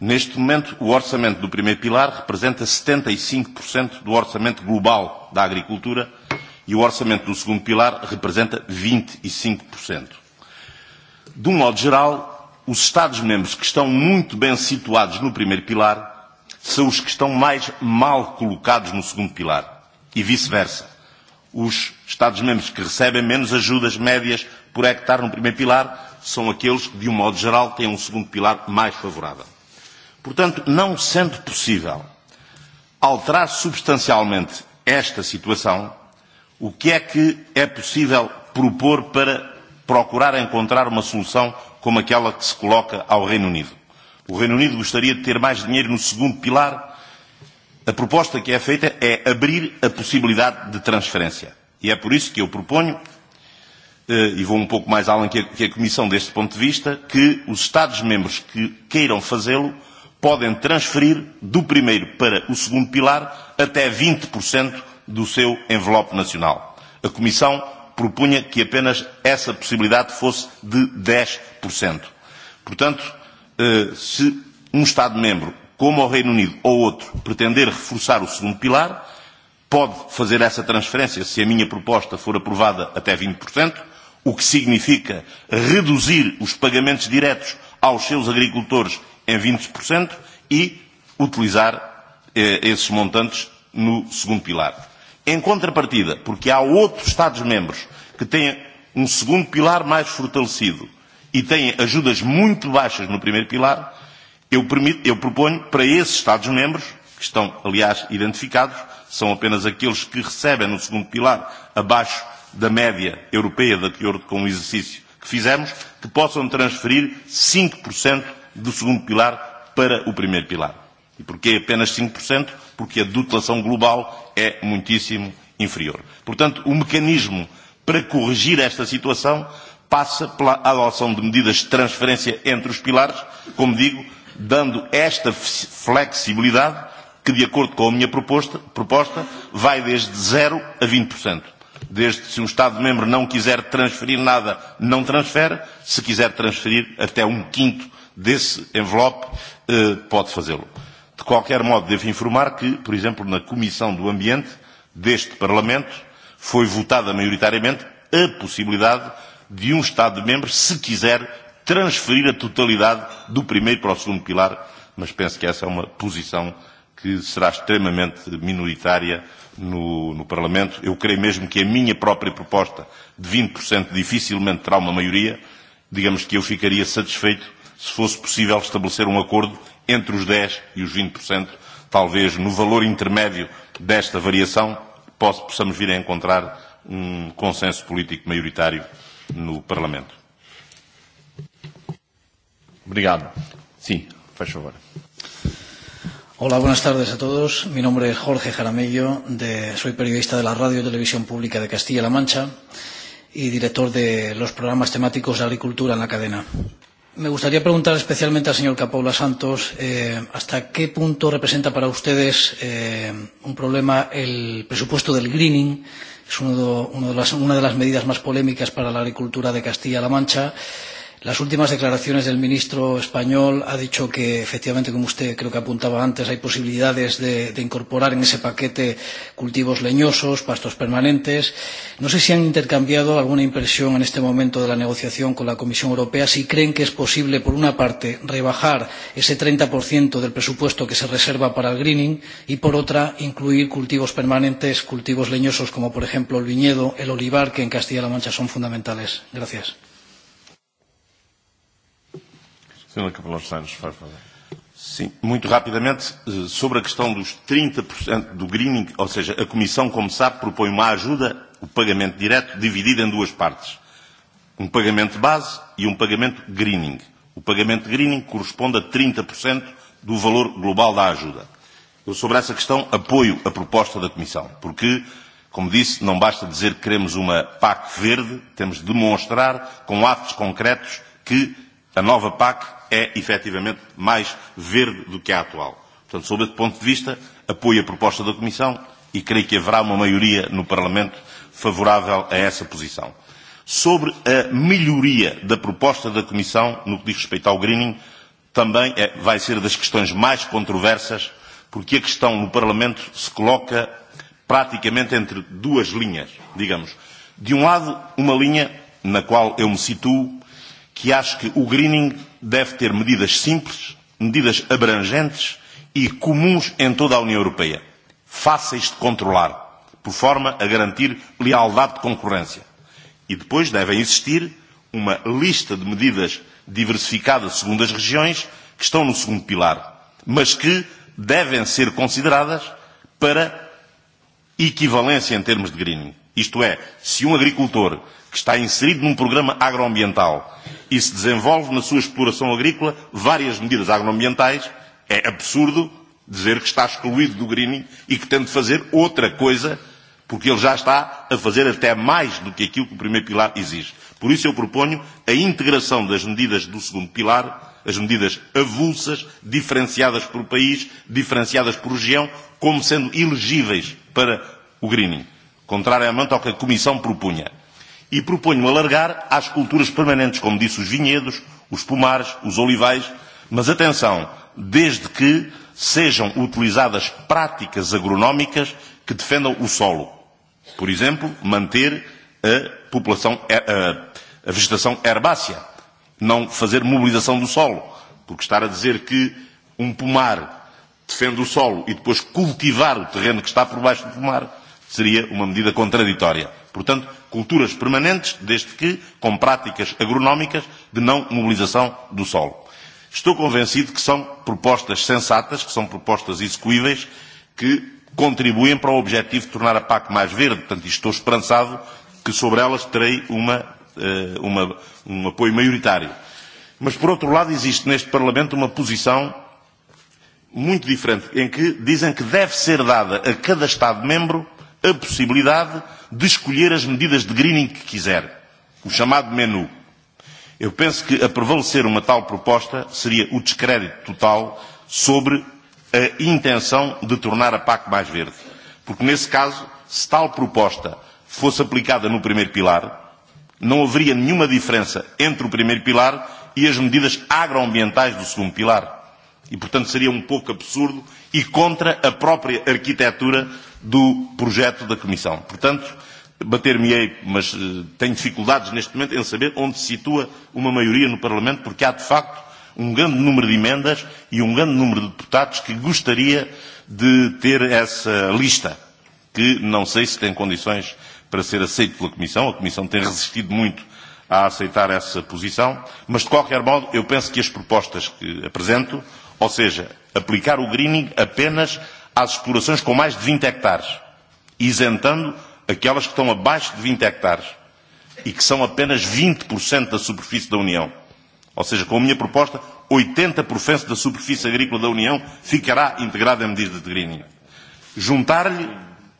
Neste momento, o orçamento do primeiro pilar representa 75% do orçamento global da agricultura e o orçamento do segundo pilar representa 25%. De um modo geral, os Estados-membros que estão muito bem situados no primeiro pilar são os que estão mais mal colocados no segundo pilar e vice-versa. Os Estados-membros que recebem menos ajudas médias por hectare no primeiro pilar são aqueles que, de um modo geral, têm um segundo pilar mais favorável. Portanto, não sendo possível alterar substancialmente esta situação, o que é que é possível propor para procurar encontrar uma solução como aquela que se coloca ao Reino Unido? O Reino Unido gostaria de ter mais dinheiro no segundo pilar. A proposta que é feita é abrir a possibilidade de transferência. E é por isso que eu proponho, e vou um pouco mais além que a Comissão deste ponto de vista, que os Estados-membros que queiram fazê-lo podem transferir do primeiro para o segundo pilar até 20% do seu envelope nacional. A Comissão propunha que apenas essa possibilidade fosse de 10%. Portanto, se um Estado-membro, como o Reino Unido ou outro, pretender reforçar o segundo pilar, pode fazer essa transferência, se a minha proposta for aprovada, até 20%, o que significa reduzir os pagamentos diretos aos seus agricultores em 20% e utilizar esses montantes no segundo pilar. Em contrapartida, porque há outros Estados-membros que têm um segundo pilar mais fortalecido e têm ajudas muito baixas no primeiro pilar, eu, eu proponho para esses Estados-membros, que estão, aliás, identificados, são apenas aqueles que recebem no segundo pilar, abaixo da média europeia, de acordo com o exercício que fizemos, que possam transferir 5% do segundo pilar para o primeiro pilar. E porquê apenas 5%? Porque a dotação global é muitíssimo inferior. Portanto, o mecanismo para corrigir esta situação passa pela adoção de medidas de transferência entre os pilares, como digo, dando esta flexibilidade que, de acordo com a minha proposta, proposta vai desde 0 a 20%. Desde se um Estado-membro não quiser transferir nada, não transfere. Se quiser transferir até um quinto desse envelope, pode fazê-lo. De qualquer modo, devo informar que, por exemplo, na Comissão do Ambiente deste Parlamento, foi votada maioritariamente a possibilidade de um Estado-membro se quiser transferir a totalidade do primeiro para o segundo pilar, mas penso que essa é uma posição que será extremamente minoritária no, no Parlamento. Eu creio mesmo que a minha própria proposta de 20% dificilmente terá uma maioria. Digamos que eu ficaria satisfeito se fosse possível estabelecer um acordo entre os 10% e os 20%, talvez no valor intermédio desta variação possamos vir a encontrar um consenso político maioritário no Parlamento. Obrigado. Sí, faz favor. Hola, buenas tardes a todos. Mi nombre es Jorge Jaramillo, de, soy periodista de la Radio y Televisión Pública de Castilla-La Mancha y director de los programas temáticos de agricultura en la cadena. Me gustaría preguntar especialmente al señor Capaula Santos hasta qué punto representa para ustedes un problema el presupuesto del greening es una de las medidas más polémicas para la agricultura de Castilla-La Mancha Las últimas declaraciones del ministro español ha dicho que, efectivamente, como usted creo que apuntaba antes, hay posibilidades de incorporar en ese paquete cultivos leñosos, pastos permanentes. No sé si han intercambiado alguna impresión en este momento de la negociación con la Comisión Europea, si creen que es posible, por una parte, rebajar ese 30% del presupuesto que se reserva para el greening y, por otra, incluir cultivos permanentes, cultivos leñosos como, por ejemplo, el viñedo, el olivar, que en Castilla-La Mancha son fundamentales. Gracias. Sim, muito rapidamente, sobre a questão dos 30% do greening, ou seja, a Comissão, como sabe, propõe uma ajuda, o pagamento direto, dividido em duas partes. Um pagamento base e um pagamento greening. O pagamento greening corresponde a 30% do valor global da ajuda. Eu, sobre essa questão, apoio a proposta da Comissão, porque, como disse, não basta dizer que queremos uma PAC verde, temos de demonstrar, com atos concretos, que a nova PAC é efetivamente mais verde do que a atual. Portanto, sob esse ponto de vista, apoio a proposta da Comissão e creio que haverá uma maioria no Parlamento favorável a essa posição. Sobre a melhoria da proposta da Comissão no que diz respeito ao greening, também vai ser das questões mais controversas, porque a questão no Parlamento se coloca praticamente entre duas linhas, digamos. De um lado, uma linha na qual eu me situo, que acho que o greening deve ter medidas simples, medidas abrangentes e comuns em toda a União Europeia, fáceis de controlar, por forma a garantir lealdade de concorrência. E depois deve existir uma lista de medidas diversificadas segundo as regiões que estão no segundo pilar, mas que devem ser consideradas para equivalência em termos de greening. Isto é, se um agricultor que está inserido num programa agroambiental e se desenvolve na sua exploração agrícola várias medidas agroambientais, é absurdo dizer que está excluído do greening e que tem de fazer outra coisa, porque ele já está a fazer até mais do que aquilo que o primeiro pilar exige. Por isso eu proponho a integração das medidas do segundo pilar, as medidas avulsas, diferenciadas por país, diferenciadas por região, como sendo elegíveis para o greening, contrariamente ao que a Comissão propunha e proponho alargar às culturas permanentes, como disse, os vinhedos, os pomares, os olivais, mas atenção, desde que sejam utilizadas práticas agronómicas que defendam o solo. Por exemplo, manter a população a vegetação herbácea, não fazer mobilização do solo, porque estar a dizer que um pomar defende o solo e depois cultivar o terreno que está por baixo do pomar seria uma medida contraditória. Portanto, culturas permanentes, desde que com práticas agronómicas de não mobilização do solo. Estou convencido que são propostas sensatas, que são propostas execuíveis, que contribuem para o objetivo de tornar a PAC mais verde. Portanto, estou esperançado que sobre elas terei uma, uma, um apoio maioritário. Mas, por outro lado, existe neste Parlamento uma posição muito diferente, em que dizem que deve ser dada a cada Estado-membro a possibilidade de escolher as medidas de greening que quiser, o chamado menu. Eu penso que a prevalecer uma tal proposta seria o descrédito total sobre a intenção de tornar a PAC mais verde. Porque, nesse caso, se tal proposta fosse aplicada no primeiro pilar, não haveria nenhuma diferença entre o primeiro pilar e as medidas agroambientais do segundo pilar. E, portanto, seria um pouco absurdo e contra a própria arquitetura do projeto da Comissão. Portanto, bater-me-ei, mas tenho dificuldades neste momento em saber onde se situa uma maioria no Parlamento, porque há de facto um grande número de emendas e um grande número de deputados que gostaria de ter essa lista, que não sei se tem condições para ser aceito pela Comissão. A Comissão tem resistido muito a aceitar essa posição, mas de qualquer modo eu penso que as propostas que apresento ou seja, aplicar o greening apenas às explorações com mais de 20 hectares, isentando aquelas que estão abaixo de 20 hectares e que são apenas 20% da superfície da União. Ou seja, com a minha proposta, 80% da superfície agrícola da União ficará integrada em medidas de greening. Juntar-lhe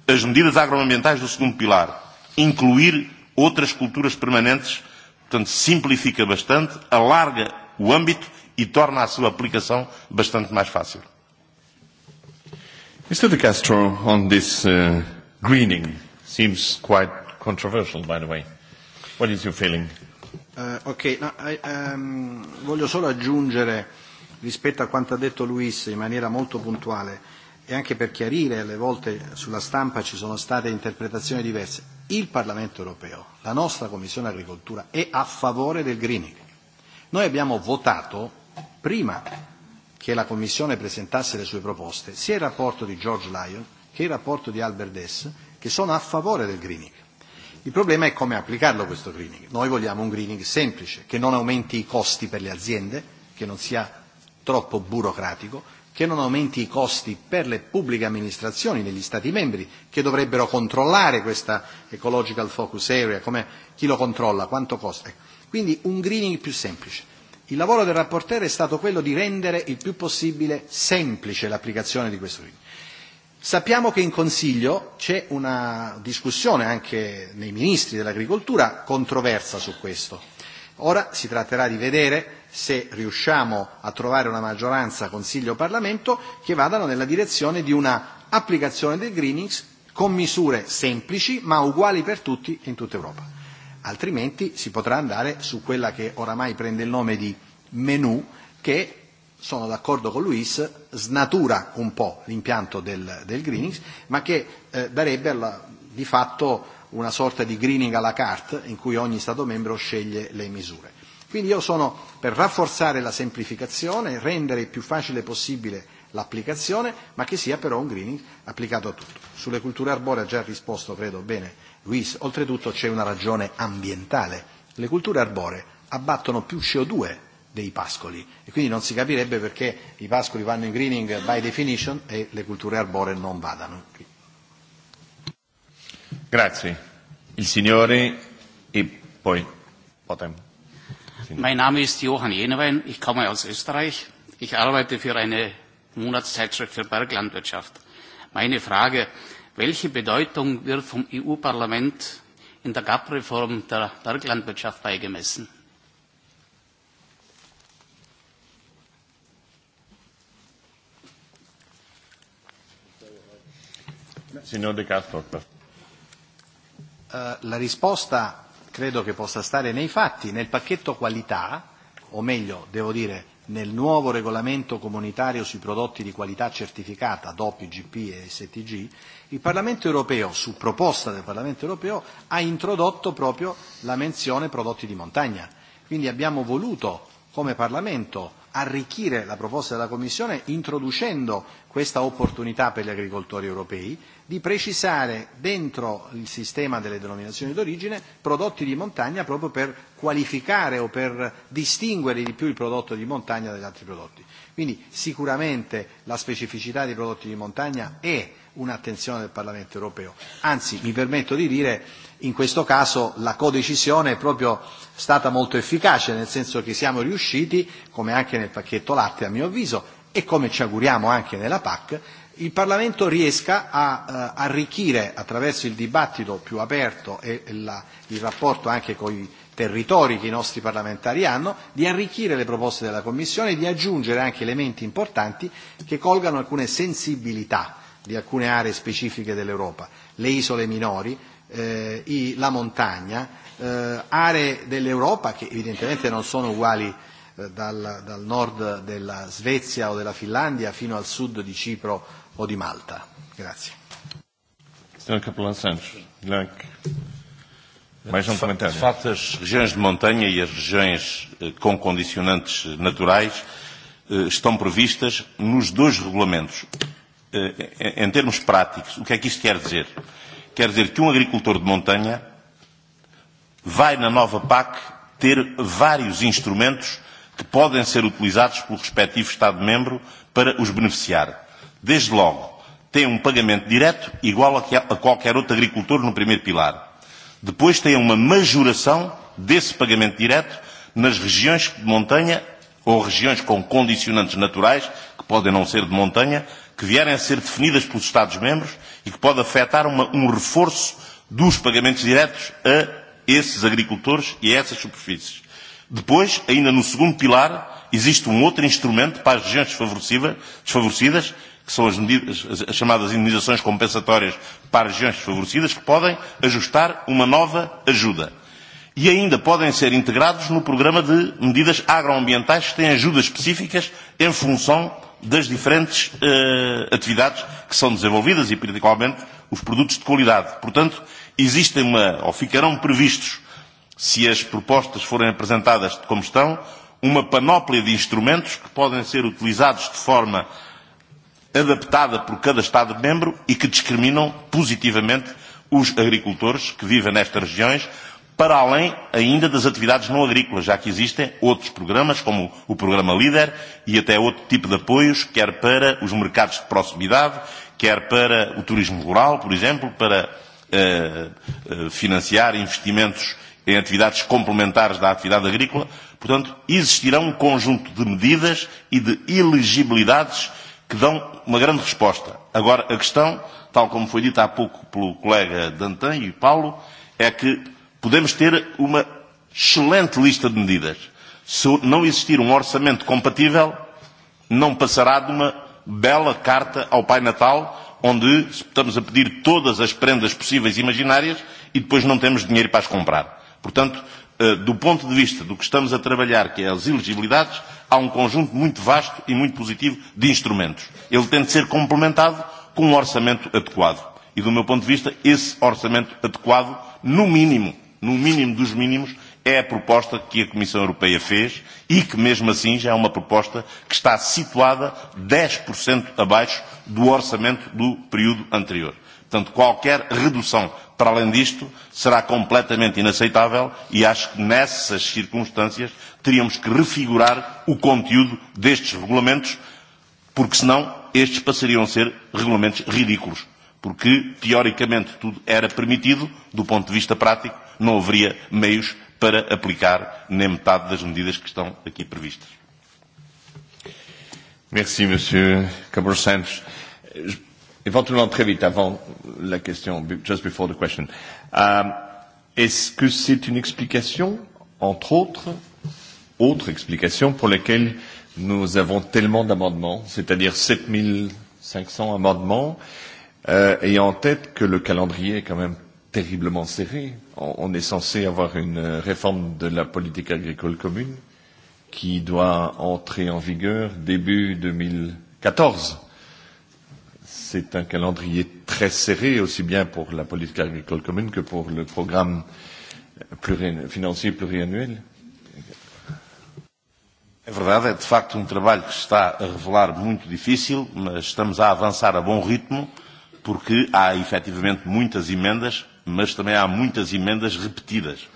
as medidas agroambientais do segundo pilar, incluir outras culturas permanentes, portanto, simplifica bastante, alarga o âmbito e torna a sua aplicação bastante mais Mr. De Castro, on this greening, seems quite controversial, by the way. What is your feeling? ok, voglio solo aggiungere rispetto a quanto ha detto Luis in maniera molto puntuale e anche per chiarire, alle volte sulla stampa ci sono state interpretazioni diverse. Il Parlamento europeo, la nostra Commissione Agricoltura, è a favore del greening. Noi abbiamo votato prima che la Commissione presentasse le sue proposte, sia il rapporto di George Lyon che il rapporto di Albert Dess, che sono a favore del greening. Il problema è come applicarlo questo greening. Noi vogliamo un greening semplice, che non aumenti i costi per le aziende, che non sia troppo burocratico, che non aumenti i costi per le pubbliche amministrazioni negli Stati membri, che dovrebbero controllare questa ecological focus area, come chi lo controlla, quanto costa. Quindi un greening più semplice. Il lavoro del rapportere è stato quello di rendere il più possibile semplice l'applicazione di questo regime. Sappiamo che in Consiglio c'è una discussione anche nei ministri dell'agricoltura controversa su questo. Ora si tratterà di vedere se riusciamo a trovare una maggioranza Consiglio-Parlamento che vadano nella direzione di una applicazione del Greening con misure semplici ma uguali per tutti in tutta Europa altrimenti si potrà andare su quella che oramai prende il nome di menù che sono d'accordo con Luis, snatura un po' l'impianto del, del greening, ma che darebbe di fatto una sorta di greening alla carte in cui ogni Stato membro sceglie le misure. Quindi io sono per rafforzare la semplificazione, rendere più facile possibile l'applicazione, ma che sia però un greening applicato a tutto. Sulle culture arboree ha già risposto, credo, bene Luis. Oltretutto c'è una ragione ambientale. Le culture arboree abbattono più CO2 dei pascoli e quindi non si capirebbe perché i pascoli vanno in greening by definition e le culture arboree non vadano. Grazie. Il signore e poi Mein Name ist Johann Jenewein, ich komme aus Österreich. Ich arbeite für eine Monatszeitschrift für Berglandwirtschaft. Meine Frage, welche Bedeutung wird vom EU-Parlament in der GAP-Reform der Berglandwirtschaft beigemessen? Signor De La risposta credo che possa stare nei fatti. Nel pacchetto qualità, o meglio, devo dire, nel nuovo regolamento comunitario sui prodotti di qualità certificata DOP, IGP e STG, il Parlamento europeo, su proposta del Parlamento europeo, ha introdotto proprio la menzione prodotti di montagna. Quindi abbiamo voluto, come Parlamento, arricchire la proposta della Commissione introducendo questa opportunità per gli agricoltori europei di precisare dentro il sistema delle denominazioni d'origine prodotti di montagna proprio per qualificare o per distinguere di più il prodotto di montagna dagli altri prodotti. Quindi sicuramente la specificità dei prodotti di montagna è un'attenzione del Parlamento europeo. Anzi, mi permetto di dire, in questo caso la codecisione è proprio stata molto efficace, nel senso che siamo riusciti, come anche nel pacchetto latte a mio avviso, e come ci auguriamo anche nella PAC, il Parlamento riesca a arricchire attraverso il dibattito più aperto e il rapporto anche con i territori che i nostri parlamentari hanno, di arricchire le proposte della Commissione e di aggiungere anche elementi importanti che colgano alcune sensibilità di alcune aree specifiche dell'Europa, le isole minori, la montagna, aree dell'Europa che evidentemente non sono uguali dal nord della Svezia o della Finlandia fino al sud di Cipro o di Malta. Grazie. Mais um comentário. De facto, as regiões de montanha e as regiões com condicionantes naturais estão previstas nos dois regulamentos em termos práticos, o que é que isto quer dizer? Quer dizer que um agricultor de montanha vai na nova PAC ter vários instrumentos que podem ser utilizados pelo respectivo Estado-membro para os beneficiar. Desde logo, tem um pagamento direto igual a qualquer outro agricultor no primeiro pilar. Depois tem uma majoração desse pagamento direto nas regiões de montanha ou regiões com condicionantes naturais, que podem não ser de montanha, que vierem a ser definidas pelos Estados-membros e que pode afetar um reforço dos pagamentos diretos a esses agricultores e a essas superfícies. Depois, ainda no segundo pilar, existe um outro instrumento para as regiões desfavorecidas, que são as, medidas, as chamadas indenizações compensatórias para as regiões desfavorecidas, que podem ajustar uma nova ajuda. E ainda podem ser integrados no programa de medidas agroambientais que têm ajudas específicas em função das diferentes atividades que são desenvolvidas e, principalmente, os produtos de qualidade. Portanto, existem uma, ou ficarão previstos, se as propostas forem apresentadas como estão, uma panóplia de instrumentos que podem ser utilizados de forma adaptada por cada Estado-membro e que discriminam positivamente os agricultores que vivem nestas regiões para além ainda das atividades não agrícolas, já que existem outros programas, como o Programa Líder, e até outro tipo de apoios, quer para os mercados de proximidade, quer para o turismo rural, por exemplo, para financiar investimentos em atividades complementares da atividade agrícola. Portanto, existirão um conjunto de medidas e de elegibilidades que dão uma grande resposta. Agora, a questão, tal como foi dita há pouco pelo colega Dantan e Paulo, é que podemos ter uma excelente lista de medidas. Se não existir um orçamento compatível, não passará de uma bela carta ao Pai Natal, onde estamos a pedir todas as prendas possíveis e imaginárias e depois não temos dinheiro para as comprar. Portanto, do ponto de vista do que estamos a trabalhar, que é as elegibilidades, há um conjunto muito vasto e muito positivo de instrumentos. Ele tem de ser complementado com um orçamento adequado. E, do meu ponto de vista, esse orçamento adequado, no mínimo, no mínimo dos mínimos, é a proposta que a Comissão Europeia fez e que, mesmo assim, já é uma proposta que está situada 10% abaixo do orçamento do período anterior. Portanto, qualquer redução para além disto será completamente inaceitável e acho que nessas circunstâncias teríamos que refigurar o conteúdo destes regulamentos, porque senão estes passariam a ser regulamentos ridículos. Porque, teoricamente, tudo era permitido, do ponto de vista prático, não haveria meios para aplicar nem metade das medidas que estão aqui previstas. Merci, Monsieur Cabral Santos. Éventuellement, très vite, avant la question, just before the question, est-ce que c'est une explication, entre autres, autre explication pour laquelle nous avons tellement d'amendements, c'est-à-dire 7500 amendements, ayant en tête que le calendrier est quand même terriblement serré. On est censé avoir une réforme de la politique agricole commune qui doit entrer en vigueur début 2014. C'est un calendrier très serré, aussi bien pour la politique agricole commune que pour le programme financier pluriannuel. É verdade, é de facto um trabalho que está a revelar muito difícil, mas estamos a avançar a bom ritmo, porque há efetivamente muitas emendas mas também há muitas emendas repetidas.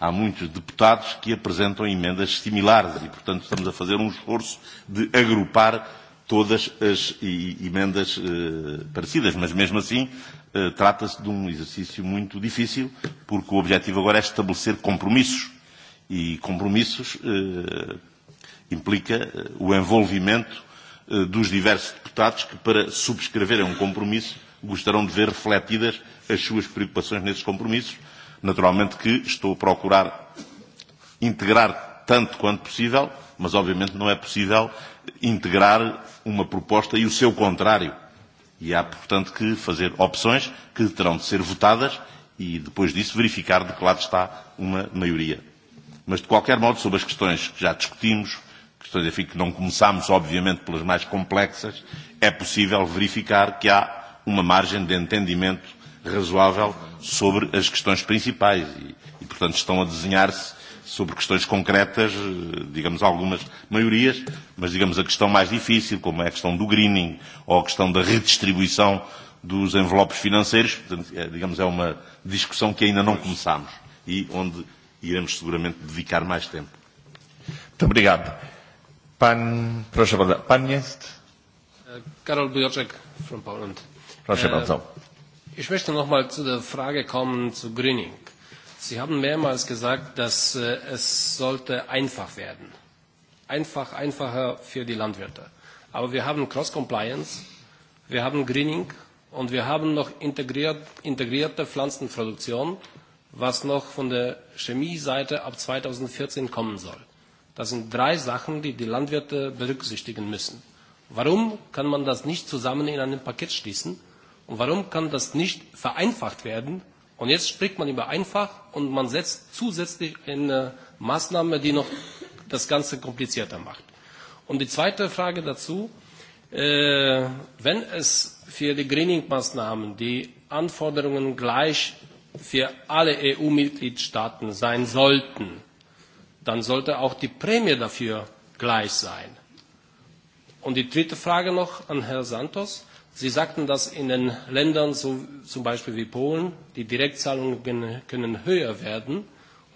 Há muitos deputados que apresentam emendas similares e, portanto, estamos a fazer um esforço de agrupar todas as emendas parecidas, mas mesmo assim trata-se de um exercício muito difícil, porque o objetivo agora é estabelecer compromissos e compromissos implica o envolvimento dos diversos deputados que, para subscreverem um compromisso, gostarão de ver refletidas as suas preocupações nesses compromissos. Naturalmente que estou a procurar integrar tanto quanto possível, mas obviamente não é possível integrar uma proposta e o seu contrário. E há, portanto, que fazer opções que terão de ser votadas e, depois disso, verificar de que lado está uma maioria. Mas, de qualquer modo, sobre as questões que já discutimos, questões enfim, que não começámos, obviamente, pelas mais complexas, é possível verificar que há uma margem de entendimento razoável sobre as questões principais e, portanto, estão a desenhar-se sobre questões concretas, digamos algumas maiorias, mas digamos a questão mais difícil, como é a questão do greening ou a questão da redistribuição dos envelopes financeiros, portanto, digamos, é uma discussão que ainda não começámos e onde iremos seguramente dedicar mais tempo. Muito obrigado. Pan, Karol from Poland. Ich möchte noch mal zu der Frage kommen zu Greening. Sie haben mehrmals gesagt, dass es sollte einfach werden. Einfach, einfacher für die Landwirte. Aber wir haben Cross-Compliance, wir haben Greening und wir haben noch integrierte Pflanzenproduktion, was noch von der Chemieseite ab 2014 kommen soll. Das sind drei Sachen, die die Landwirte berücksichtigen müssen. Warum kann man das nicht zusammen in einem Paket schließen? Und warum kann das nicht vereinfacht werden? Und jetzt spricht man über einfach und man setzt zusätzlich eine Maßnahme, die noch das Ganze komplizierter macht. Und die zweite Frage dazu, wenn es für die Greening-Maßnahmen die Anforderungen gleich für alle EU-Mitgliedstaaten sein sollten, dann sollte auch die Prämie dafür gleich sein. Und die dritte Frage noch an Herrn Santos. Sie sagten, dass in den Ländern, so zum Beispiel wie Polen, die Direktzahlungen können höher werden.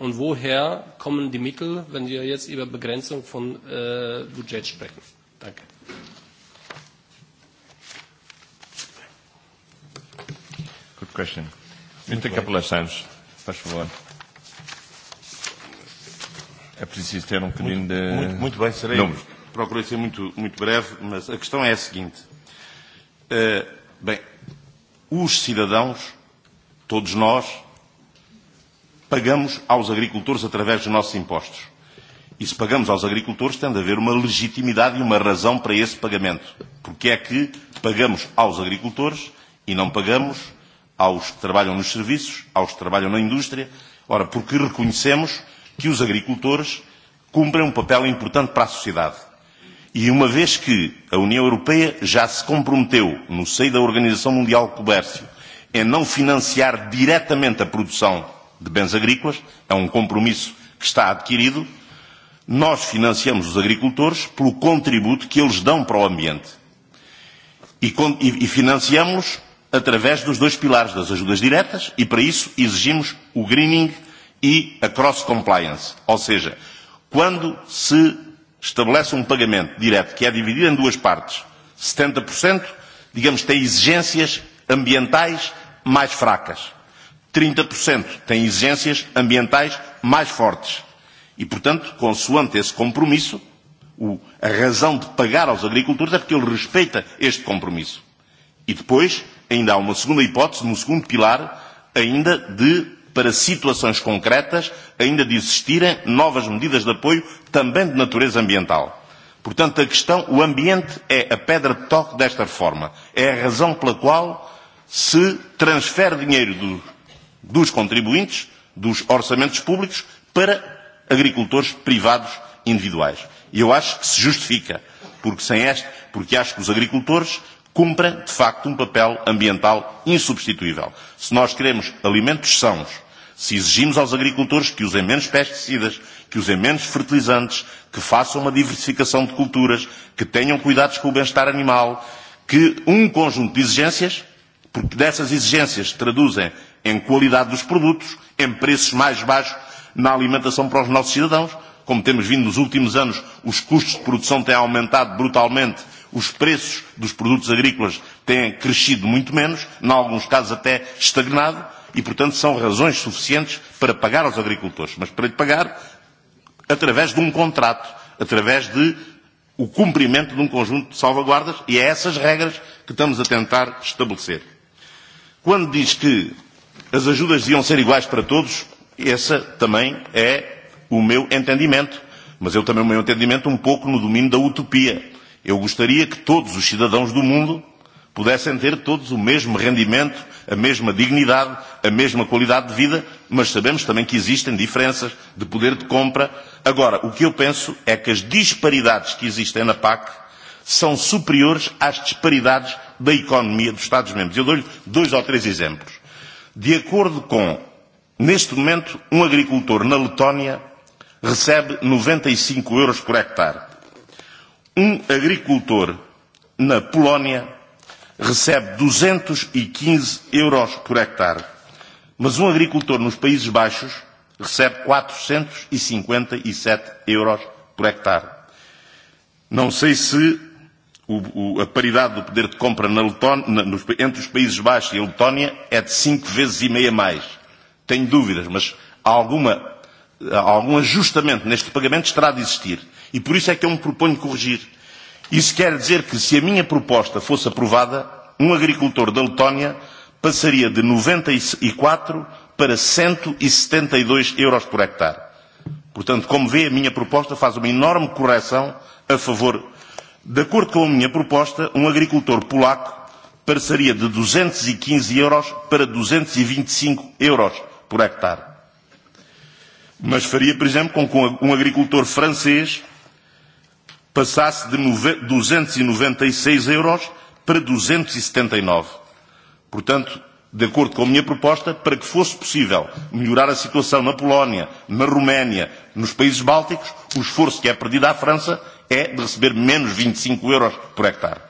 Und woher kommen die Mittel, wenn wir jetzt über Begrenzung von Budget sprechen? Danke. Good question. Mr. Kaplan Sanz, faz favor. É preciso ter um bocadinho de. Muito bem, serei. Procurei ser muito, muito breve, mas a questão é a seguinte Bem, os cidadãos, todos nós, pagamos aos agricultores através dos nossos impostos. E se pagamos aos agricultores, tem de haver uma legitimidade e uma razão para esse pagamento. Porque é que pagamos aos agricultores e não pagamos aos que trabalham nos serviços, aos que trabalham na indústria? Ora, porque reconhecemos que os agricultores cumprem um papel importante para a sociedade. E uma vez que a União Europeia já se comprometeu, no seio da Organização Mundial do Comércio, em não financiar diretamente a produção de bens agrícolas, é um compromisso que está adquirido, nós financiamos os agricultores pelo contributo que eles dão para o ambiente. E financiamos através dos dois pilares das ajudas diretas e, para isso, exigimos o greening e a cross-compliance. Ou seja, quando se estabelece um pagamento direto que é dividido em duas partes. 70%, digamos, tem exigências ambientais mais fracas. 30% tem exigências ambientais mais fortes. E, portanto, consoante esse compromisso, a razão de pagar aos agricultores é porque ele respeita este compromisso. E depois, ainda há uma segunda hipótese, um segundo pilar, ainda de para situações concretas, ainda de existirem novas medidas de apoio também de natureza ambiental. Portanto, a questão, o ambiente é a pedra de toque desta reforma. É a razão pela qual se transfere dinheiro dos contribuintes, dos orçamentos públicos, para agricultores privados individuais. E eu acho que se justifica, porque, sem este, porque acho que os agricultores cumprem, de facto, um papel ambiental insubstituível. Se nós queremos alimentos sãos, Se exigimos aos agricultores que usem menos pesticidas, que usem menos fertilizantes, que façam uma diversificação de culturas, que tenham cuidados com o bem-estar animal, que um conjunto de exigências, porque dessas exigências traduzem em qualidade dos produtos, em preços mais baixos na alimentação para os nossos cidadãos. Como temos vindo nos últimos anos, os custos de produção têm aumentado brutalmente, os preços dos produtos agrícolas têm crescido muito menos, em alguns casos até estagnado e, portanto, são razões suficientes para pagar aos agricultores, mas para lhe pagar através de um contrato, através de o cumprimento de um conjunto de salvaguardas, e é essas regras que estamos a tentar estabelecer. Quando diz que as ajudas iam ser iguais para todos, esse também é o meu entendimento, mas eu também o meu entendimento um pouco no domínio da utopia. Eu gostaria que todos os cidadãos do mundo pudessem ter todos o mesmo rendimento a mesma dignidade, a mesma qualidade de vida, mas sabemos também que existem diferenças de poder de compra. Agora, o que eu penso é que as disparidades que existem na PAC são superiores às disparidades da economia dos Estados-membros. Eu dou-lhe dois ou três exemplos. De acordo com, neste momento, um agricultor na Letónia recebe 95 euros por hectare. Um agricultor na Polónia recebe 215 euros por hectare, mas um agricultor nos Países Baixos recebe 457 euros por hectare. Não sei se a paridade do poder de compra na entre os Países Baixos e a Letónia é de cinco vezes e meia mais. Tenho dúvidas, mas alguma, algum ajustamento neste pagamento terá de existir. E por isso é que eu me proponho corrigir Isso quer dizer que se a minha proposta fosse aprovada, um agricultor da Letónia passaria de 94 para 172 euros por hectare. Portanto, como vê, a minha proposta faz uma enorme correção a favor. De acordo com a minha proposta, um agricultor polaco passaria de 215 euros para 225 euros por hectare. Mas faria, por exemplo, com um agricultor francês passasse de 296 euros para 279. Portanto, de acordo com a minha proposta, para que fosse possível melhorar a situação na Polónia, na Roménia, nos países bálticos, o esforço que é perdido à França é de receber menos 25 euros por hectare.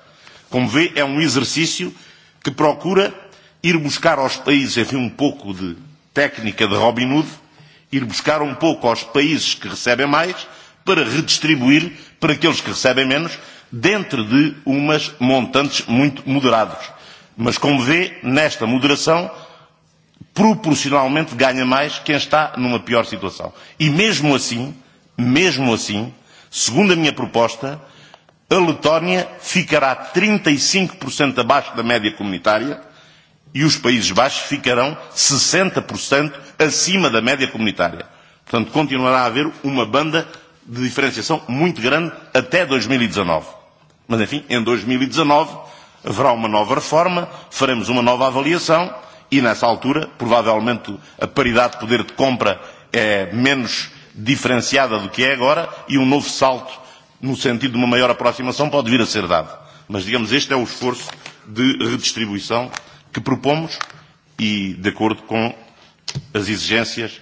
Como vê, é um exercício que procura ir buscar aos países, enfim, um pouco de técnica de Robin Hood, ir buscar um pouco aos países que recebem mais para redistribuir para aqueles que recebem menos, dentro de umas montantes muito moderados. Mas, como vê, nesta moderação, proporcionalmente ganha mais quem está numa pior situação. E mesmo assim, mesmo assim, segundo a minha proposta, a Letónia ficará 35% abaixo da média comunitária e os Países Baixos ficarão 60% acima da média comunitária. Portanto, continuará a haver uma banda de diferenciação muito grande até 2019. Mas, enfim, em 2019 haverá uma nova reforma, faremos uma nova avaliação e, nessa altura, provavelmente a paridade de poder de compra é menos diferenciada do que é agora e um novo salto no sentido de uma maior aproximação pode vir a ser dado. Mas, digamos, este é o esforço de redistribuição que propomos e de acordo com as exigências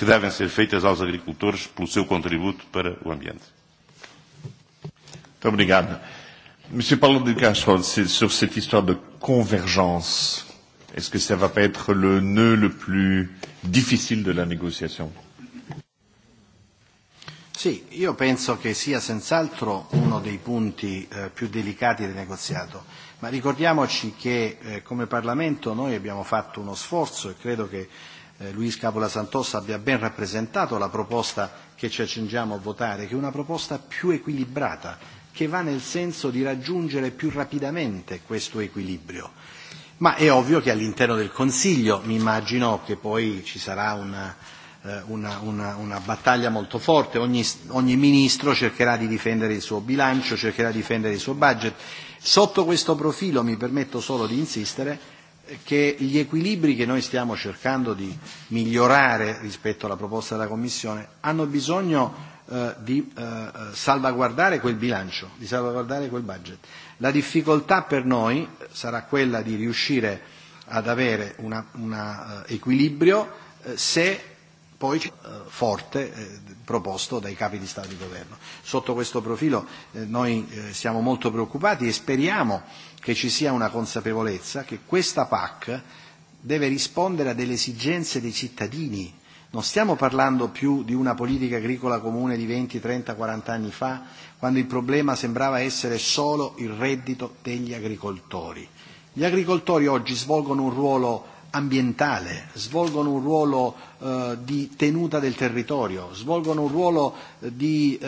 que devem ser feitas aos agricultores pelo seu contributo para o ambiente. Muito obrigado. Monsieur Paulo de Castro, sur cette histoire de convergence, est-ce que ça va pas être le nœud le plus difficile de la négociation Sì, io penso che sia senz'altro uno dei punti più delicati del negoziato, ma ricordiamoci che come Parlamento noi abbiamo fatto uno sforzo e credo che Luis Capola Santos abbia ben rappresentato la proposta che ci accingiamo a votare, che è una proposta più equilibrata, che va nel senso di raggiungere più rapidamente questo equilibrio. Ma è ovvio che all'interno del Consiglio mi immagino che poi ci sarà una, una, una, una battaglia molto forte, ogni, ogni ministro cercherà di difendere il suo bilancio, cercherà di difendere il suo budget. Sotto questo profilo mi permetto solo di insistere che gli equilibri che noi stiamo cercando di migliorare rispetto alla proposta della Commissione hanno bisogno di salvaguardare quel bilancio, di salvaguardare quel budget. La difficoltà per noi sarà quella di riuscire ad avere un equilibrio se poi forte proposto dai capi di Stato e di Governo. Sotto questo profilo noi siamo molto preoccupati e speriamo che ci sia una consapevolezza che questa PAC deve rispondere a delle esigenze dei cittadini. Non stiamo parlando più di una politica agricola comune di 20, 30, 40 anni fa, quando il problema sembrava essere solo il reddito degli agricoltori. Gli agricoltori oggi svolgono un ruolo ambientale, svolgono un ruolo di tenuta del territorio, svolgono un ruolo di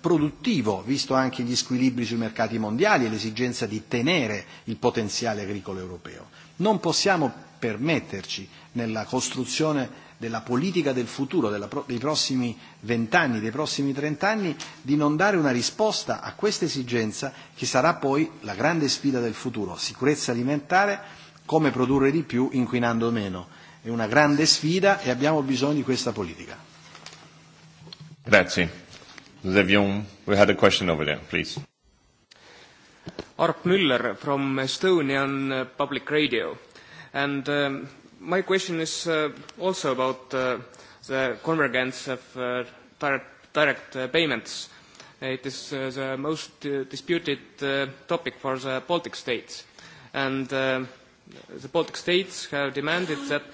produttivo, visto anche gli squilibri sui mercati mondiali e l'esigenza di tenere il potenziale agricolo europeo. Non possiamo permetterci nella costruzione della politica del futuro, dei prossimi vent'anni, dei prossimi trent'anni, di non dare una risposta a questa esigenza che sarà poi la grande sfida del futuro, sicurezza alimentare come produrre di più inquinando meno. È una grande sfida e abbiamo bisogno di questa politica. Grazie. Zevion, we had a question over there, please. Arp Müller from Estonian Public Radio. And my question is also about the convergence of direct payments. It is the most disputed topic for the Baltic states. And the Baltic states have demanded that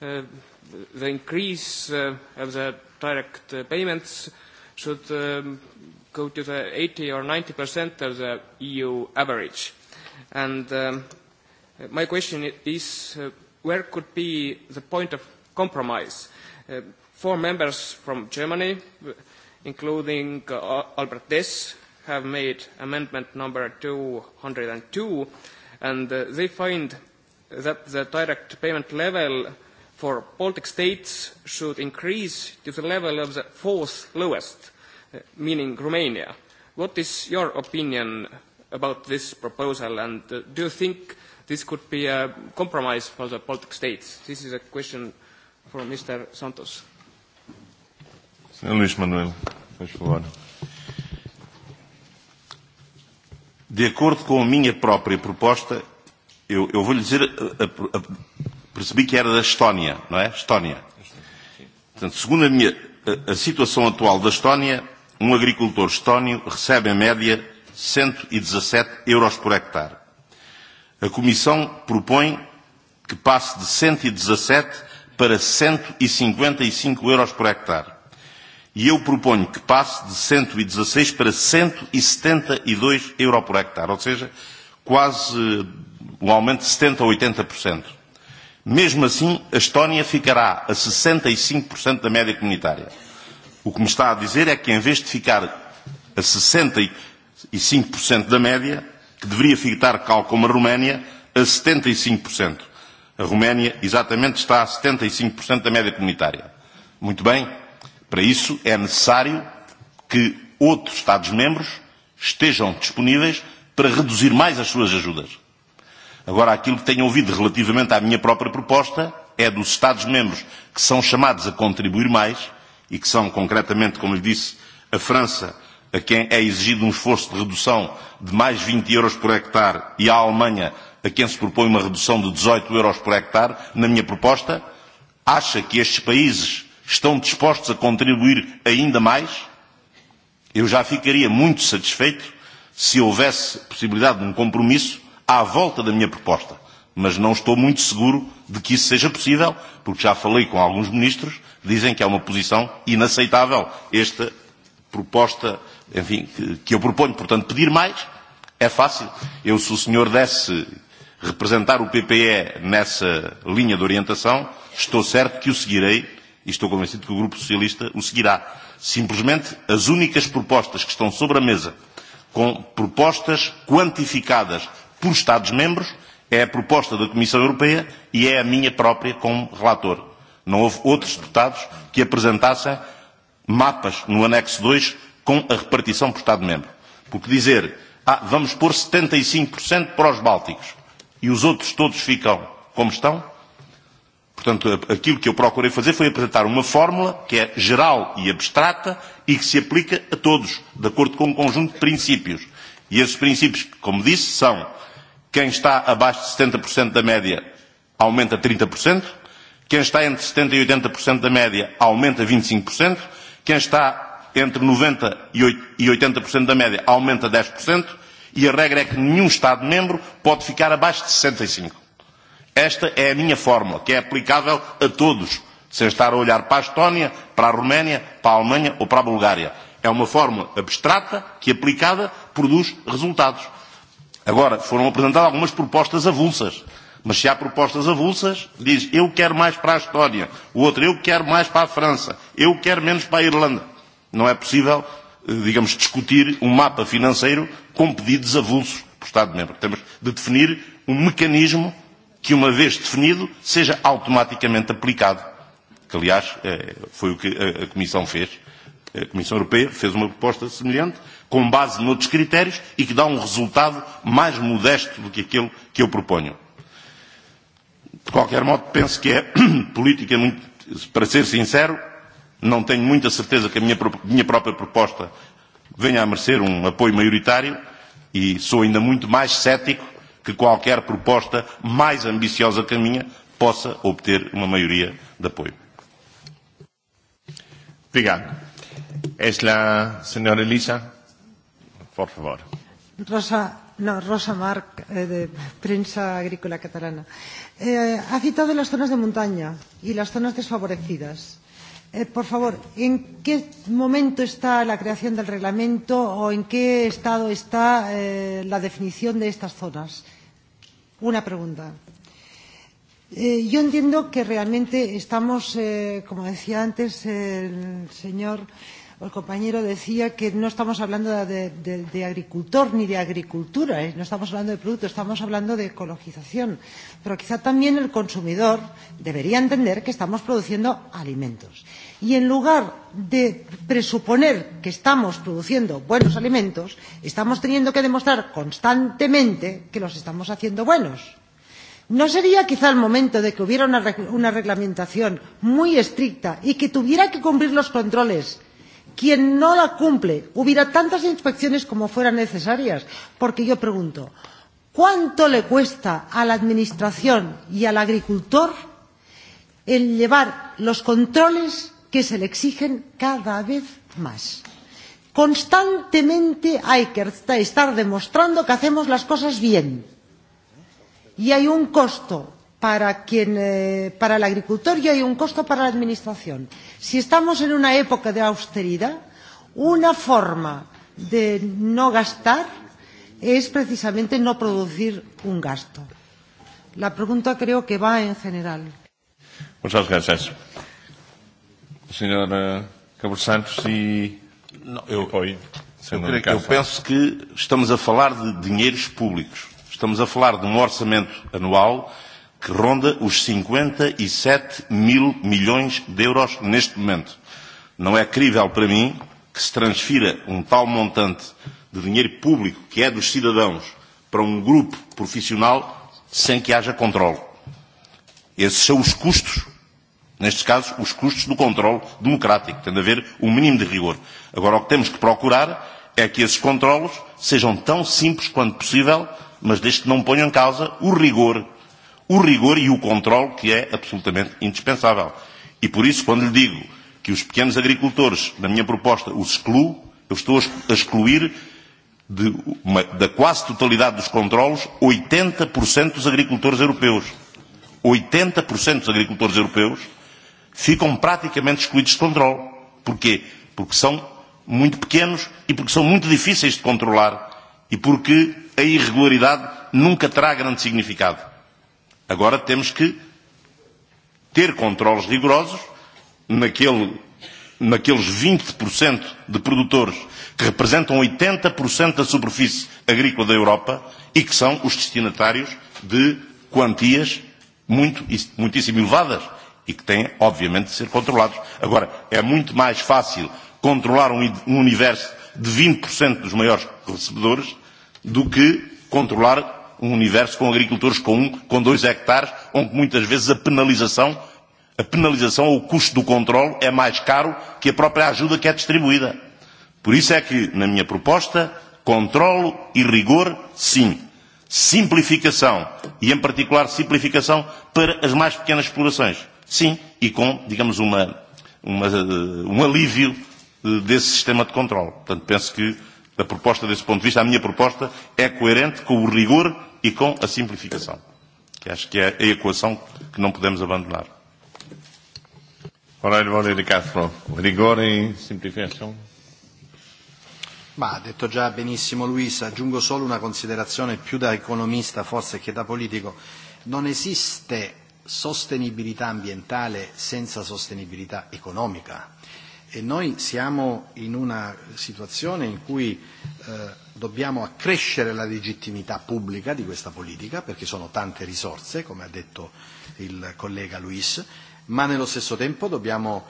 the increase of the direct payments should go to the 80 or 90% of the EU average. And my question is, where could be the point of compromise? Four members from Germany, including Albert Dess, have made amendment number 202, and they find that the direct payment level for Baltic states should increase to the level of the fourth lowest, meaning Romania. What is your opinion about this proposal, and do you think this could be a compromise for the Baltic states? This is a question for Mr. Santos. Luis Manuel, De acordo com a minha própria proposta, eu, eu vou lhe dizer, percebi que era da Estónia, não é? Estónia. Portanto, segundo a, minha, a, situação atual da Estónia, um agricultor estónio recebe, em média, 117 euros por hectare. A Comissão propõe que passe de 117 para 155 euros por hectare e eu proponho que passe de 116 para 172 euros por hectare, ou seja, quase um aumento de 70% a 80%. Mesmo assim, a Estónia ficará a 65% da média comunitária. O que me está a dizer é que, em vez de ficar a 65% da média, que deveria ficar, cal como a Roménia, a 75%. A Roménia, exatamente, está a 75% da média comunitária. Muito bem, Para isso, é necessário que outros Estados-membros estejam disponíveis para reduzir mais as suas ajudas. Agora, aquilo que tenho ouvido relativamente à minha própria proposta é dos Estados-membros que são chamados a contribuir mais e que são, concretamente, como lhe disse, a França, a quem é exigido um esforço de redução de mais 20 euros por hectare e a Alemanha, a quem se propõe uma redução de 18 euros por hectare, na minha proposta, acha que estes países estão dispostos a contribuir ainda mais? Eu já ficaria muito satisfeito se houvesse possibilidade de um compromisso à volta da minha proposta, mas não estou muito seguro de que isso seja possível, porque já falei com alguns ministros, dizem que é uma posição inaceitável esta proposta, enfim, que eu proponho. Portanto, pedir mais é fácil. Eu, se o senhor desse representar o PPE nessa linha de orientação, estou certo que o seguirei e estou convencido que o Grupo Socialista o seguirá. Simplesmente, as únicas propostas que estão sobre a mesa, com propostas quantificadas por Estados-membros, é a proposta da Comissão Europeia e é a minha própria como relator. Não houve outros deputados que apresentassem mapas no anexo 2 com a repartição por Estado-membro. Porque dizer, ah, vamos pôr 75% para os Bálticos e os outros todos ficam como estão, Portanto, aquilo que eu procurei fazer foi apresentar uma fórmula que é geral e abstrata e que se aplica a todos, de acordo com um conjunto de princípios. E esses princípios, como disse, são quem está abaixo de 70% da média aumenta 30%, quem está entre 70% e 80% da média aumenta 25%, quem está entre 90% e 80% da média aumenta 10%, e a regra é que nenhum Estado-membro pode ficar abaixo de 65%. Esta é a minha fórmula, que é aplicável a todos, sem estar a olhar para a Estónia, para a Roménia, para a Alemanha ou para a Bulgária. É uma fórmula abstrata que, aplicada, produz resultados. Agora, foram apresentadas algumas propostas avulsas. Mas se há propostas avulsas, diz eu quero mais para a Estónia, o outro eu quero mais para a França, eu quero menos para a Irlanda. Não é possível, digamos, discutir um mapa financeiro com pedidos avulsos por Estado-membro. Temos de definir um mecanismo que, uma vez definido, seja automaticamente aplicado. Que, aliás, foi o que a Comissão fez. A Comissão Europeia fez uma proposta semelhante, com base noutros critérios, e que dá um resultado mais modesto do que aquele que eu proponho. De qualquer modo, penso que é política muito. Para ser sincero, não tenho muita certeza que a minha própria proposta venha a merecer um apoio maioritário e sou ainda muito mais cético que qualquer proposta mais ambiciosa que a minha possa obter uma maioria de apoio. Obrigado. Es la señora Elisa, por favor. Rosa, no, Rosa Marc, de Prensa Agrícola Catalana. Eh, ha citado las zonas de montaña y las zonas desfavorecidas Por favor, ¿en qué momento está la creación del reglamento o en qué estado está la definición de estas zonas? Una pregunta. Yo entiendo que realmente estamos, como decía antes el señor o el compañero, decía que no estamos hablando de agricultor ni de agricultura, no estamos hablando de producto, estamos hablando de ecologización. Pero quizá también el consumidor debería entender que estamos produciendo alimentos y en lugar de presuponer que estamos produciendo buenos alimentos, estamos teniendo que demostrar constantemente que los estamos haciendo buenos. ¿No sería quizá el momento de que hubiera una reglamentación muy estricta y que tuviera que cumplir los controles quien no la cumple hubiera tantas inspecciones como fueran necesarias porque yo pregunto cuánto le cuesta a la administración y al agricultor el llevar los controles que se le exigen cada vez más. Constantemente hay que estar demostrando que hacemos las cosas bien. Y hay un costo para quien para el agricultor y hay un costo para la administración. Si estamos en una época de austeridad, una forma de no gastar es precisamente no producir un gasto. La pregunta creo que va en general. Muchas gracias. Senhor Cabo Santos e. eu, eu penso que estamos a falar de dinheiros públicos. Estamos a falar de um orçamento anual que ronda os 57 mil milhões de euros neste momento. Não é crível para mim que se transfira um tal montante de dinheiro público que é dos cidadãos para um grupo profissional sem que haja controle. Esses são os custos nestes casos, os custos do controle democrático. Tem de haver um mínimo de rigor. Agora, o que temos que procurar é que esses controlos sejam tão simples quanto possível, mas desde que não ponham em causa o rigor. O rigor e o controle que é absolutamente indispensável. E por isso, quando lhe digo que os pequenos agricultores, na minha proposta, os excluo, eu estou a excluir da quase totalidade dos controlos 80% dos agricultores europeus. 80% dos agricultores europeus ficam praticamente excluídos de controle. Porquê? Porque são muito pequenos e porque são muito difíceis de controlar e porque a irregularidade nunca terá grande significado. Agora temos que ter controles rigorosos naquele, naqueles 20% de produtores que representam 80% da superfície agrícola da Europa e que são os destinatários de quantias muito, muitíssimo elevadas e que têm, obviamente, de ser controlados. Agora, é muito mais fácil controlar um universo de 20% dos maiores recebedores do que controlar um universo com agricultores com um, com dois hectares, onde muitas vezes a penalização, a penalização ou o custo do controle é mais caro que a própria ajuda que é distribuída. Por isso é que, na minha proposta, controlo e rigor, sim. Simplificação, e em particular simplificação para as mais pequenas explorações sim, e com, digamos, uma, uma, um alívio desse sistema de controle. Portanto, penso que a proposta desse ponto de vista, a minha proposta, é coerente com o rigor e com a simplificação, que acho que é a equação que não podemos abandonar. Onorevole De Castro, rigor e simplificação. Ma ha detto già benissimo Luisa, aggiungo solo una considerazione più da economista forse che da politico. Non esiste sostenibilità ambientale senza sostenibilità economica e noi siamo in una situazione in cui dobbiamo accrescere la legittimità pubblica di questa politica perché sono tante risorse, come ha detto il collega Luis, ma nello stesso tempo dobbiamo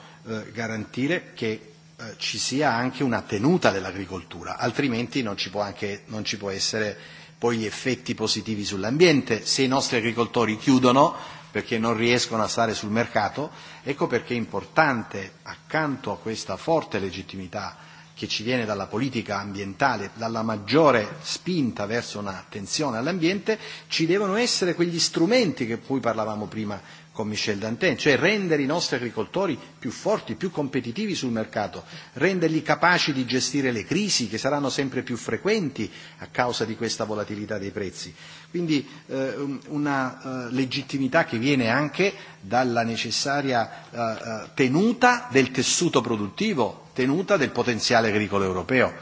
garantire che ci sia anche una tenuta dell'agricoltura, altrimenti non ci può anche non ci può essere poi gli effetti positivi sull'ambiente. Se i nostri agricoltori chiudono perché non riescono a stare sul mercato, ecco perché è importante, accanto a questa forte legittimità che ci viene dalla politica ambientale, dalla maggiore spinta verso un'attenzione all'ambiente, ci devono essere quegli strumenti di cui parlavamo prima con Michel Dantin, cioè rendere i nostri agricoltori più forti, più competitivi sul mercato, renderli capaci di gestire le crisi che saranno sempre più frequenti a causa di questa volatilità dei prezzi. Quindi una legittimità che viene anche dalla necessaria tenuta del tessuto produttivo, tenuta del potenziale agricolo europeo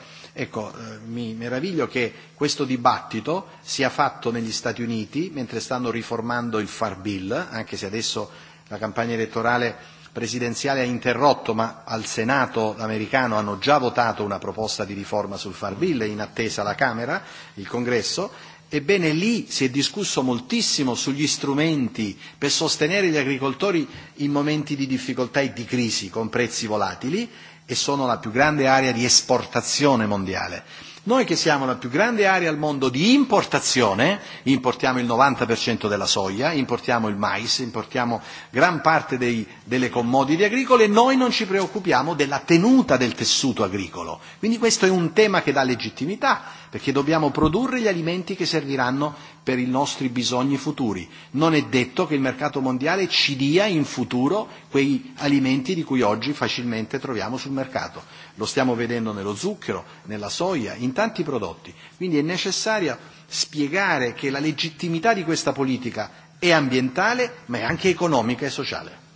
Ecco, mi meraviglio che questo dibattito sia fatto negli Stati Uniti mentre stanno riformando il Far Bill, anche se adesso la campagna elettorale presidenziale ha interrotto, ma al Senato americano hanno già votato una proposta di riforma sul Far Bill, in attesa la Camera, il Congresso. Ebbene, lì si è discusso moltissimo sugli strumenti per sostenere gli agricoltori in momenti di difficoltà e di crisi, con prezzi volatili e sono la più grande area di esportazione mondiale. Noi che siamo la più grande area al mondo di importazione, importiamo il 90% della soia, importiamo il mais, importiamo gran parte dei, delle commodity agricole, noi non ci preoccupiamo della tenuta del tessuto agricolo. Quindi questo è un tema che dà legittimità perché dobbiamo produrre gli alimenti che serviranno per i nostri bisogni futuri. Non è detto che il mercato mondiale ci dia in futuro quei alimenti di cui oggi facilmente troviamo sul mercato. Lo stiamo vedendo nello zucchero, nella soia, in tanti prodotti. Quindi è necessario spiegare che la legittimità di questa politica è ambientale ma è anche economica e sociale.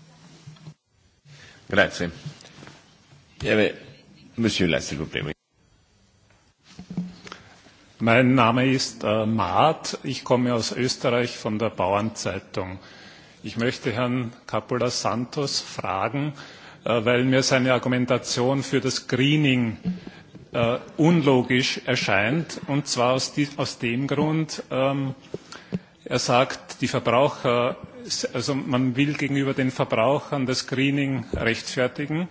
Grazie. Monsieur Mein Name ist Maat. Ich komme aus Österreich von der Bauernzeitung. Ich möchte Herrn Capula Santos fragen, weil mir seine Argumentation für das Greening unlogisch erscheint, und zwar aus dem Grund, er sagt, die Verbraucher, also man will gegenüber den Verbrauchern das Greening rechtfertigen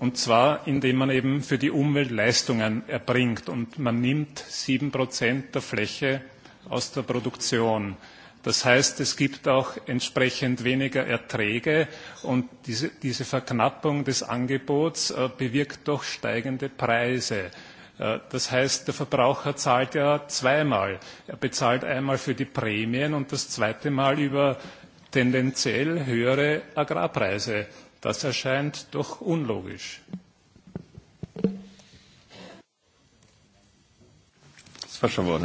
und zwar indem man eben für die Umwelt Leistungen erbringt und man nimmt 7% der Fläche aus der Produktion. Das heißt, es gibt auch entsprechend weniger Erträge und diese Verknappung des Angebots bewirkt doch steigende Preise. Das heißt, der Verbraucher zahlt ja zweimal. Er bezahlt einmal für die Prämien und das zweite Mal über tendenziell höhere Agrarpreise. Das erscheint doch unlogisch. senhor.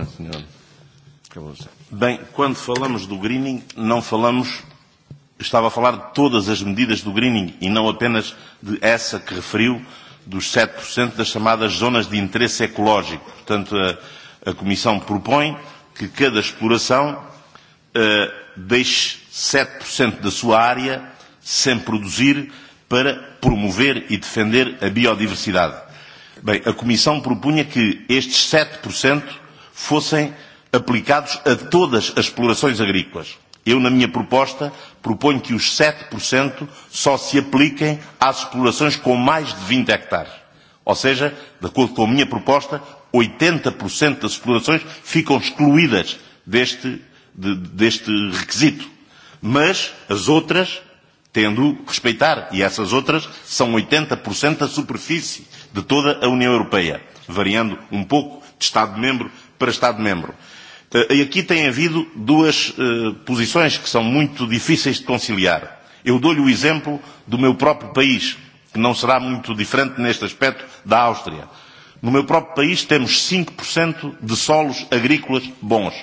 Bem, quando falamos do greening, não falamos, estava a falar de todas as medidas do greening e não apenas de essa que referiu, dos 7% das chamadas zonas de interesse ecológico. Portanto, a, a Comissão propõe que cada exploração deixe 7% da sua área sem produzir para promover e defender a biodiversidade. Bem, a Comissão propunha que estes 7% fossem aplicados a todas as explorações agrícolas. Eu, na minha proposta, proponho que os 7% só se apliquem às explorações com mais de 20 hectares. Ou seja, de acordo com a minha proposta, 80% das explorações ficam excluídas deste, deste requisito. Mas as outras tendo respeitar, e essas outras são 80% da superfície de toda a União Europeia, variando um pouco de Estado-membro para Estado-membro. E aqui tem havido duas posições que são muito difíceis de conciliar. Eu dou-lhe o exemplo do meu próprio país, que não será muito diferente neste aspecto da Áustria. No meu próprio país temos 5% de solos agrícolas bons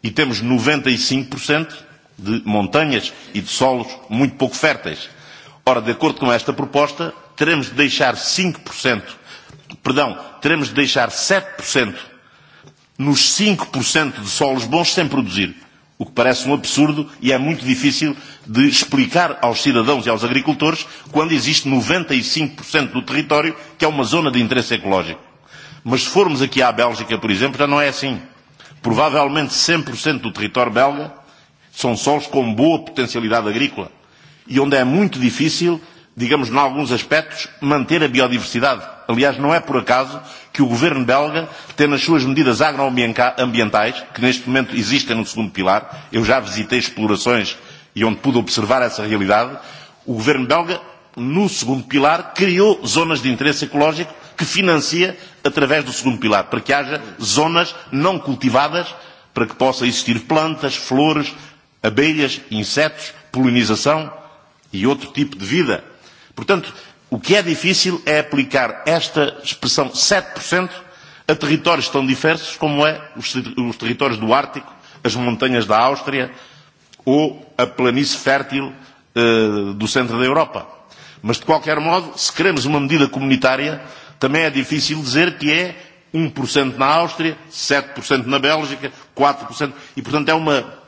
e temos 95% de montanhas e de solos muito pouco férteis. Ora, de acordo com esta proposta, teremos de deixar 5%, perdão, teremos de deixar 7% nos 5% de solos bons sem produzir, o que parece um absurdo e é muito difícil de explicar aos cidadãos e aos agricultores quando existe 95% do território que é uma zona de interesse ecológico. Mas se formos aqui à Bélgica, por exemplo, já não é assim. Provavelmente 100% do território belga São solos com boa potencialidade agrícola e onde é muito difícil, digamos, em alguns aspectos, manter a biodiversidade. Aliás, não é por acaso que o governo belga tem nas suas medidas agroambientais, que neste momento existem no segundo pilar, eu já visitei explorações e onde pude observar essa realidade, o governo belga, no segundo pilar, criou zonas de interesse ecológico que financia através do segundo pilar, para que haja zonas não cultivadas, para que possam existir plantas, flores, abelhas, insetos, polinização e outro tipo de vida. Portanto, o que é difícil é aplicar esta expressão 7% a territórios tão diversos como é os territórios do Ártico, as montanhas da Áustria ou a planície fértil do centro da Europa. Mas, de qualquer modo, se queremos uma medida comunitária, também é difícil dizer que é 1% na Áustria, 7% na Bélgica, 4%. E, portanto, é uma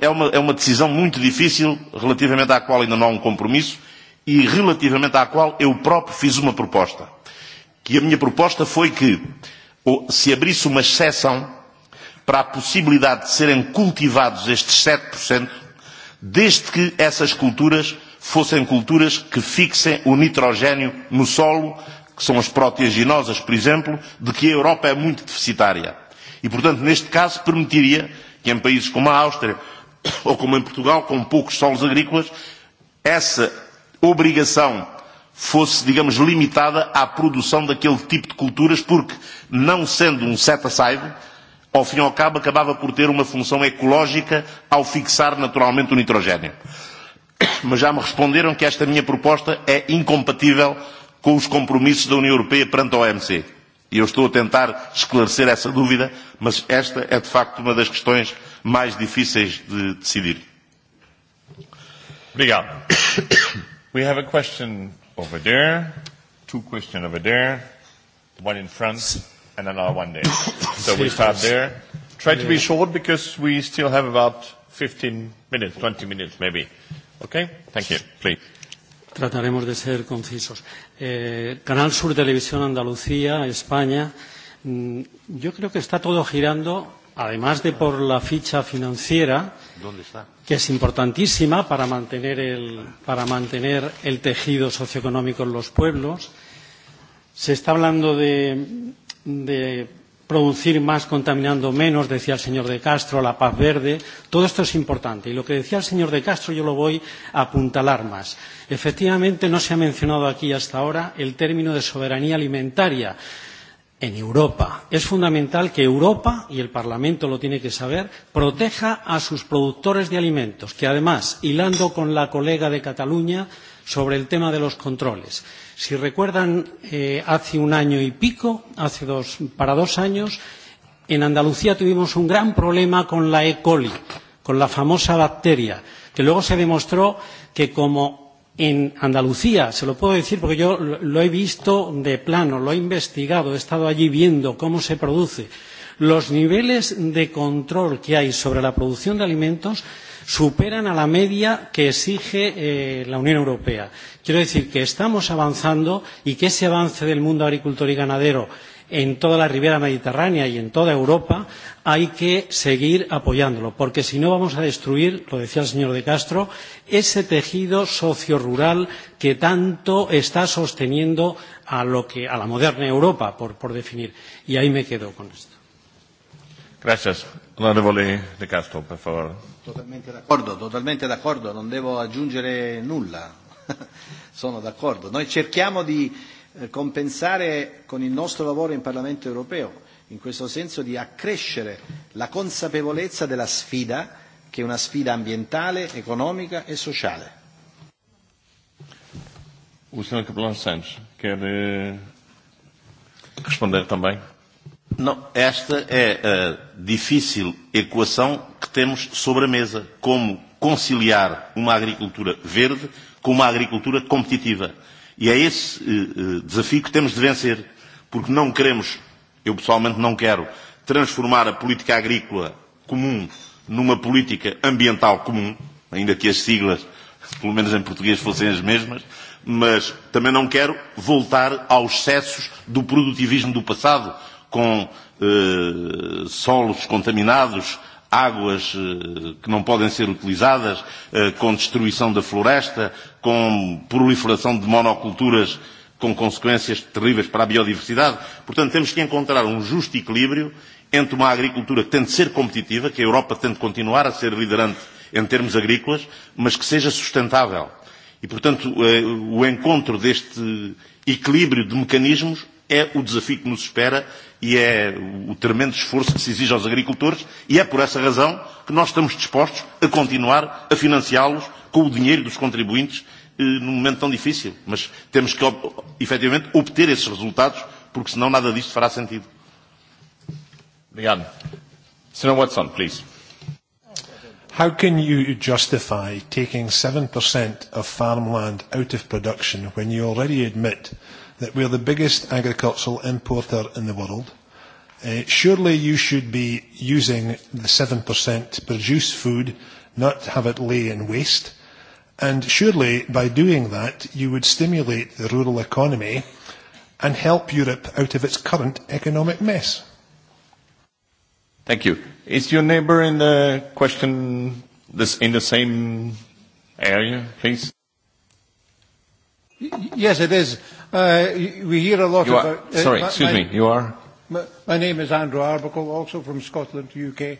é uma, é uma decisão muito difícil, relativamente à qual ainda não há um compromisso e relativamente à qual eu próprio fiz uma proposta. Que a minha proposta foi que se abrisse uma exceção para a possibilidade de serem cultivados estes 7%, desde que essas culturas fossem culturas que fixem o nitrogênio no solo, que são as proteaginosas, por exemplo, de que a Europa é muito deficitária. E, portanto, neste caso, permitiria que em países como a Áustria ou como em Portugal, com poucos solos agrícolas, essa obrigação fosse, digamos, limitada à produção daquele tipo de culturas, porque, não sendo um set-aside, ao fim e ao cabo acabava por ter uma função ecológica ao fixar naturalmente o nitrogênio. Mas já me responderam que esta minha proposta é incompatível com os compromissos da União Europeia perante a OMC. E eu estou a tentar esclarecer essa dúvida, mas esta é de facto uma das questões mais difíceis de decidir. Obrigado. We have a question over there, two questions over there, one in front and another one there. So we start there. Try to be short because we still have about 15 minutes, 20 minutes maybe. Okay? Thank you. Please. Trataremos de ser concisos. Canal Sur Televisión Andalucía, España. Yo creo que está todo girando, además de por la ficha financiera, que es importantísima para mantener el, para mantener el tejido socioeconómico en los pueblos. Se está hablando de de producir más contaminando menos, decía el señor de Castro, la paz verde, todo esto es importante. Y lo que decía el señor de Castro yo lo voy a apuntalar más. Efectivamente, no se ha mencionado aquí hasta ahora el término de soberanía alimentaria en Europa. Es fundamental que Europa, y el Parlamento lo tiene que saber, proteja a sus productores de alimentos, que además, hilando con la colega de Cataluña sobre el tema de los controles, Si recuerdan, hace un año y pico, hace dos, para dos años, en Andalucía tuvimos un gran problema con la E. coli, con la famosa bacteria, que luego se demostró que como en Andalucía, se lo puedo decir porque yo lo he visto de plano, lo he investigado, he estado allí viendo cómo se produce, los niveles de control que hay sobre la producción de alimentos superan a la media que exige la Unión Europea. Quiero decir que estamos avanzando y que ese avance del mundo agricultor y ganadero en toda la ribera mediterránea y en toda Europa hay que seguir apoyándolo, porque si no vamos a destruir, lo decía el señor de Castro, ese tejido sociorural que tanto está sosteniendo a la moderna Europa, por definir. Y ahí me quedo con esto. Gracias. Onorevole De Castro, per favore. Totalmente d'accordo, totalmente d'accordo, non devo aggiungere nulla. Sono d'accordo. Noi cerchiamo di compensare con il nostro lavoro in Parlamento europeo, in questo senso di accrescere la consapevolezza della sfida, che è una sfida ambientale, economica e sociale. O Santos quer responder também? Não, esta é a difícil equação que temos sobre a mesa. Como conciliar uma agricultura verde com uma agricultura competitiva. E é esse desafio que temos de vencer. Porque não queremos, eu pessoalmente não quero, transformar a política agrícola comum numa política ambiental comum, ainda que as siglas, pelo menos em português, fossem as mesmas, mas também não quero voltar aos excessos do produtivismo do passado com solos contaminados, águas que não podem ser utilizadas, com destruição da floresta, com proliferação de monoculturas com consequências terríveis para a biodiversidade. Portanto, temos que encontrar um justo equilíbrio entre uma agricultura que tem de ser competitiva, que a Europa tem de continuar a ser liderante em termos agrícolas, mas que seja sustentável. E, portanto, o encontro deste equilíbrio de mecanismos é o desafio que nos espera e é o tremendo esforço que se exige aos agricultores e é por essa razão que nós estamos dispostos a continuar a financiá-los com o dinheiro dos contribuintes num momento tão difícil. Mas temos que, efetivamente, obter esses resultados, porque senão nada disto fará sentido. Obrigado. Senhor Watson, please. How can you justify taking 7% of farmland out of production when you already admit that we are the biggest agricultural importer in the world. Surely you should be using the 7% to produce food, not have it lay in waste. And surely by doing that you would stimulate the rural economy and help Europe out of its current economic mess. Thank you. Is your neighbour in the question this in the same area, please? Yes, it is. We hear a lot uh, Sorry, excuse me, you are? My name is Andrew Arbuckle, also from Scotland, UK.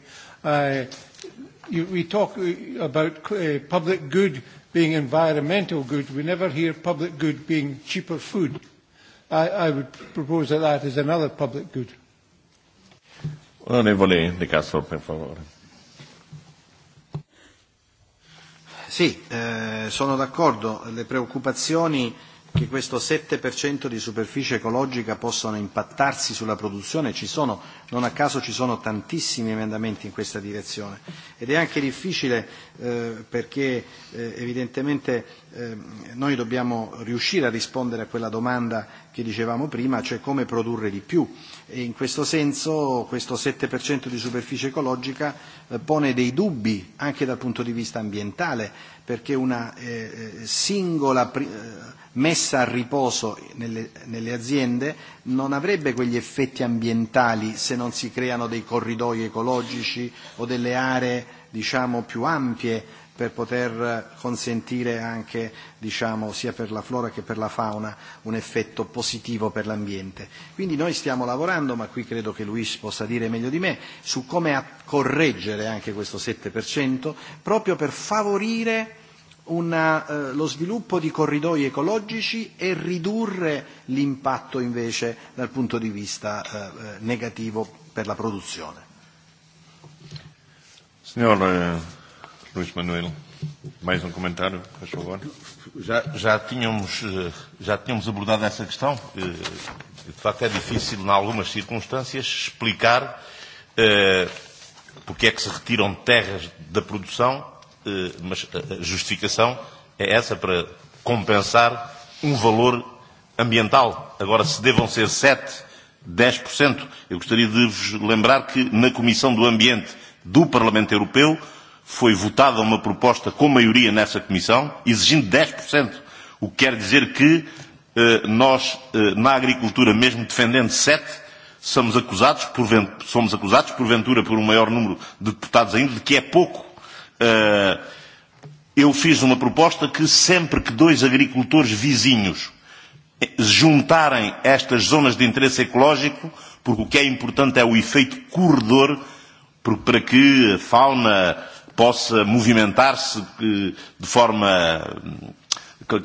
We talk about public good being environmental good. We never hear public good being cheaper food. I I would propose that that is another public good. Onorevole De Castro, per favore. Sì, sono d'accordo. Le preoccupazioni che questo 7% di superficie ecologica possano impattarsi sulla produzione, ci sono, non a caso ci sono tantissimi emendamenti in questa direzione ed è anche difficile perché evidentemente noi dobbiamo riuscire a rispondere a quella domanda che dicevamo prima, cioè come produrre di più e in questo senso questo 7% di superficie ecologica pone dei dubbi anche dal punto di vista ambientale perché una singola messa a riposo nelle aziende non avrebbe quegli effetti ambientali se non si creano dei corridoi ecologici o delle aree diciamo più ampie per poter consentire anche diciamo sia per la flora che per la fauna un effetto positivo per l'ambiente. Quindi noi stiamo lavorando, ma qui credo che Luis possa dire meglio di me, su come correggere anche questo 7% proprio per favorire una lo sviluppo di corridoi ecologici e ridurre l'impatto invece dal punto di vista negativo per la produzione. Signor Luís Manuel, mais um comentário, por favor. Já, já, tínhamos, já tínhamos abordado essa questão. De facto, é difícil, em algumas circunstâncias, explicar porque é que se retiram terras da produção, mas a justificação é essa, para compensar um valor ambiental. Agora, se devam ser 7, 10%, eu gostaria de vos lembrar que na Comissão do Ambiente do Parlamento Europeu, foi votada uma proposta com maioria nessa comissão, exigindo 10%, o que quer dizer que nós, na agricultura, mesmo defendendo 7%, somos acusados, somos acusados, porventura, por um maior número de deputados ainda, de que é pouco. Eu fiz uma proposta que sempre que dois agricultores vizinhos juntarem estas zonas de interesse ecológico, porque o que é importante é o efeito corredor para que a fauna, possa movimentar-se de forma,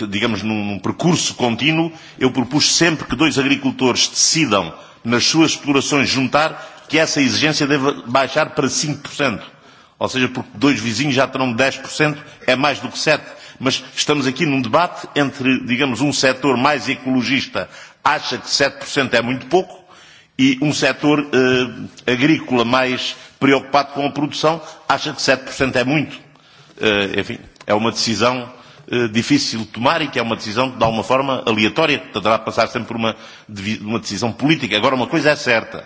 digamos, num percurso contínuo, eu propus sempre que dois agricultores decidam nas suas explorações juntar que essa exigência deve baixar para 5%. Ou seja, porque dois vizinhos já terão 10%, é mais do que 7%. Mas estamos aqui num debate entre, digamos, um setor mais ecologista acha que 7% é muito pouco e um setor agrícola mais preocupado com a produção acha que 7% é muito. Enfim, é uma decisão difícil de tomar e que é uma decisão de alguma forma aleatória, que tentará passar sempre por uma decisão política. Agora, uma coisa é certa,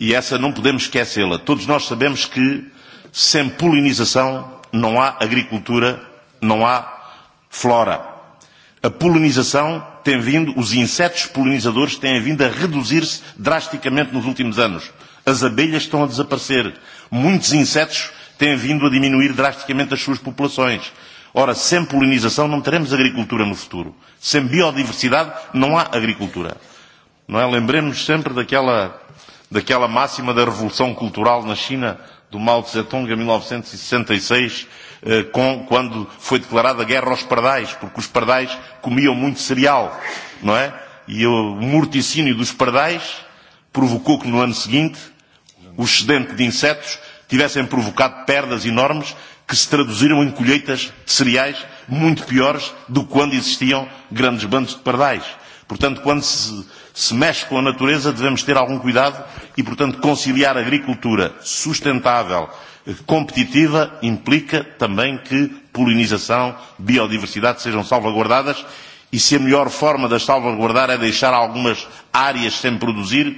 e essa não podemos esquecê-la. Todos nós sabemos que sem polinização não há agricultura, não há flora. A polinização tem vindo, os insetos polinizadores têm vindo a reduzir-se drasticamente nos últimos anos. As abelhas estão a desaparecer. Muitos insetos têm vindo a diminuir drasticamente as suas populações. Ora, sem polinização não teremos agricultura no futuro. Sem biodiversidade não há agricultura. Não é? Lembremos sempre daquela, daquela máxima da revolução cultural na China do Mao Tse-Tung em 1966, com, quando foi declarada a guerra aos pardais, porque os pardais comiam muito cereal, não é? E o morticínio dos pardais provocou que no ano seguinte o excedente de insetos tivessem provocado perdas enormes que se traduziram em colheitas de cereais muito piores do que quando existiam grandes bandos de pardais. Portanto, quando se, se mexe com a natureza, devemos ter algum cuidado e, portanto, conciliar a agricultura sustentável, competitiva, implica também que polinização, biodiversidade sejam salvaguardadas e se a melhor forma de as salvaguardar é deixar algumas áreas sem produzir,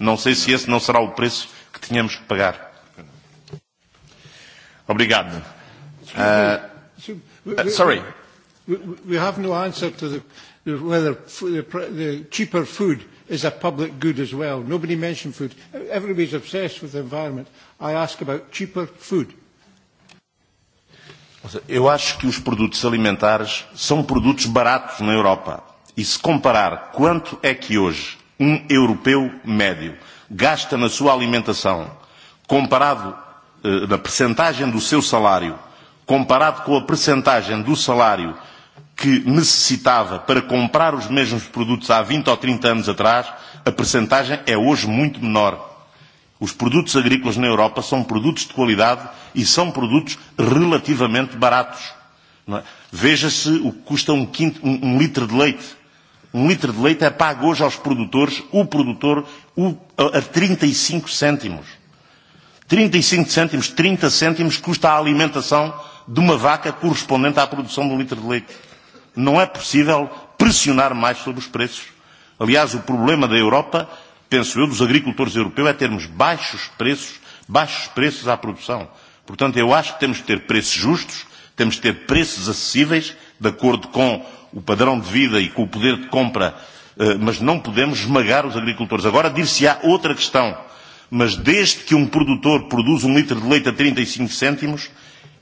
não sei se esse não será o preço que tínhamos que pagar. Obrigado. sorry. We have no answer to the whether the cheaper food is a public good as well. Nobody mentioned food. Everybody's obsessed with the environment. I ask about cheaper food. Eu acho que os produtos alimentares são produtos baratos na Europa. E se comparar quanto é que hoje um europeu médio gasta na sua alimentação, comparado na percentagem do seu salário, comparado com a percentagem do salário que necessitava para comprar os mesmos produtos há 20 ou 30 anos atrás, a percentagem é hoje muito menor. Os produtos agrícolas na Europa são produtos de qualidade e são produtos relativamente baratos. Veja-se o que custa um, quinto, litro de leite. Um litro de leite é pago hoje aos produtores, o produtor, o, a 35 cêntimos. 35 cêntimos, 30 cêntimos custa a alimentação de uma vaca correspondente à produção de um litro de leite não é possível pressionar mais sobre os preços. Aliás, o problema da Europa, penso eu, dos agricultores europeus é termos baixos preços, baixos preços à produção. Portanto, eu acho que temos que ter preços justos, temos que ter preços acessíveis, de acordo com o padrão de vida e com o poder de compra, mas não podemos esmagar os agricultores. Agora, dir-se-á outra questão, mas desde que um produtor produz um litro de leite a 35 cêntimos,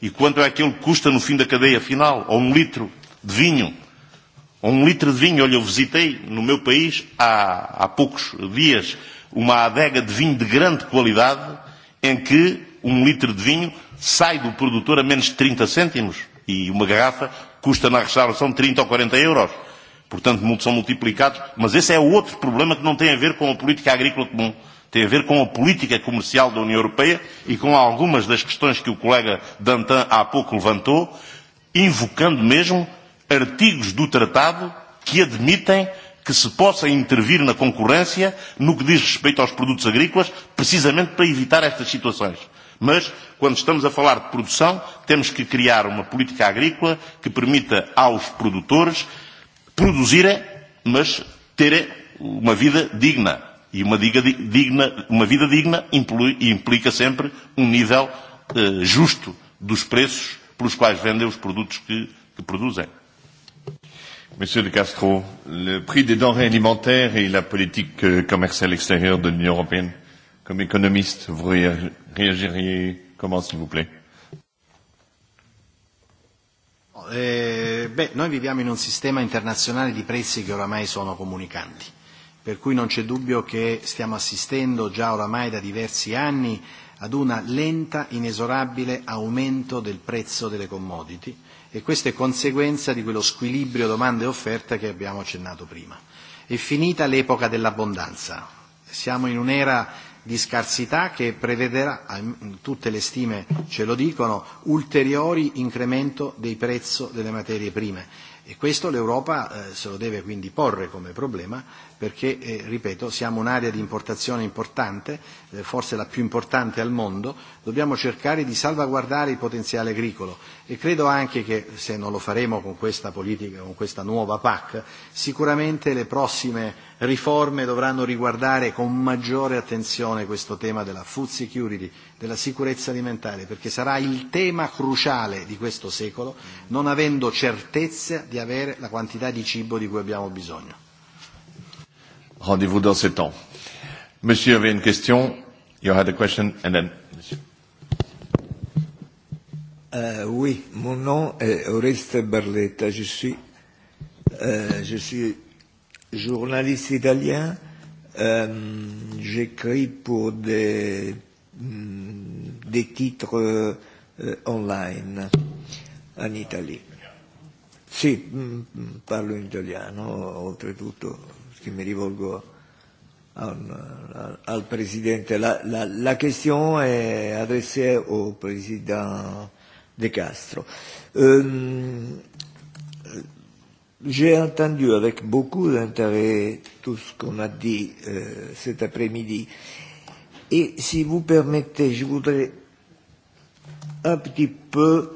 e quanto é aquilo que custa no fim da cadeia final, ou um litro de vinho, ou um litro de vinho. Olha, eu visitei no meu país há, há poucos dias uma adega de vinho de grande qualidade em que um litro de vinho sai do produtor a menos de 30 cêntimos e uma garrafa custa na restauração 30 ou 40 euros. Portanto, são multiplicados. Mas esse é outro problema que não tem a ver com a política agrícola comum. Tem a ver com a política comercial da União Europeia e com algumas das questões que o colega Dantin há pouco levantou, invocando mesmo artigos do tratado que admitem que se possa intervir na concorrência no que diz respeito aos produtos agrícolas, precisamente para evitar estas situações. Mas, quando estamos a falar de produção, temos que criar uma política agrícola que permita aos produtores produzirem, mas terem uma vida digna. E uma, diga, digna, uma vida digna implica sempre um nível justo dos preços pelos quais vendem os produtos que, que produzem. Monsieur De Castro, le prix des denrées alimentaires et la politique commerciale extérieure de l'Union européenne, comme économiste, vous réagiriez comment, s'il vous plaît beh, noi viviamo in un sistema internazionale di prezzi che oramai sono comunicanti, per cui non c'è dubbio che stiamo assistendo già oramai da diversi anni ad una lenta, inesorabile aumento del prezzo delle commodity e questa è conseguenza di quello squilibrio domanda e offerta che abbiamo accennato prima. È finita l'epoca dell'abbondanza, siamo in un'era di scarsità che prevederà, tutte le stime ce lo dicono, ulteriori incremento dei prezzi delle materie prime E questo l'Europa se lo deve quindi porre come problema perché, ripeto, siamo un'area di importazione importante, forse la più importante al mondo, dobbiamo cercare di salvaguardare il potenziale agricolo e credo anche che, se non lo faremo con questa politica, con questa nuova PAC, sicuramente le prossime riforme dovranno riguardare con maggiore attenzione questo tema della food security, della sicurezza alimentare, perché sarà il tema cruciale di questo secolo, non avendo certezza di avere la quantità di cibo di cui abbiamo bisogno. rendez oui, mon nom est Oreste Barletta. Je suis, je suis journaliste italien, j'écris pour des, des titres online en Italie. Sì, parlo in italiano, oltretutto, che mi rivolgo al, al Presidente. La, la, la question est adressée au Président De Castro. Euh, J'ai entendu avec beaucoup d'intérêt tout ce qu'on a dit cet après-midi. Et si vous permettez, je voudrais un petit peu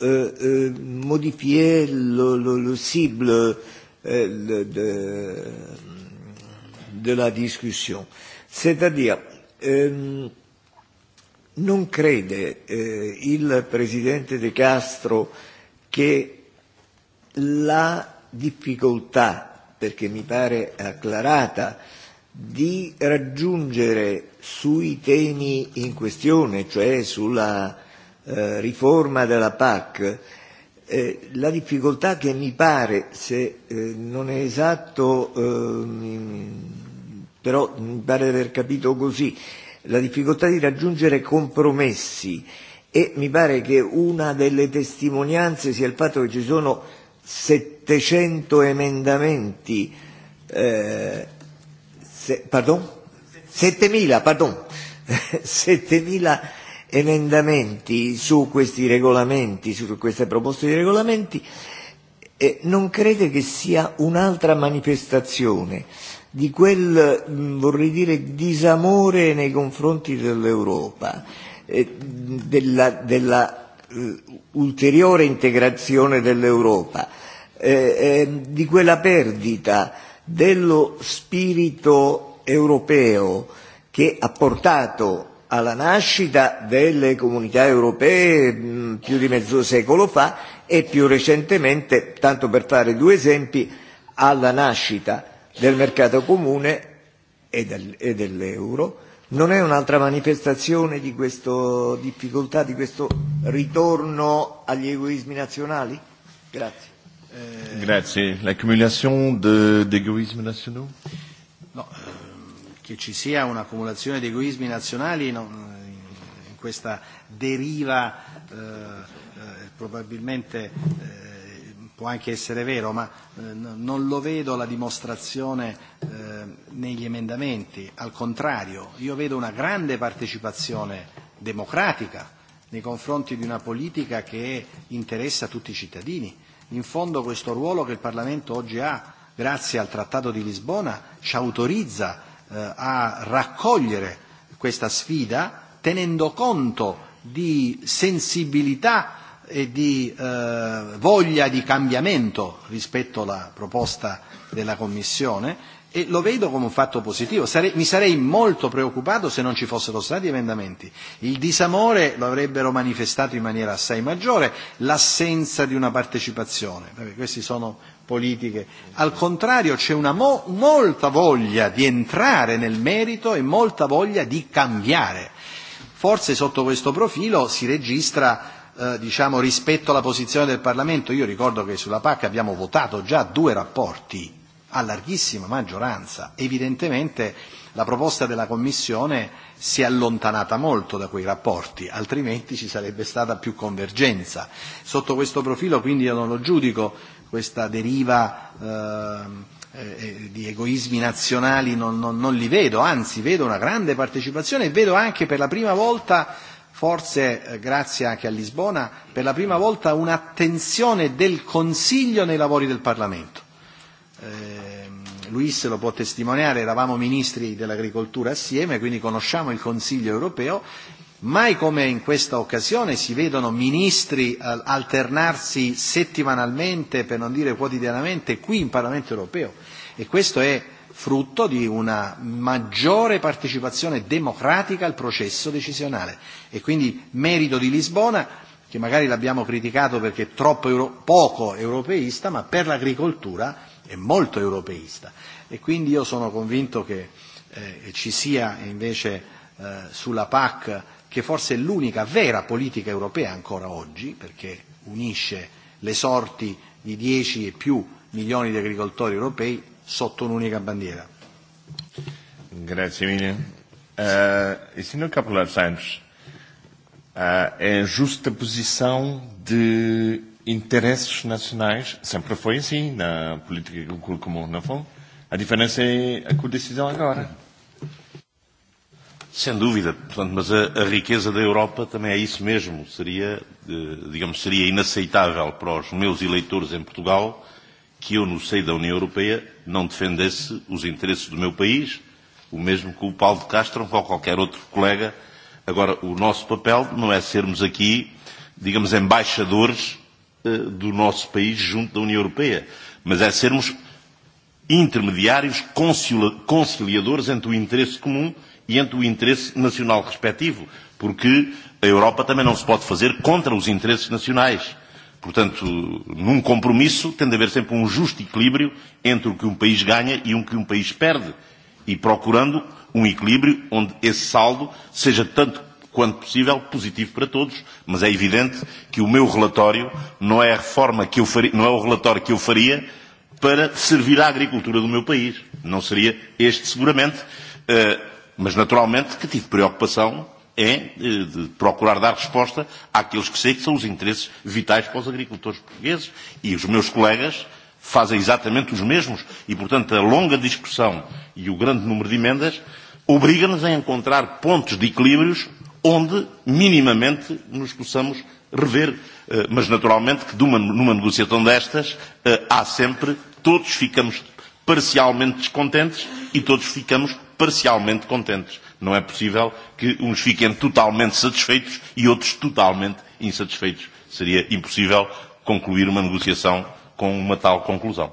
modifier le cible de la discussion. C'est-à-dire, non crede il Presidente De Castro que la difficoltà, perché mi pare acclarata, di raggiungere sui temi in questione, cioè sulla riforma della PAC, la difficoltà che mi pare, se non è esatto, però mi pare di aver capito così, la difficoltà di raggiungere compromessi e mi pare che una delle testimonianze sia il fatto che ci sono 700 emendamenti, pardon? 7000, pardon, 7000 emendamenti su questi regolamenti, su queste proposte di regolamenti, non crede che sia un'altra manifestazione di quel, vorrei dire, disamore nei confronti dell'Europa, della ulteriore integrazione dell'Europa, di quella perdita dello spirito europeo che ha portato alla nascita delle comunità europee più di mezzo secolo fa e più recentemente, tanto per fare due esempi, alla nascita del mercato comune e dell'euro non è un'altra manifestazione di questa difficoltà, di questo ritorno agli egoismi nazionali? Grazie. Grazie. L'accumulazione di egoismi nazionali? No, che ci sia un'accumulazione di egoismi nazionali in questa deriva probabilmente può anche essere vero, ma non lo vedo la dimostrazione negli emendamenti. Al contrario, io vedo una grande partecipazione democratica nei confronti di una politica che interessa tutti i cittadini. In fondo questo ruolo che il Parlamento oggi ha, grazie al Trattato di Lisbona, ci autorizza a raccogliere questa sfida tenendo conto di sensibilità e di voglia di cambiamento rispetto alla proposta della Commissione e lo vedo come un fatto positivo. Mi sarei molto preoccupato se non ci fossero stati emendamenti. Il disamore lo avrebbero manifestato in maniera assai maggiore, l'assenza di una partecipazione. questi sono politiche. Al contrario c'è una molta voglia di entrare nel merito e molta voglia di cambiare. Forse sotto questo profilo si registra diciamo, rispetto alla posizione del Parlamento. Io ricordo che sulla PAC abbiamo votato già due rapporti a larghissima maggioranza. Evidentemente la proposta della Commissione si è allontanata molto da quei rapporti, altrimenti ci sarebbe stata più convergenza. Sotto questo profilo quindi io non lo giudico questa deriva di egoismi nazionali non, non, non li vedo, anzi vedo una grande partecipazione e vedo anche per la prima volta forse grazie anche a Lisbona, per la prima volta un'attenzione del Consiglio nei lavori del Parlamento. Luis lo può testimoniare, eravamo ministri dell'agricoltura assieme, quindi conosciamo il Consiglio europeo. Mai come in questa occasione si vedono ministri alternarsi settimanalmente, per non dire quotidianamente, qui in Parlamento europeo e questo è frutto di una maggiore partecipazione democratica al processo decisionale e quindi merito di Lisbona che magari l'abbiamo criticato perché è troppo poco europeista ma per l'agricoltura è molto europeista e quindi io sono convinto che ci sia invece sulla PAC che forse è l'unica vera politica europea ancora oggi perché unisce le sorti di 10 e più milioni di agricoltori europei sotto un'unica bandiera. Grazie mille. Uh, Sr. Capolar Santos, uh, é justa posição de interesses nacionais, sempre foi assim na política agrícola comum, na fu? A diferença é a co-decisão agora. Sem dúvida, mas a, a riqueza da Europa também é isso mesmo. Seria, digamos, seria inaceitável para os meus eleitores em Portugal que eu, no seio da União Europeia, não defendesse os interesses do meu país, o mesmo que o Paulo de Castro ou qualquer outro colega. Agora, o nosso papel não é sermos aqui, digamos, embaixadores do nosso país junto da União Europeia, mas é sermos intermediários conciliadores entre o interesse comum e entre o interesse nacional respectivo, porque a Europa também não se pode fazer contra os interesses nacionais. Portanto, num compromisso tem de haver sempre um justo equilíbrio entre o que um país ganha e o que um país perde, e procurando um equilíbrio onde esse saldo seja tanto quanto possível positivo para todos, mas é evidente que o meu relatório não é a reforma que eu faria, não é o relatório que eu faria para servir à agricultura do meu país. Não seria este seguramente, mas naturalmente que tive preocupação é de procurar dar resposta àqueles que sei que são os interesses vitais para os agricultores portugueses e os meus colegas fazem exatamente os mesmos e, portanto, a longa discussão e o grande número de emendas obriga-nos a encontrar pontos de equilíbrios onde minimamente nos possamos rever. Mas, naturalmente, que numa negociação destas há sempre, todos ficamos parcialmente descontentes e todos ficamos parcialmente contentes. Não é possível que uns fiquem totalmente satisfeitos e outros totalmente insatisfeitos. Seria impossível concluir uma negociação com uma tal conclusão.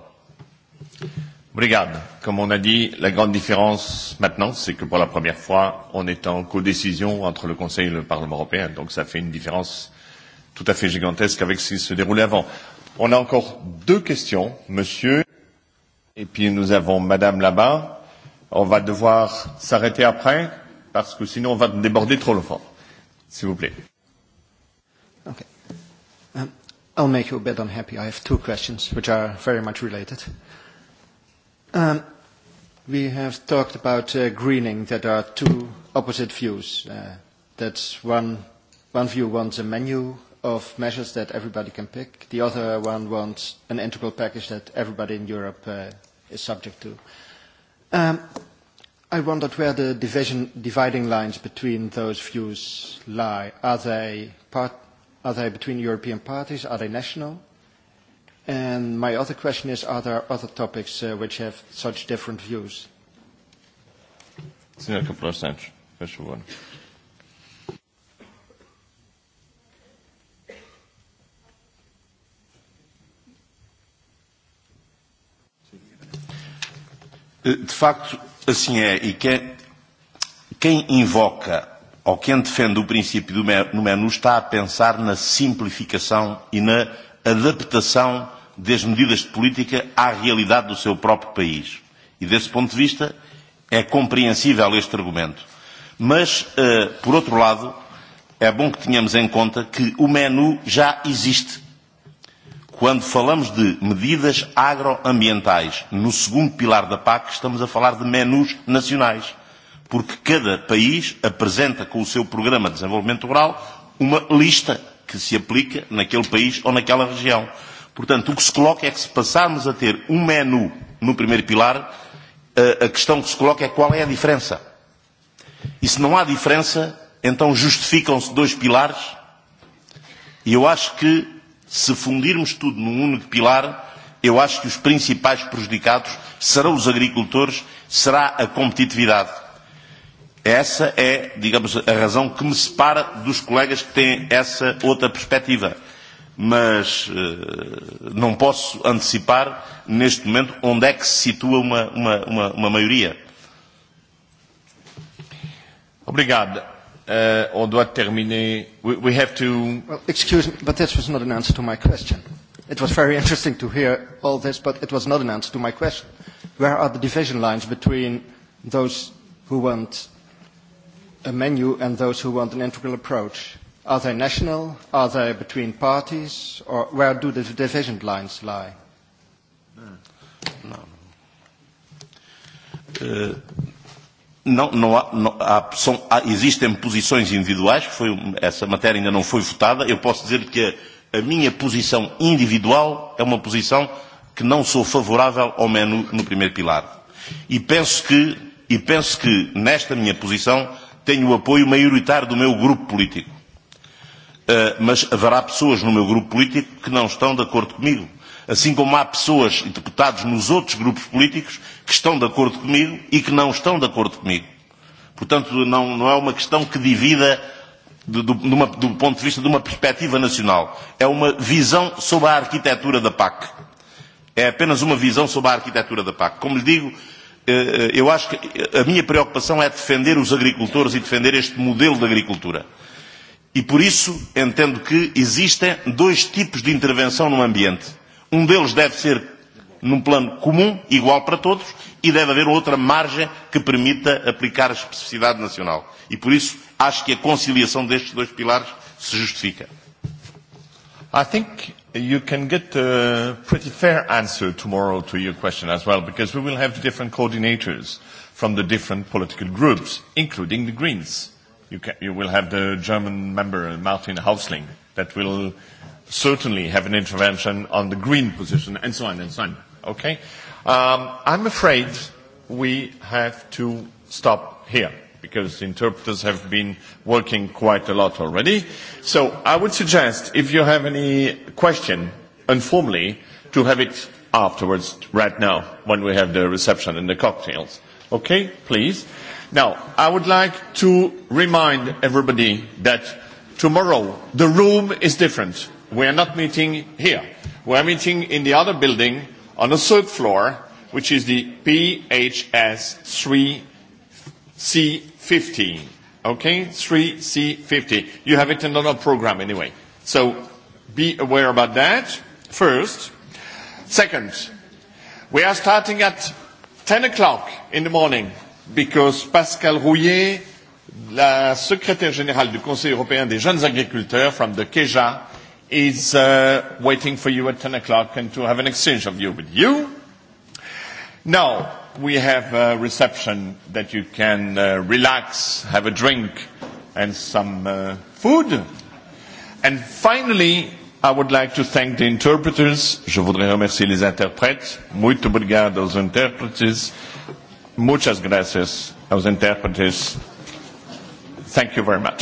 Obrigado. Comme on a dit, la grande différence maintenant, c'est que pour la première fois, on est en codécision entre le Conseil et le Parlement européen. Donc ça fait une différence tout à fait gigantesque avec ce qui se déroulait avant. On a encore deux questions, monsieur. Et puis nous avons madame là-bas On va devoir s'arrêter après, parce que sinon on va déborder trop longtemps. S'il vous plaît. Okay. Um, I'll make you a bit unhappy. I have two questions, which are very much related. Um, we have talked about uh, greening. that are two opposite views. Uh, that's one, one view wants a menu of measures that everybody can pick. The other one wants an integral package that everybody in Europe uh, is subject to. I wondered where the division dividing lines between those views lie. Are they between European parties? Are they national? And my other question is, are there other topics which have such different views? De facto, assim é. E quem, quem invoca ou quem defende o princípio do menu está a pensar na simplificação e na adaptação das medidas de política à realidade do seu próprio país. E desse ponto de vista é compreensível este argumento. Mas, por outro lado, é bom que tenhamos em conta que o menu já existe Quando falamos de medidas agroambientais no segundo pilar da PAC, estamos a falar de menus nacionais, porque cada país apresenta com o seu programa de desenvolvimento rural uma lista que se aplica naquele país ou naquela região. Portanto, o que se coloca é que se passarmos a ter um menu no primeiro pilar, a questão que se coloca é qual é a diferença. E se não há diferença, então justificam-se dois pilares. E eu acho que Se fundirmos tudo num único pilar, eu acho que os principais prejudicados serão os agricultores, será a competitividade. Essa é, digamos, a razão que me separa dos colegas que têm essa outra perspectiva. Mas não posso antecipar, neste momento, onde é que se situa uma, uma, uma, uma maioria. Obrigado on doit terminer. We have to. Well, excuse me, but this was not an answer to my question. It was very interesting to hear all this, but it was not an answer to my question. Where are the division lines between those who want a menu and those who want an integral approach? Are they national? Are they between parties? Or where do the division lines lie? não, não, há, são, há, existem posições individuais, foi, essa matéria ainda não foi votada, eu posso dizer que a, minha posição individual é uma posição que não sou favorável ao menos no primeiro pilar. E penso que, e penso que nesta minha posição tenho o apoio maioritário do meu grupo político. Uh, mas haverá pessoas no meu grupo político que não estão de acordo comigo. Assim como há pessoas e deputados nos outros grupos políticos que estão de acordo comigo e que não estão de acordo comigo. Portanto, não, não é uma questão que divida do, de uma, do ponto de vista de uma perspectiva nacional. É uma visão sobre a arquitetura da PAC. É apenas uma visão sobre a arquitetura da PAC. Como lhe digo, eu acho que a minha preocupação é defender os agricultores e defender este modelo de agricultura. E por isso entendo que existem dois tipos de intervenção no ambiente. Um deles deve ser num plano comum, igual para todos, e deve haver outra margem que permita aplicar a especificidade nacional. E por isso acho que a conciliação destes dois pilares se justifica. I think you can get a pretty fair answer tomorrow to your question as well, because we will have different coordinators from the different political groups, including the Greens. You, can, you will have the German member, Martin Hausling, that will certainly have an intervention on the green position and so on and so on. Okay? Um, I'm afraid we have to stop here because the interpreters have been working quite a lot already. So I would suggest if you have any question informally to have it afterwards right now when we have the reception and the cocktails. Okay, please. Now, I would like to remind everybody that tomorrow the room is different We are not meeting here. We are meeting in the other building on the third floor, which is the PHS 3C15. Okay? 3C50. You have it in another program anyway. So be aware about that, first. Second, we are starting at 10 o'clock in the morning because Pascal Rouillet, la secrétaire générale du Conseil européen des jeunes agriculteurs from the KEJA, is waiting for you at 10 o'clock and to have an exchange of view with you. Now, we have a reception that you can relax, have a drink and some food. And finally, I would like to thank the interpreters. Je voudrais remercier les interprètes. Muito obrigado aos intérpretes. Muchas gracias aos intérpretes. Thank you very much.